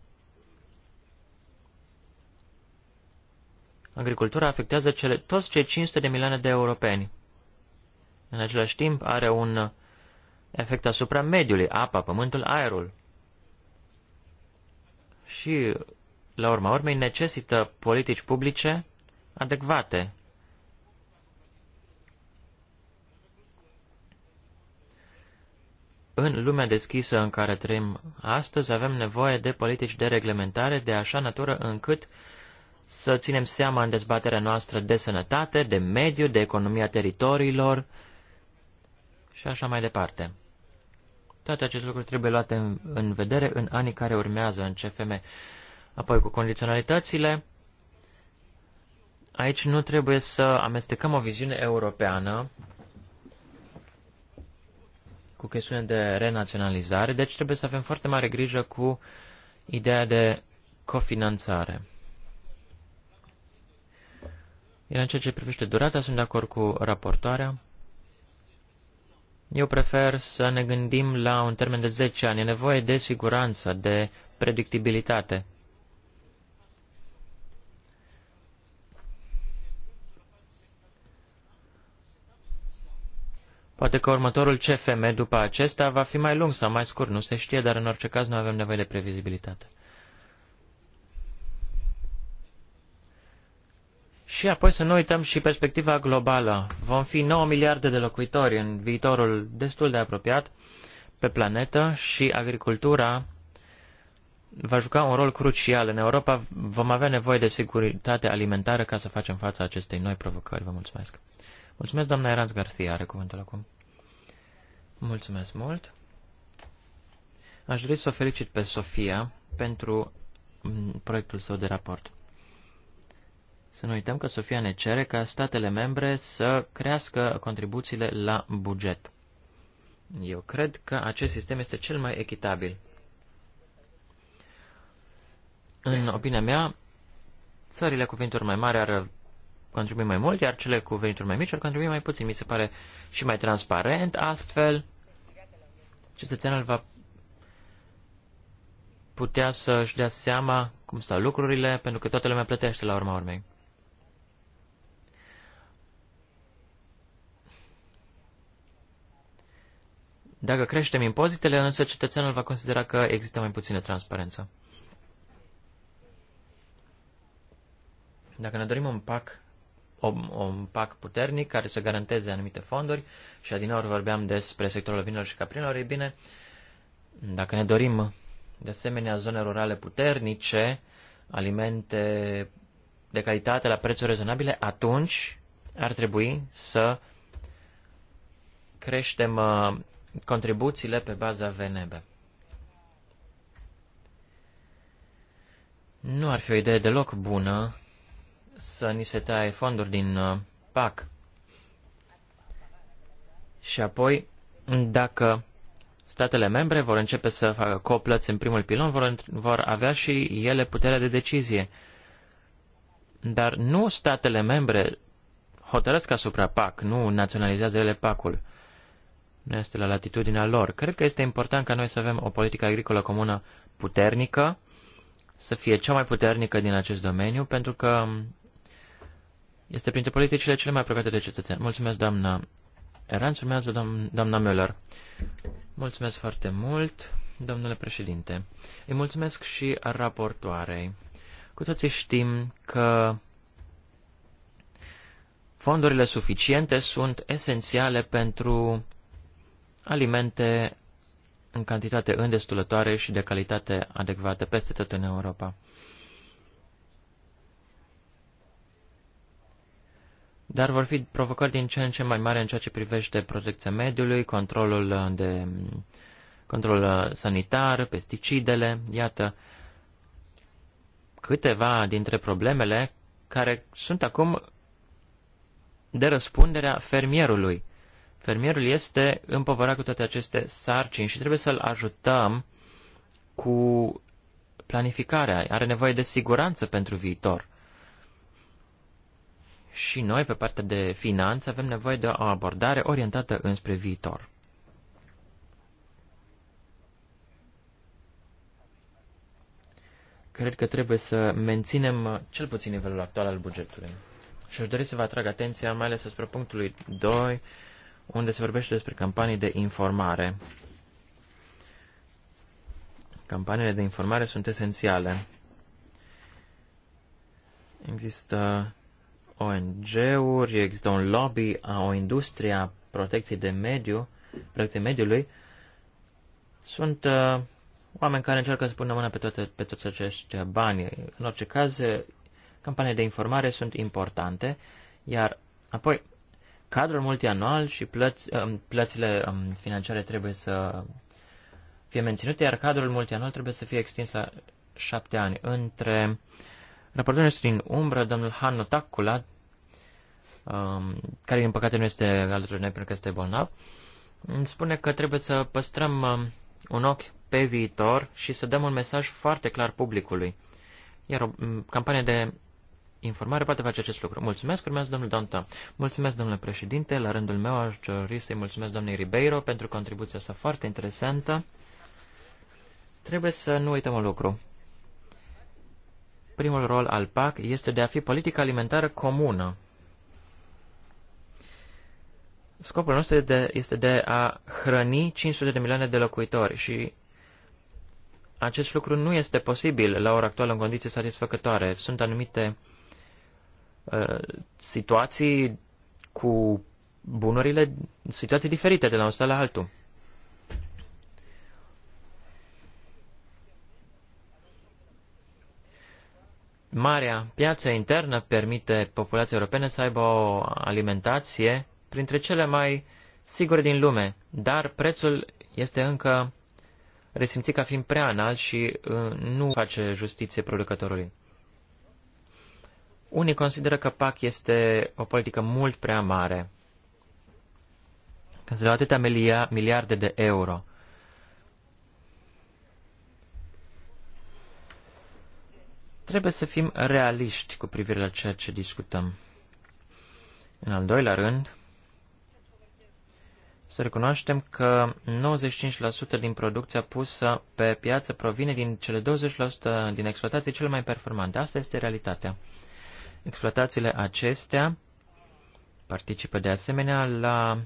Agricultura afectează cele, toți cei 500 de milioane de europeni. În același timp are un efect asupra mediului, apa, pământul, aerul. Și, la urma urmei, necesită politici publice adecvate În lumea deschisă în care trăim astăzi, avem nevoie de politici de reglementare de așa natură încât să ținem seama în dezbaterea noastră de sănătate, de mediu, de economia teritoriilor și așa mai departe. Toate aceste lucruri trebuie luate în, în vedere în anii care urmează în CFM. Apoi, cu condiționalitățile, aici nu trebuie să amestecăm o viziune europeană cu chestiune de renaționalizare, deci trebuie să avem foarte mare grijă cu ideea de cofinanțare. Iar în ceea ce privește durata, sunt de acord cu raportoarea. Eu prefer să ne gândim la un termen de 10 ani. E nevoie de siguranță, de predictibilitate. Poate că următorul CFM după acesta va fi mai lung sau mai scurt, nu se știe, dar în orice caz nu avem nevoie de previzibilitate. Și apoi să nu uităm și perspectiva globală. Vom fi 9 miliarde de locuitori în viitorul destul de apropiat pe planetă și agricultura va juca un rol crucial. În Europa vom avea nevoie de securitate alimentară ca să facem fața acestei noi provocări. Vă mulțumesc! Mulțumesc, doamna Eranț Garcia, are cuvântul acum. Mulțumesc mult. Aș dori să o felicit pe Sofia pentru mm, proiectul său de raport. Să nu uităm că Sofia ne cere ca statele membre să crească contribuțiile la buget. Eu cred că acest sistem este cel mai echitabil. În opinia mea, țările cu venituri mai mari ar contribui mai mult, iar cele cu venituri mai mici vor contribui mai puțin. Mi se pare și mai transparent, astfel cetățeanul va putea să-și dea seama cum stau lucrurile, pentru că toată lumea plătește la urma urmei. Dacă creștem impozitele, însă cetățeanul va considera că există mai puțină transparență. Dacă ne dorim un pact un pac puternic care să garanteze anumite fonduri și adinaori vorbeam despre sectorul vinilor și caprinilor, e bine, dacă ne dorim de asemenea zone rurale puternice, alimente de calitate la prețuri rezonabile, atunci ar trebui să creștem uh, contribuțiile pe baza VNB. Nu ar fi o idee deloc bună să ni se taie fonduri din uh, PAC. Și apoi, dacă statele membre vor începe să facă coplăți în primul pilon, vor, vor avea și ele puterea de decizie. Dar nu statele membre hotărăsc asupra PAC, nu naționalizează ele PAC-ul. Nu este la latitudinea lor. Cred că este important ca noi să avem o politică agricolă comună puternică, să fie cea mai puternică din acest domeniu, pentru că este printre politicile cele mai apropiate de cetățeni. Mulțumesc, doamna Eranț. Urmează doam, doamna Müller. Mulțumesc foarte mult, domnule președinte. Îi mulțumesc și raportoarei. Cu toții știm că fondurile suficiente sunt esențiale pentru alimente în cantitate îndestulătoare și de calitate adecvată peste tot în Europa. dar vor fi provocări din ce în ce mai mari în ceea ce privește protecția mediului, controlul, uh, de, controlul uh, sanitar, pesticidele, iată câteva dintre problemele care sunt acum de răspunderea fermierului. Fermierul este împovărat cu toate aceste sarcini și trebuie să-l ajutăm cu planificarea. Are nevoie de siguranță pentru viitor și noi, pe partea de finanță, avem nevoie de o abordare orientată înspre viitor. Cred că trebuie să menținem cel puțin nivelul actual al bugetului. Și aș dori să vă atrag atenția mai ales asupra punctului 2, unde se vorbește despre campanii de informare. Campaniile de informare sunt esențiale. Există ONG-uri, există un lobby, o industrie a protecției de mediu, protecției mediului. Sunt uh, oameni care încearcă să pună mâna pe, toate, pe toți acești bani. În orice caz, uh, campaniile de informare sunt importante, iar apoi cadrul multianual și plăți, uh, plățile um, financiare trebuie să fie menținute, iar cadrul multianual trebuie să fie extins la șapte ani. Între Raportorul nostru din umbră, domnul Hanno Takkula, um, care din păcate nu este alături de noi pentru că este bolnav, spune că trebuie să păstrăm um, un ochi pe viitor și să dăm un mesaj foarte clar publicului. Iar o um, campanie de informare poate face acest lucru. Mulțumesc, urmează domnul Danta. Mulțumesc, domnule președinte. La rândul meu aș dori să-i mulțumesc domnului Ribeiro pentru contribuția sa foarte interesantă. Trebuie să nu uităm un lucru. Primul rol al PAC este de a fi politică alimentară comună. Scopul nostru este de, este de a hrăni 500 de milioane de locuitori și acest lucru nu este posibil la ora actuală în condiții satisfăcătoare. Sunt anumite uh, situații cu bunurile, situații diferite de la un stat la altul. marea piață internă permite populației europene să aibă o alimentație printre cele mai sigure din lume, dar prețul este încă resimțit ca fiind prea înalt și uh, nu face justiție producătorului. Unii consideră că PAC este o politică mult prea mare, când se dau atâtea miliarde de euro. Trebuie să fim realiști cu privire la ceea ce discutăm. În al doilea rând, să recunoaștem că 95% din producția pusă pe piață provine din cele 20% din exploatații cele mai performante. Asta este realitatea. Exploatațiile acestea participă de asemenea la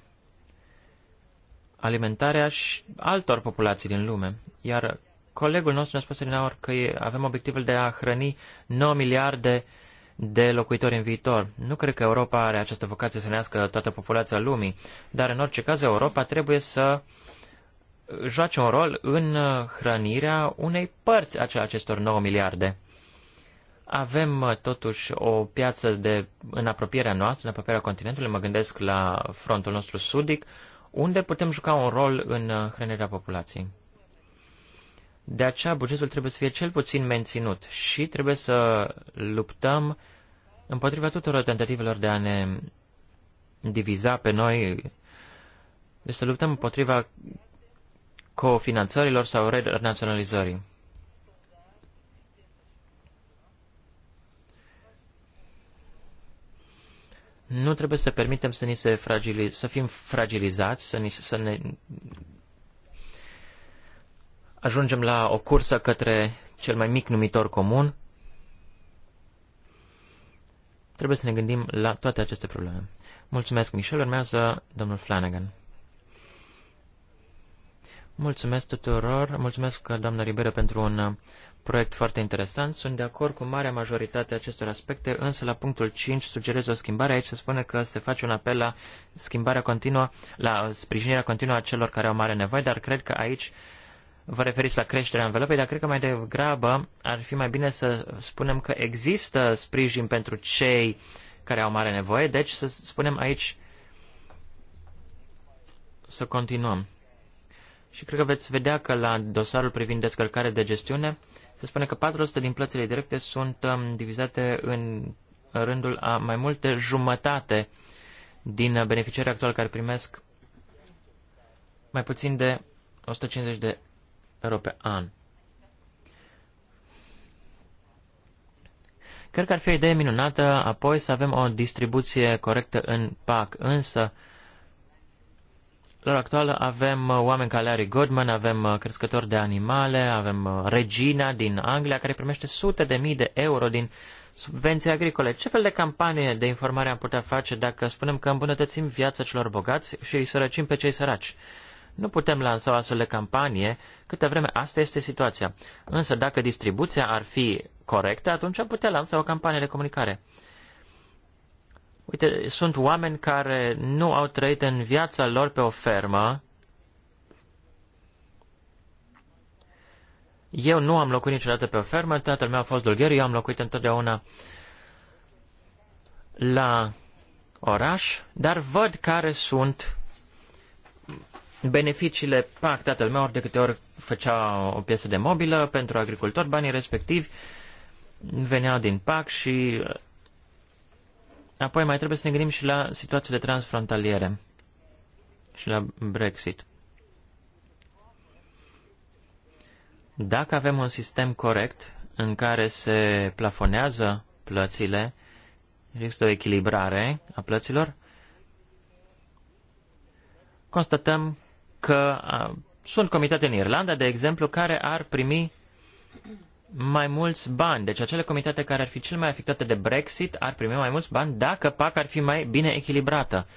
alimentarea și altor populații din lume, iar Colegul nostru ne-a spus din că avem obiectivul de a hrăni 9 miliarde de locuitori în viitor. Nu cred că Europa are această vocație să nească toată populația lumii, dar în orice caz Europa trebuie să joace un rol în hrănirea unei părți a acestor 9 miliarde. Avem uh, totuși o piață de, în apropierea noastră, în apropierea continentului, mă gândesc la frontul nostru sudic, unde putem juca un rol în uh, hrănirea populației. De aceea, bugetul trebuie să fie cel puțin menținut și trebuie să luptăm împotriva tuturor tentativelor de a ne diviza pe noi, deci să luptăm împotriva cofinanțărilor sau renaționalizării. Nu trebuie să permitem să ni se fragili- să fim fragilizați, să, ni, să ne ajungem la o cursă către cel mai mic numitor comun, trebuie să ne gândim la toate aceste probleme. Mulțumesc, Michel. Urmează domnul Flanagan. Mulțumesc tuturor, mulțumesc doamna Ribera, pentru un uh, proiect foarte interesant. Sunt de acord cu marea majoritate a acestor aspecte, însă la punctul 5 sugerez o schimbare. Aici se spune că se face un apel la schimbarea continuă, la sprijinirea continuă a celor care au mare nevoie, dar cred că aici vă referiți la creșterea învelopei, dar cred că mai degrabă ar fi mai bine să spunem că există sprijin pentru cei care au mare nevoie, deci să spunem aici să continuăm. Și cred că veți vedea că la dosarul privind descărcare de gestiune se spune că 400 din plățile directe sunt um, divizate în rândul a mai multe jumătate din beneficiarii actuali care primesc mai puțin de 150 de euro pe an. Cred că ar fi o idee minunată apoi să avem o distribuție corectă în PAC, însă la actuală avem uh, oameni ca Larry Goodman, avem uh, crescători de animale, avem uh, regina din Anglia care primește sute de mii de euro din subvenții agricole. Ce fel de campanie de informare am putea face dacă spunem că îmbunătățim viața celor bogați și îi sărăcim pe cei săraci? Nu putem lansa o astfel de campanie câtă vreme asta este situația. Însă dacă distribuția ar fi corectă, atunci am putea lansa o campanie de comunicare. Uite, sunt oameni care nu au trăit în viața lor pe o fermă. Eu nu am locuit niciodată pe o fermă, tatăl meu a fost dulgher, eu am locuit întotdeauna la oraș, dar văd care sunt beneficiile PAC, tatăl meu, ori de câte ori făcea o piesă de mobilă pentru agricultori, banii respectivi veneau din PAC și uh, apoi mai trebuie să ne gândim și la situațiile transfrontaliere și la Brexit. Dacă avem un sistem corect în care se plafonează plățile, există o echilibrare a plăților, constatăm că sunt comitate în Irlanda, de exemplu, care ar primi mai mulți bani. Deci acele comitate care ar fi cel mai afectate de Brexit ar primi mai mulți bani dacă PAC ar fi mai bine echilibrată.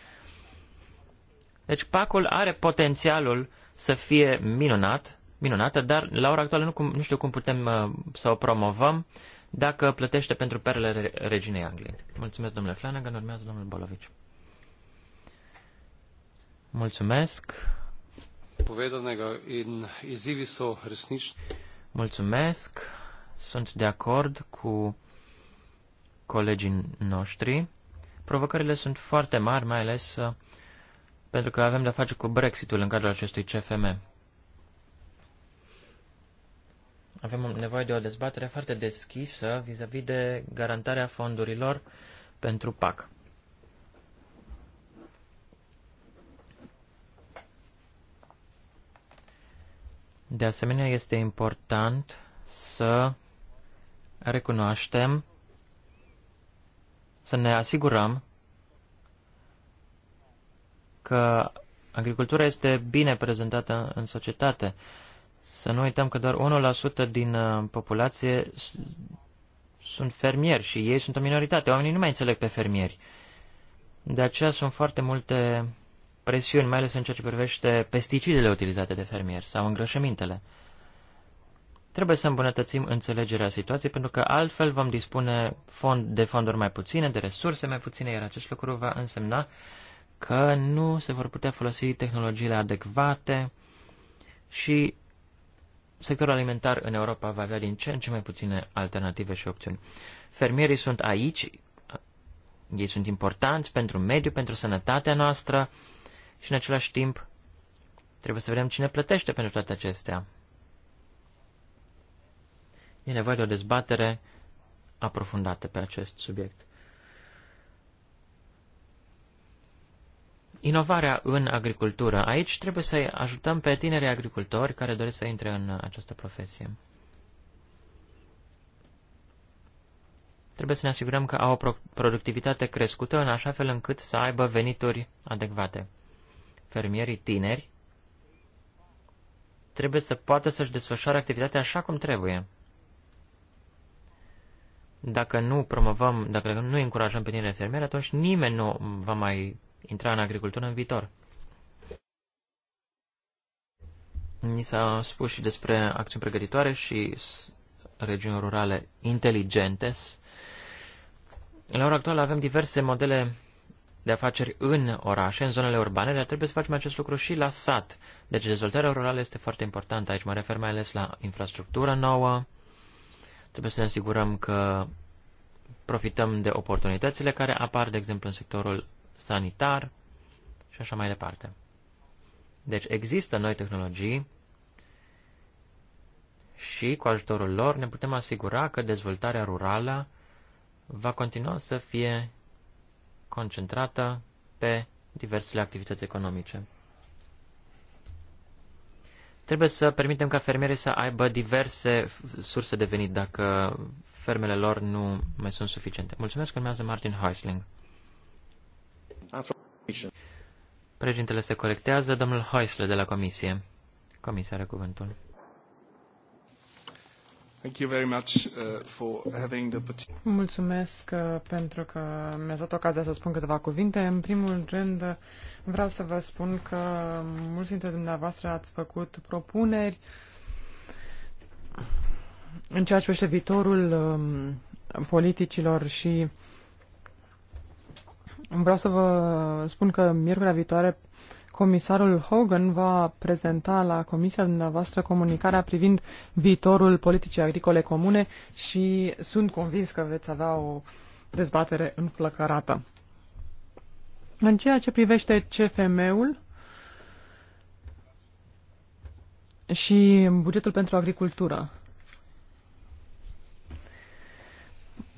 Deci PAC-ul are potențialul să fie minunat, minunată, dar la ora actuală nu, cum, nu știu cum putem uh, să o promovăm dacă plătește pentru perele reginei Angliei. Mulțumesc, domnule Flanagan, urmează domnul Bolovici. Mulțumesc. Mulțumesc, sunt de acord cu colegii noștri. Provocările sunt foarte mari, mai ales uh, pentru că avem de-a face cu Brexitul în cadrul acestui CFM. Avem nevoie de o dezbatere foarte deschisă vis-a-vis -vis de garantarea fondurilor pentru PAC. De asemenea, este important să recunoaștem, să ne asigurăm că agricultura este bine prezentată în societate. Să nu uităm că doar 1% din uh, populație sunt fermieri și ei sunt o minoritate. Oamenii nu mai înțeleg pe fermieri. De aceea sunt foarte multe presiuni, mai ales în ceea ce privește pesticidele utilizate de fermieri sau îngrășămintele. Trebuie să îmbunătățim înțelegerea situației, pentru că altfel vom dispune fond, de fonduri mai puține, de resurse mai puține, iar acest lucru va însemna că nu se vor putea folosi tehnologiile adecvate și sectorul alimentar în Europa va avea din ce în ce mai puține alternative și opțiuni. Fermierii sunt aici, ei sunt importanți pentru mediu, pentru sănătatea noastră, și în același timp trebuie să vedem cine plătește pentru toate acestea. E nevoie de o dezbatere aprofundată pe acest subiect. Inovarea în agricultură. Aici trebuie să ajutăm pe tinerii agricultori care doresc să intre în această profesie. Trebuie să ne asigurăm că au o productivitate crescută în așa fel încât să aibă venituri adecvate fermierii tineri trebuie să poată să-și desfășoare activitatea așa cum trebuie. Dacă nu promovăm, dacă nu încurajăm pe tinerii fermieri, atunci nimeni nu va mai intra în agricultură în viitor. Ni s-a spus și despre acțiuni pregătitoare și regiuni rurale inteligente. La ora actuală avem diverse modele de afaceri în orașe, în zonele urbane, dar trebuie să facem acest lucru și la sat. Deci dezvoltarea rurală este foarte importantă. Aici mă refer mai ales la infrastructura nouă. Trebuie să ne asigurăm că profităm de oportunitățile care apar, de exemplu, în sectorul sanitar și așa mai departe. Deci există noi tehnologii și cu ajutorul lor ne putem asigura că dezvoltarea rurală va continua să fie concentrată pe diversele activități economice. Trebuie să permitem ca fermierii să aibă diverse surse de venit dacă fermele lor nu mai sunt suficiente. Mulțumesc, urmează Martin Heisling. Președintele se corectează, domnul Heisle de la Comisie. Comisia are cuvântul. Uh, Mulțumesc uh, pentru că mi-ați dat ocazia să spun câteva cuvinte. În primul rând, vreau să vă spun că mulți dintre dumneavoastră ați făcut propuneri în ceea ce privește viitorul um, politicilor și vreau să vă spun că miercurea viitoare Comisarul Hogan va prezenta la comisia dumneavoastră comunicarea privind viitorul politicii agricole comune și sunt convins că veți avea o dezbatere înflăcărată. În ceea ce privește CFM-ul și bugetul pentru agricultură,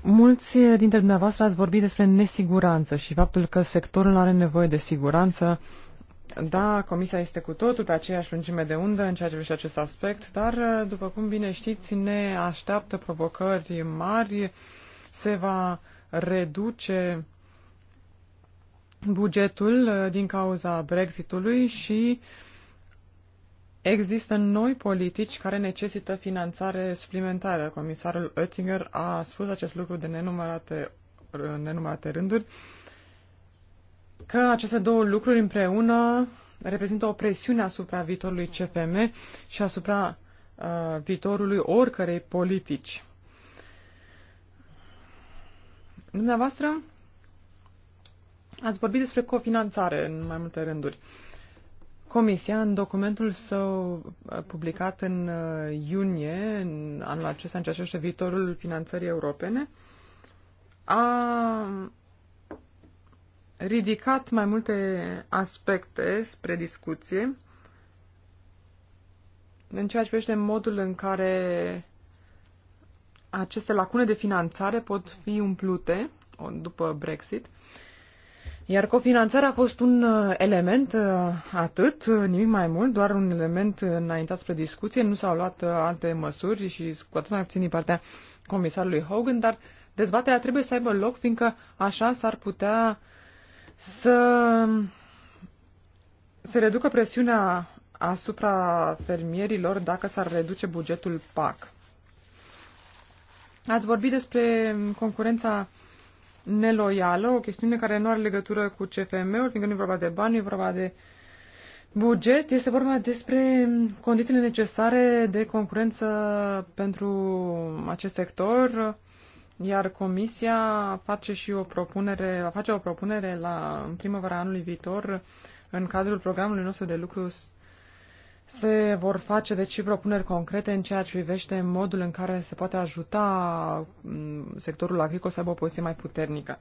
Mulți dintre dumneavoastră ați vorbit despre nesiguranță și faptul că sectorul are nevoie de siguranță da, Comisia este cu totul pe aceeași lungime de undă în ceea ce privește acest aspect, dar, după cum bine știți, ne așteaptă provocări mari. Se va reduce bugetul uh, din cauza Brexitului și există noi politici care necesită finanțare suplimentară. Comisarul Oettinger a spus acest lucru de nenumărate, uh, nenumărate rânduri că aceste două lucruri împreună reprezintă o presiune asupra viitorului CFM și asupra uh, viitorului oricărei politici. Dumneavoastră ați vorbit despre cofinanțare în mai multe rânduri. Comisia, în documentul său uh, publicat în uh, iunie, în anul acesta, în ceea ce viitorul finanțării europene, a ridicat mai multe aspecte spre discuție în ceea ce privește modul în care aceste lacune de finanțare pot fi umplute după Brexit. Iar cofinanțarea a fost un uh, element uh, atât, uh, nimic mai mult, doar un element înaintat spre discuție. Nu s-au luat alte măsuri și cu atât mai puțin din partea comisarului Hogan, dar dezbaterea trebuie să aibă loc, fiindcă așa s-ar putea uh, să se reducă presiunea asupra fermierilor dacă s-ar reduce bugetul PAC. Ați vorbit despre concurența neloială, o chestiune care nu are legătură cu CFM-ul, fiindcă nu e vorba de bani, nu e vorba de buget, este vorba despre condițiile necesare de concurență pentru acest sector, iar Comisia face și o propunere, face o propunere la, în primăvara anului viitor în cadrul programului nostru de lucru se vor face deci și propuneri concrete în ceea ce privește modul în care se poate ajuta sectorul agricol să aibă o poziție mai puternică.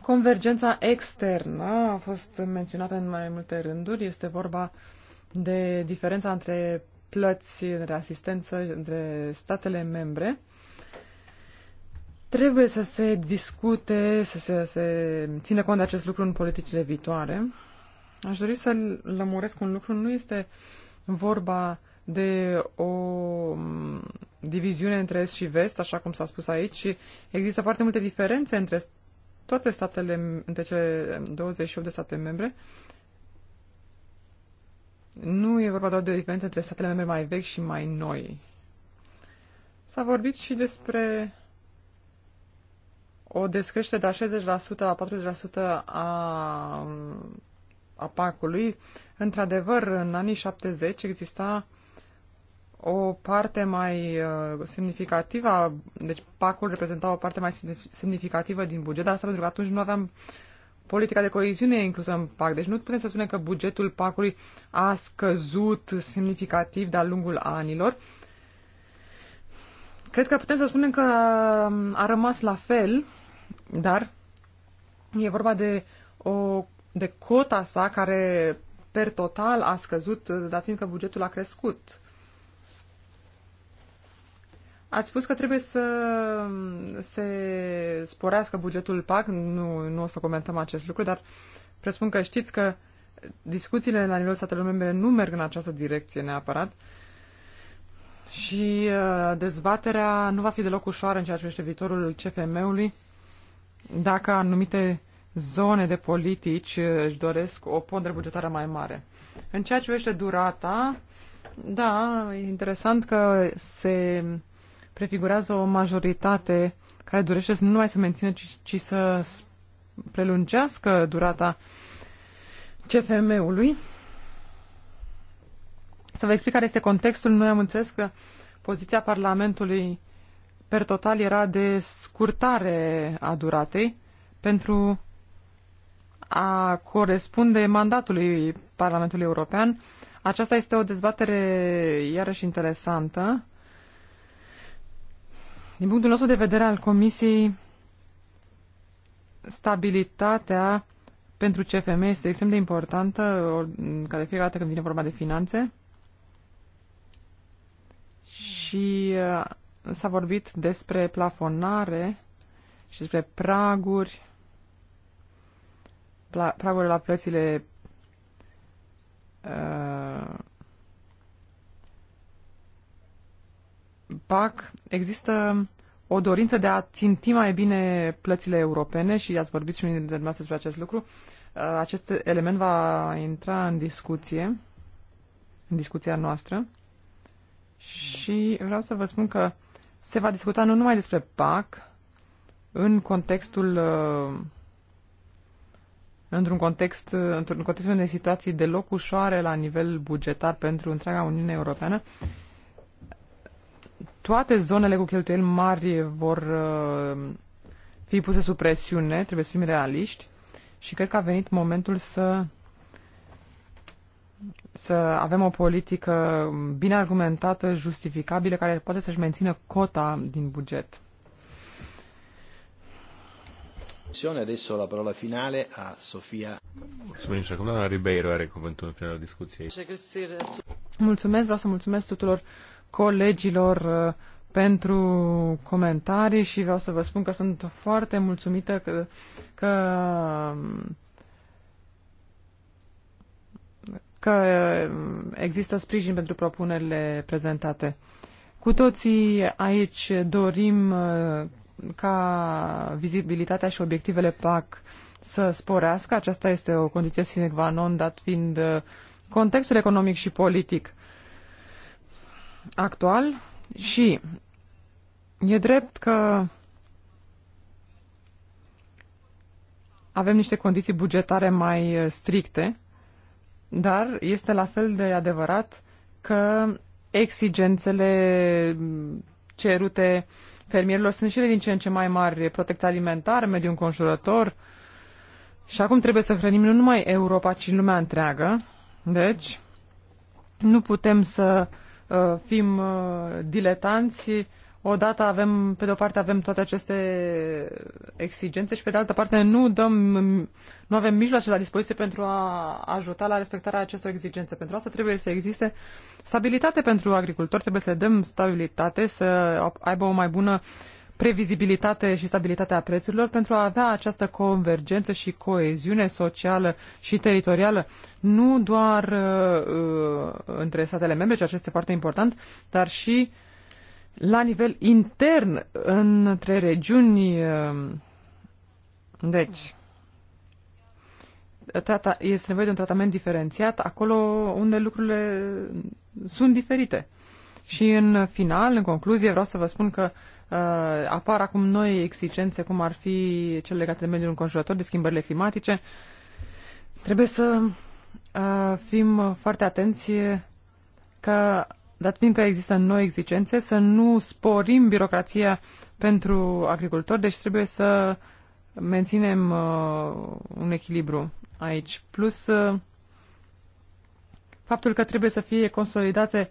Convergența externă a fost menționată în mai multe rânduri. Este vorba de diferența între plăți de asistență între statele membre, trebuie să se discute, să se, se țină cont de acest lucru în politicile viitoare. Aș dori să lămuresc un lucru. Nu este vorba de o mm, diviziune între Est și Vest, așa cum s-a spus aici. Există foarte multe diferențe între toate statele, între cele 28 de state membre. Uh, nu e vorba doar de o diferență între statele membre mai vechi și mai noi. S-a vorbit și despre o descreștere de la 60% la 40% a, a pacului. Într-adevăr, în anii 70 exista o parte mai uh, semnificativă, deci pacul reprezenta o parte mai semnificativă din buget, dar asta pentru că atunci nu aveam uh, politica de coeziune e inclusă în PAC. Deci nu putem să spunem că bugetul PAC-ului a scăzut semnificativ de-a lungul anilor. Cred că putem să spunem că um, a rămas la fel, dar e vorba de, o, de cota sa care per total a scăzut, uh, dat fiindcă bugetul a crescut. Ați spus că trebuie să se sporească bugetul PAC, nu, nu o să comentăm acest lucru, dar presupun că știți că discuțiile la nivelul statelor membre nu merg în această direcție neapărat și uh, dezbaterea nu va fi deloc ușoară în ceea ce privește viitorul CFM-ului dacă anumite zone de politici uh, își doresc o pondere bugetară mai mare. În ceea ce privește durata, da, e interesant că se prefigurează o majoritate care dorește să nu mai să mențină, ci, ci să prelungească durata CFM-ului. Să vă explic care este contextul. Noi am înțeles că poziția Parlamentului per total era de scurtare a duratei pentru a corespunde mandatului Parlamentului European. Aceasta este o dezbatere iarăși interesantă din punctul nostru de vedere al Comisiei, stabilitatea pentru CFM este extrem de importantă, ca de fiecare dată când vine vorba de finanțe. Și uh, s-a vorbit despre plafonare și despre praguri, praguri la plățile uh, PAC există o dorință de a ținti mai bine plățile europene și ați vorbit și unii dintre dumneavoastră despre acest lucru. Uh, acest element va intra în discuție, în discuția noastră și vreau să vă spun că se va discuta nu numai despre PAC în contextul uh, într-un context, într-un context unei situații deloc ușoare la nivel bugetar pentru întreaga Uniune Europeană, toate zonele cu cheltuieli mari vor uh, fi puse sub presiune, trebuie să fim realiști și cred că a venit momentul să să avem o politică bine argumentată, justificabilă, care poate să-și mențină cota din buget. Adesso la parola finale a Sofia. Mulțumim acum doamna Ribeiro are cuvântul în finalul discuției. Mulțumesc, vreau să mulțumesc tuturor colegilor uh, pentru comentarii și vreau să vă spun că sunt foarte mulțumită că, că că există sprijin pentru propunerile prezentate. Cu toții aici dorim uh, ca vizibilitatea și obiectivele PAC să sporească. Aceasta este o condiție sine qua non, dat fiind uh, contextul economic și politic actual și e drept că avem niște condiții bugetare mai uh, stricte, dar este la fel de adevărat că exigențele mm, cerute fermierilor sunt și ele din ce în ce mai mari, protecția alimentară, mediul înconjurător și acum trebuie să hrănim nu numai Europa, ci lumea întreagă. Deci, nu putem să uh, Uh, fim uh, diletanți. Odată avem, pe de o parte avem toate aceste exigențe și pe de altă parte nu dăm, nu avem mijloace la dispoziție pentru a ajuta la respectarea acestor exigențe. Pentru asta trebuie să existe stabilitate pentru agricultori, trebuie să le dăm stabilitate, să aibă o mai bună uh, previzibilitate și stabilitatea prețurilor pentru a avea această convergență și coeziune socială și teritorială, nu doar uh, uh, între statele membre, ceea ce este foarte important, dar și la nivel intern între regiuni. Uh, deci, trata, este nevoie de un tratament diferențiat acolo unde lucrurile sunt diferite. Și în final, în concluzie, vreau să vă spun că uh, Uh, apar acum noi exigențe, cum ar fi cele legate de mediul înconjurător, de schimbările climatice. Trebuie să uh, fim foarte atenți că, dat fiind că există noi exigențe, să nu sporim birocrația pentru agricultori, deci trebuie să menținem uh, un echilibru aici. Plus uh, faptul că trebuie să fie consolidate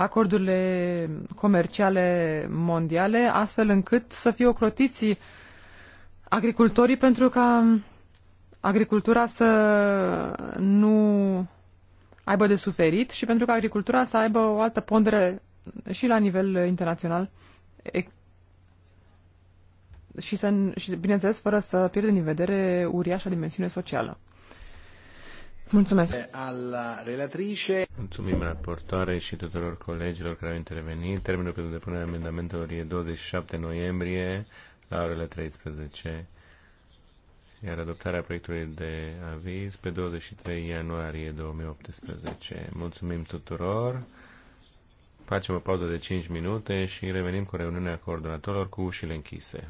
acordurile comerciale mondiale, astfel încât să fie ocrotiți agricultorii pentru ca agricultura să nu aibă de suferit și pentru ca agricultura să aibă o altă pondere și la nivel internațional și, să, și bineînțeles, fără să pierdem din vedere uriașa dimensiune socială. Mulțumesc. Alla relatrice. Mulțumim raportoare și tuturor colegilor care au intervenit. Termenul pentru depunerea amendamentelor e 27 noiembrie la orele 13 iar adoptarea proiectului de aviz pe 23 ianuarie 2018. Mulțumim tuturor! Facem o pauză de 5 minute și revenim cu reuniunea coordonatorilor cu ușile închise.